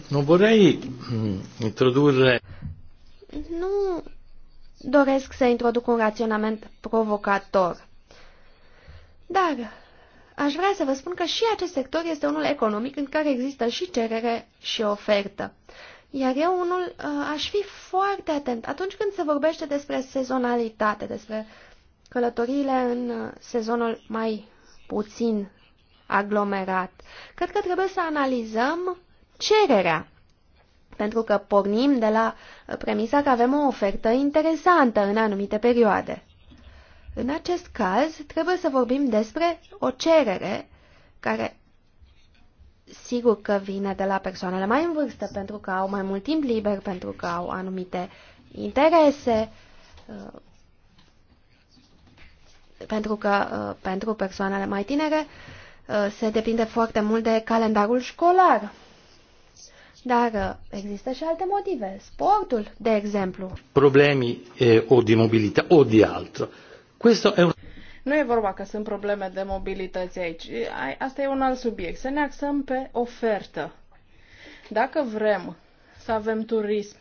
Nu vorrei introdurre... Nu doresc să introduc un raționament provocator. Dar aș vrea să vă spun că și acest sector este unul economic în care există și cerere și ofertă. Iar eu unul uh, aș fi foarte atent atunci când se vorbește despre sezonalitate, despre călătoriile în uh, sezonul mai puțin aglomerat. Cred că trebuie să analizăm cererea, pentru că pornim de la premisa că avem o ofertă interesantă în anumite perioade. În acest caz, trebuie să vorbim despre o cerere care sigur că vine de la persoanele mai în vârstă, pentru că au mai mult timp liber, pentru că au anumite interese, uh, pentru că uh, pentru persoanele mai tinere Uh, se depinde foarte mult de calendarul școlar. Dar uh, există și alte motive. Sportul, de exemplu. Problemi eh, o di mobilitate o di altro. Questo è un... Nu e vorba că sunt probleme de mobilități aici. Asta e un alt subiect. Să ne axăm pe ofertă. Dacă vrem să avem turism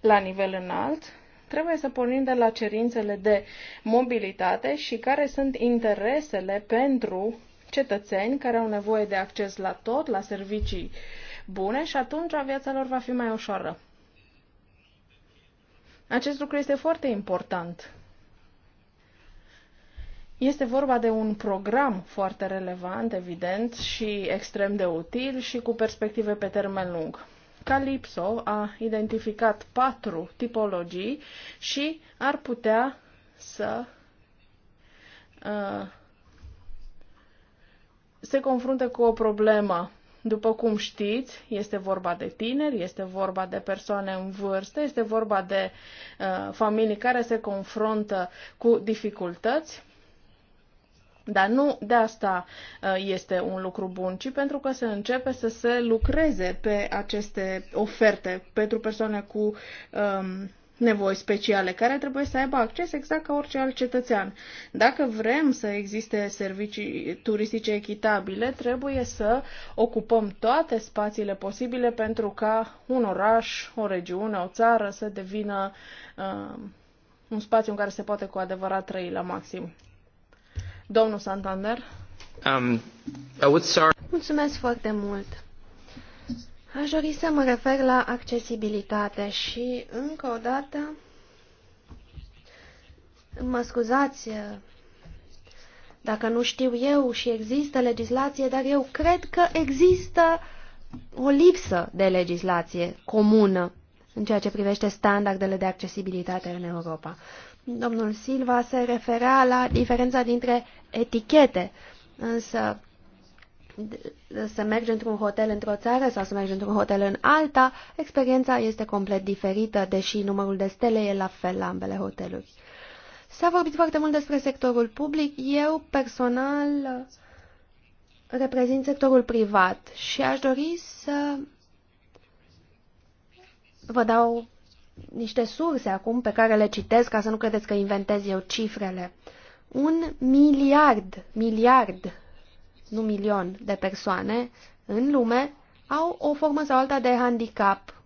la nivel înalt, trebuie să pornim de la cerințele de mobilitate și care sunt interesele pentru cetățeni care au nevoie de acces la tot, la servicii bune și atunci viața lor va fi mai ușoară. Acest lucru este foarte important. Este vorba de un program foarte relevant, evident, și extrem de util și cu perspective pe termen lung. Calypso a identificat patru tipologii și ar putea să uh, se confruntă cu o problemă. După cum știți, este vorba de tineri, este vorba de persoane în vârstă, este vorba de uh, familii care se confruntă cu dificultăți. Dar nu de asta uh, este un lucru bun, ci pentru că se începe să se lucreze pe aceste oferte pentru persoane cu um, nevoi speciale, care trebuie să aibă acces exact ca orice alt cetățean. Dacă vrem să existe servicii turistice echitabile, trebuie să ocupăm toate spațiile posibile pentru ca un oraș, o regiune, o țară să devină uh, un spațiu în care se poate cu adevărat trăi la maxim. Domnul Santander. Um, I would start... Mulțumesc foarte mult. Aș dori să mă refer la accesibilitate și, încă o dată, mă scuzați dacă nu știu eu și există legislație, dar eu cred că există o lipsă de legislație comună în ceea ce privește standardele de accesibilitate în Europa. Domnul Silva se referea la diferența dintre etichete, însă să mergi într-un hotel într-o țară sau să mergi într-un hotel în alta, experiența este complet diferită, deși numărul de stele e la fel la ambele hoteluri. S-a vorbit foarte mult despre sectorul public. Eu, personal, reprezint sectorul privat și aș dori să vă dau niște surse acum pe care le citesc ca să nu credeți că inventez eu cifrele. Un miliard, miliard nu milion de persoane în lume au o formă sau alta de handicap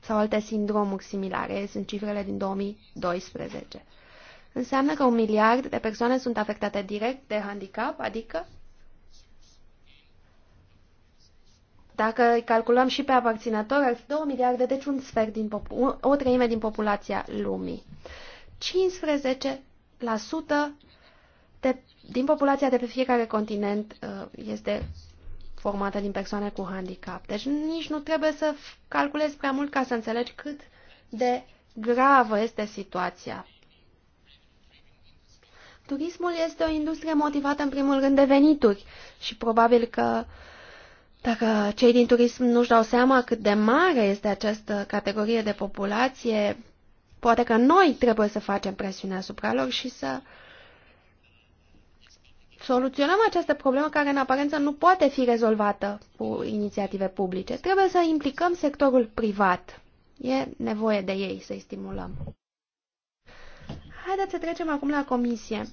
sau alte sindromuri similare. Sunt cifrele din 2012. Înseamnă că un miliard de persoane sunt afectate direct de handicap, adică dacă calculăm și pe aparținători, ar fi 2 miliarde, deci un sfert din o treime din populația lumii. 15% de din populația de pe fiecare continent uh, este formată din persoane cu handicap. Deci nici nu trebuie să calculezi prea mult ca să înțelegi cât de gravă este situația. Turismul este o industrie motivată în primul rând de venituri și probabil că dacă cei din turism nu-și dau seama cât de mare este această categorie de populație, poate că noi trebuie să facem presiune asupra lor și să uh, soluționăm această problemă care în aparență nu poate fi rezolvată cu inițiative publice. Trebuie să implicăm sectorul privat. E nevoie de ei să-i stimulăm. Haideți să trecem acum la comisie.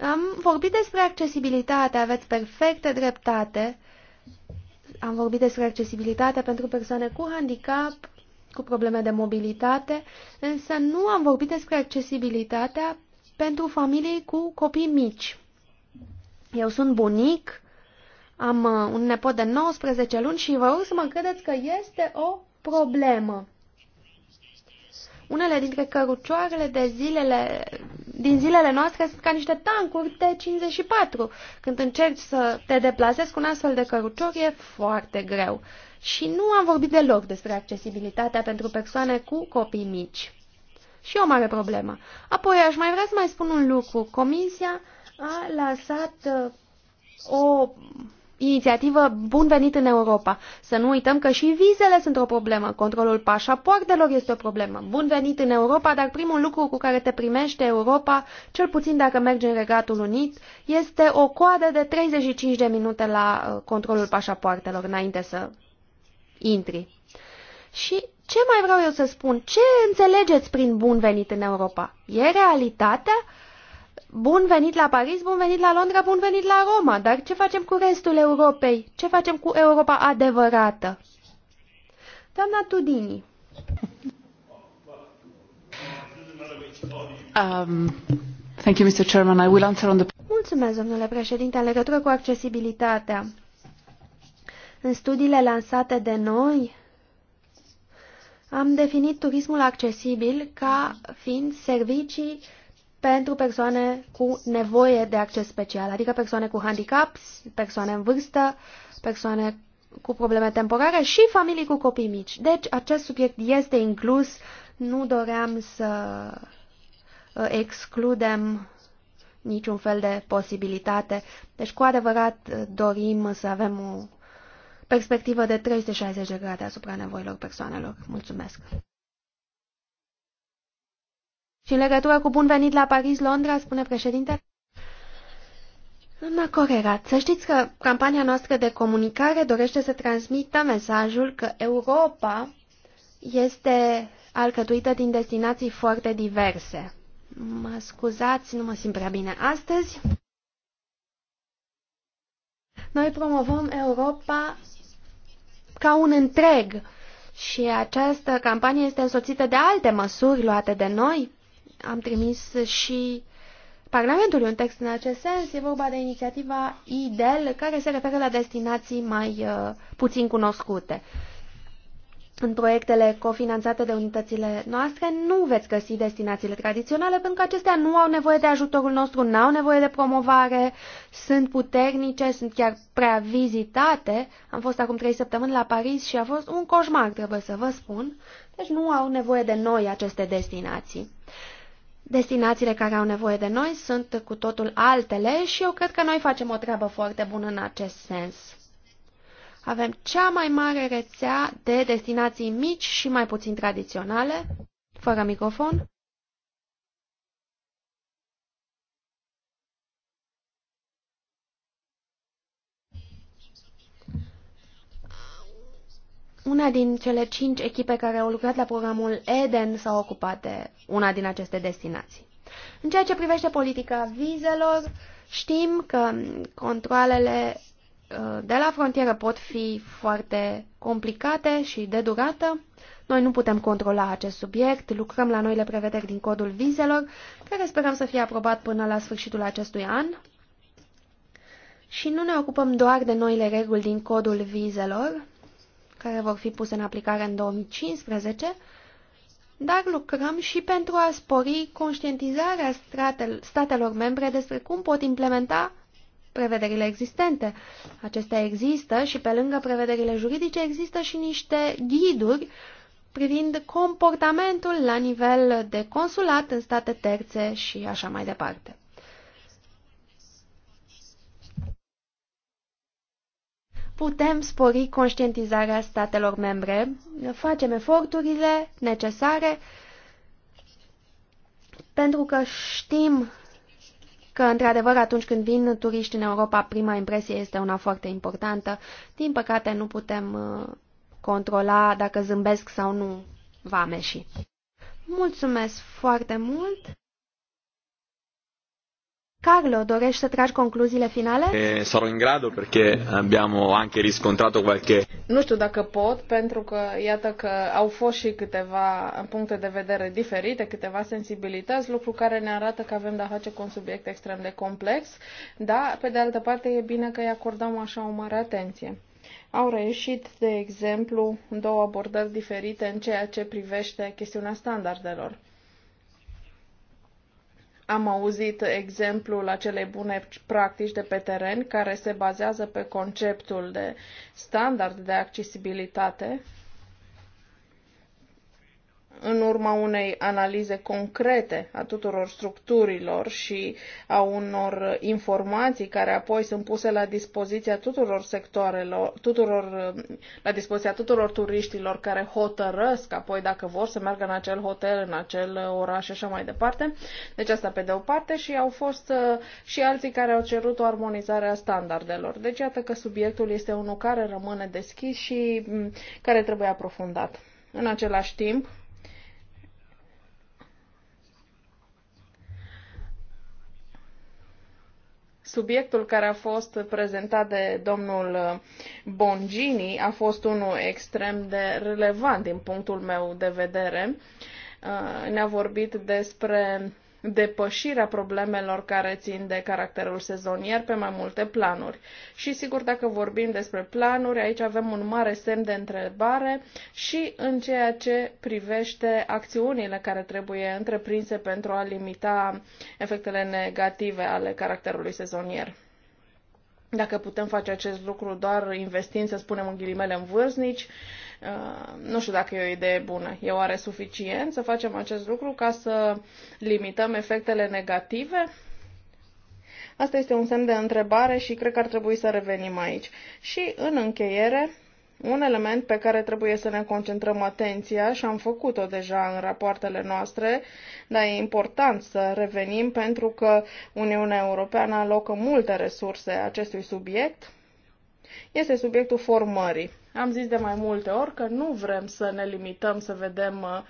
Am vorbit despre accesibilitate, aveți perfecte dreptate. Am vorbit despre accesibilitate pentru persoane cu handicap, cu probleme de mobilitate, însă nu am vorbit despre accesibilitatea pentru familii cu copii mici. Eu sunt bunic, am uh, un nepot de 19 luni și vă rog să mă credeți că este o problemă. Unele dintre cărucioarele de zilele, din zilele noastre sunt ca niște tancuri T-54. Când încerci să te deplasezi cu un astfel de cărucior e foarte greu. Și nu am vorbit deloc despre accesibilitatea pentru persoane cu copii mici. Și o mare problemă. Apoi aș mai vrea să mai spun un lucru. Comisia a lansat uh, o inițiativă Bun venit în Europa. Să nu uităm că și vizele sunt o problemă, controlul pașapoartelor este o problemă. Bun venit în Europa, dar primul lucru cu care te primește Europa, cel puțin dacă mergi în Regatul Unit, este o coadă de 35 de minute la uh, controlul pașapoartelor înainte să intri. Și ce mai vreau eu să spun? Ce înțelegeți prin bun venit în Europa? E realitatea? Bun venit la Paris, bun venit la Londra, bun venit la Roma, dar ce facem cu restul Europei? Ce facem cu Europa adevărată? Doamna Tudini. Um, thank you, Mr. Chairman. I will answer on the... Mulțumesc, domnule președinte, în legătură cu accesibilitatea. În studiile lansate de noi, am definit turismul accesibil ca fiind servicii uh, pentru persoane cu nevoie de acces special, adică persoane cu handicap, persoane în vârstă, persoane cu probleme temporare și familii cu copii mici. Deci acest subiect este inclus, nu doream să uh, excludem niciun fel de posibilitate. Deci cu adevărat uh, dorim să avem o perspectivă de 360 de grade asupra nevoilor persoanelor. Mulțumesc! Și în legătură cu bun venit la Paris, Londra, spune președinte. Doamna Corera, să știți că campania noastră de comunicare dorește să transmită mesajul că Europa este alcătuită din destinații foarte diverse. Mă scuzați, nu mă simt prea bine astăzi. Noi promovăm Europa ca un întreg și această campanie este însoțită de alte măsuri luate de noi am trimis și Parlamentului un text în acest sens. E vorba de inițiativa IDEL, care se referă la destinații mai uh, puțin cunoscute. În proiectele cofinanțate de unitățile noastre nu veți găsi destinațiile tradiționale pentru că acestea nu au nevoie de ajutorul nostru, nu au nevoie de promovare, sunt puternice, sunt chiar prea vizitate. Am fost acum trei săptămâni la Paris și a fost un coșmar, trebuie să vă spun. Deci nu au nevoie de noi aceste destinații. Destinațiile care au nevoie de noi sunt cu totul altele și eu cred că noi facem o treabă foarte bună în acest sens. Avem cea mai mare rețea de destinații mici și mai puțin tradiționale, fără microfon. Una din cele cinci echipe care au lucrat la programul EDEN s-a ocupat de una din aceste destinații. În ceea ce privește politica vizelor, știm că controlele uh, de la frontieră pot fi foarte complicate și de durată. Noi nu putem controla acest subiect, lucrăm la noile prevederi din codul vizelor, care sperăm să fie aprobat până la sfârșitul acestui an. Și nu ne ocupăm doar de noile reguli din codul vizelor, care vor fi puse în aplicare în 2015, dar lucrăm și pentru a spori conștientizarea statelor membre despre cum pot implementa prevederile existente. Acestea există și pe lângă prevederile juridice există și niște ghiduri privind comportamentul la nivel de consulat în state terțe și așa mai departe. putem spori conștientizarea statelor membre, facem eforturile necesare pentru că știm că, într-adevăr, atunci când vin turiști în Europa, prima impresie este una foarte importantă. Din păcate, nu putem uh, controla dacă zâmbesc sau nu vameșii. Mulțumesc foarte mult! Carlo, dorești să tragi concluziile finale? E, sarò in grado perché abbiamo anche riscontrato qualche... Nu știu dacă pot, pentru că iată că au fost și câteva puncte de vedere diferite, câteva sensibilități, lucru care ne arată că avem de-a face cu un subiect extrem de complex, dar, pe de altă parte, e bine că îi acordăm așa o mare atenție. Au reușit, de exemplu, două abordări diferite în ceea ce privește chestiunea standardelor am auzit exemplul acelei bune practici de pe teren care se bazează pe conceptul de standard de accesibilitate în urma unei analize concrete a tuturor structurilor și a unor informații care apoi sunt puse la dispoziția tuturor sectoarelor, tuturor, la dispoziția tuturor turiștilor care hotărăsc apoi dacă vor să meargă în acel hotel, în acel oraș și așa mai departe. Deci asta pe de o parte și au fost uh, și alții care au cerut o armonizare a standardelor. Deci iată că subiectul este unul care rămâne deschis și mm, care trebuie aprofundat. În același timp, Subiectul care a fost prezentat de domnul Bongini a fost unul extrem de relevant din punctul meu de vedere. Uh, ne-a vorbit despre depășirea problemelor care țin de caracterul sezonier pe mai multe planuri. Și sigur, dacă vorbim despre planuri, aici avem un mare semn de întrebare și în ceea ce privește acțiunile care trebuie întreprinse pentru a limita efectele negative ale caracterului sezonier dacă putem face acest lucru doar investind, să spunem în ghilimele, în vârstnici, Uh, nu știu dacă e o idee bună. E oare suficient să facem acest lucru ca să limităm efectele negative? Asta este un semn de întrebare și cred că ar trebui să revenim aici. Și în încheiere, un element pe care trebuie să ne concentrăm atenția și am făcut-o deja în rapoartele noastre, dar e important să revenim pentru că Uniunea Europeană alocă multe resurse acestui subiect este subiectul formării. Am zis de mai multe ori că nu vrem să ne limităm să vedem uh,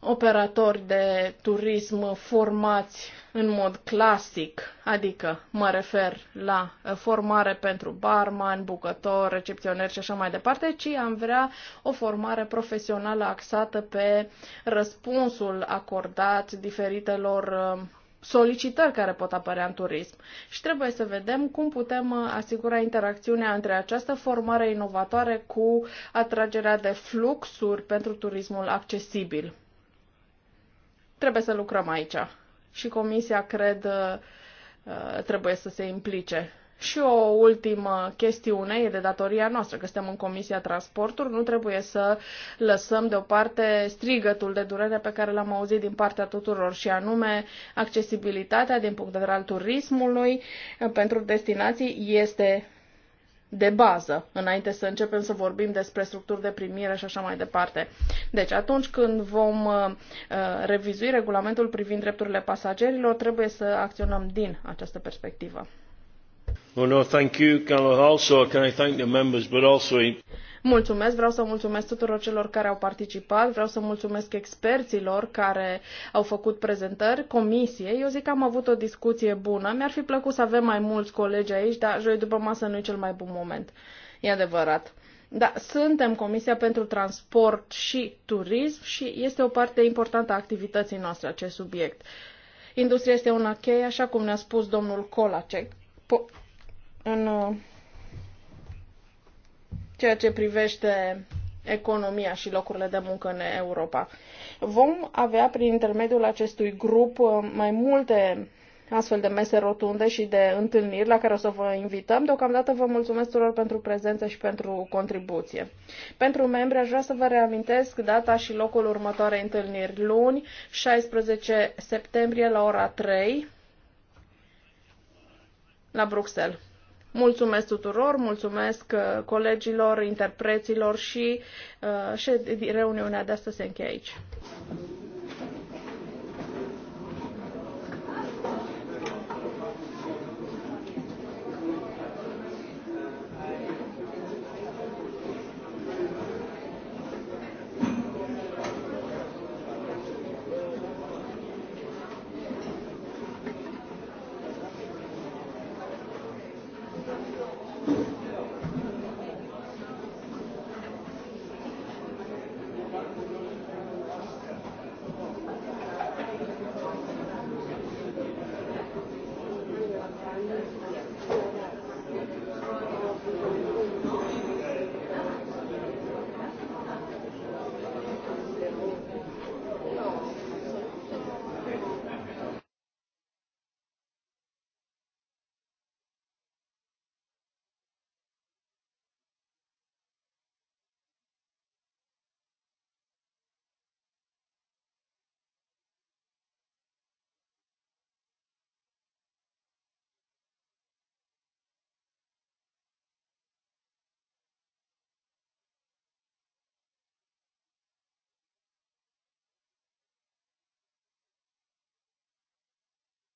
operatori de turism formați în mod clasic, adică mă refer la uh, formare pentru barman, bucător, recepționer și așa mai departe, ci am vrea o formare profesională axată pe răspunsul acordat diferitelor uh, solicitări care pot apărea în turism și trebuie să vedem cum putem uh, asigura interacțiunea între această formare inovatoare cu atragerea de fluxuri pentru turismul accesibil. Trebuie să lucrăm aici și Comisia, cred, uh, uh, trebuie să se implice și o ultimă chestiune e de datoria noastră, că suntem în Comisia Transporturi, nu trebuie să lăsăm deoparte strigătul de durere pe care l-am auzit din partea tuturor și anume accesibilitatea din punct de vedere al turismului uh, pentru destinații este de bază, înainte să începem să vorbim despre structuri de primire și așa mai departe. Deci, atunci când vom uh, uh revizui regulamentul privind drepturile pasagerilor, trebuie să acționăm din această perspectivă. Mulțumesc, vreau să mulțumesc tuturor celor care au participat, vreau să mulțumesc experților care au făcut prezentări, comisie. Eu zic că am avut o discuție bună. Mi-ar fi plăcut să avem mai mulți colegi aici, dar joi după masă nu e cel mai bun moment. E adevărat. Da, suntem Comisia pentru Transport și Turism și este o parte importantă a activității noastre acest subiect. Industria este una cheie, așa cum ne-a spus domnul Colacek. Po- în uh, ceea ce privește economia și locurile de muncă în Europa. Vom avea prin intermediul acestui grup uh, mai multe astfel de mese rotunde și de întâlniri la care o să vă invităm. Deocamdată vă mulțumesc tuturor pentru prezență și pentru contribuție. Pentru membri aș vrea să vă reamintesc data și locul următoarei întâlniri luni, 16 septembrie la ora 3 la Bruxelles. Mulțumesc tuturor, mulțumesc uh, colegilor, interpreților și uh, reuniunea de astăzi se încheie aici.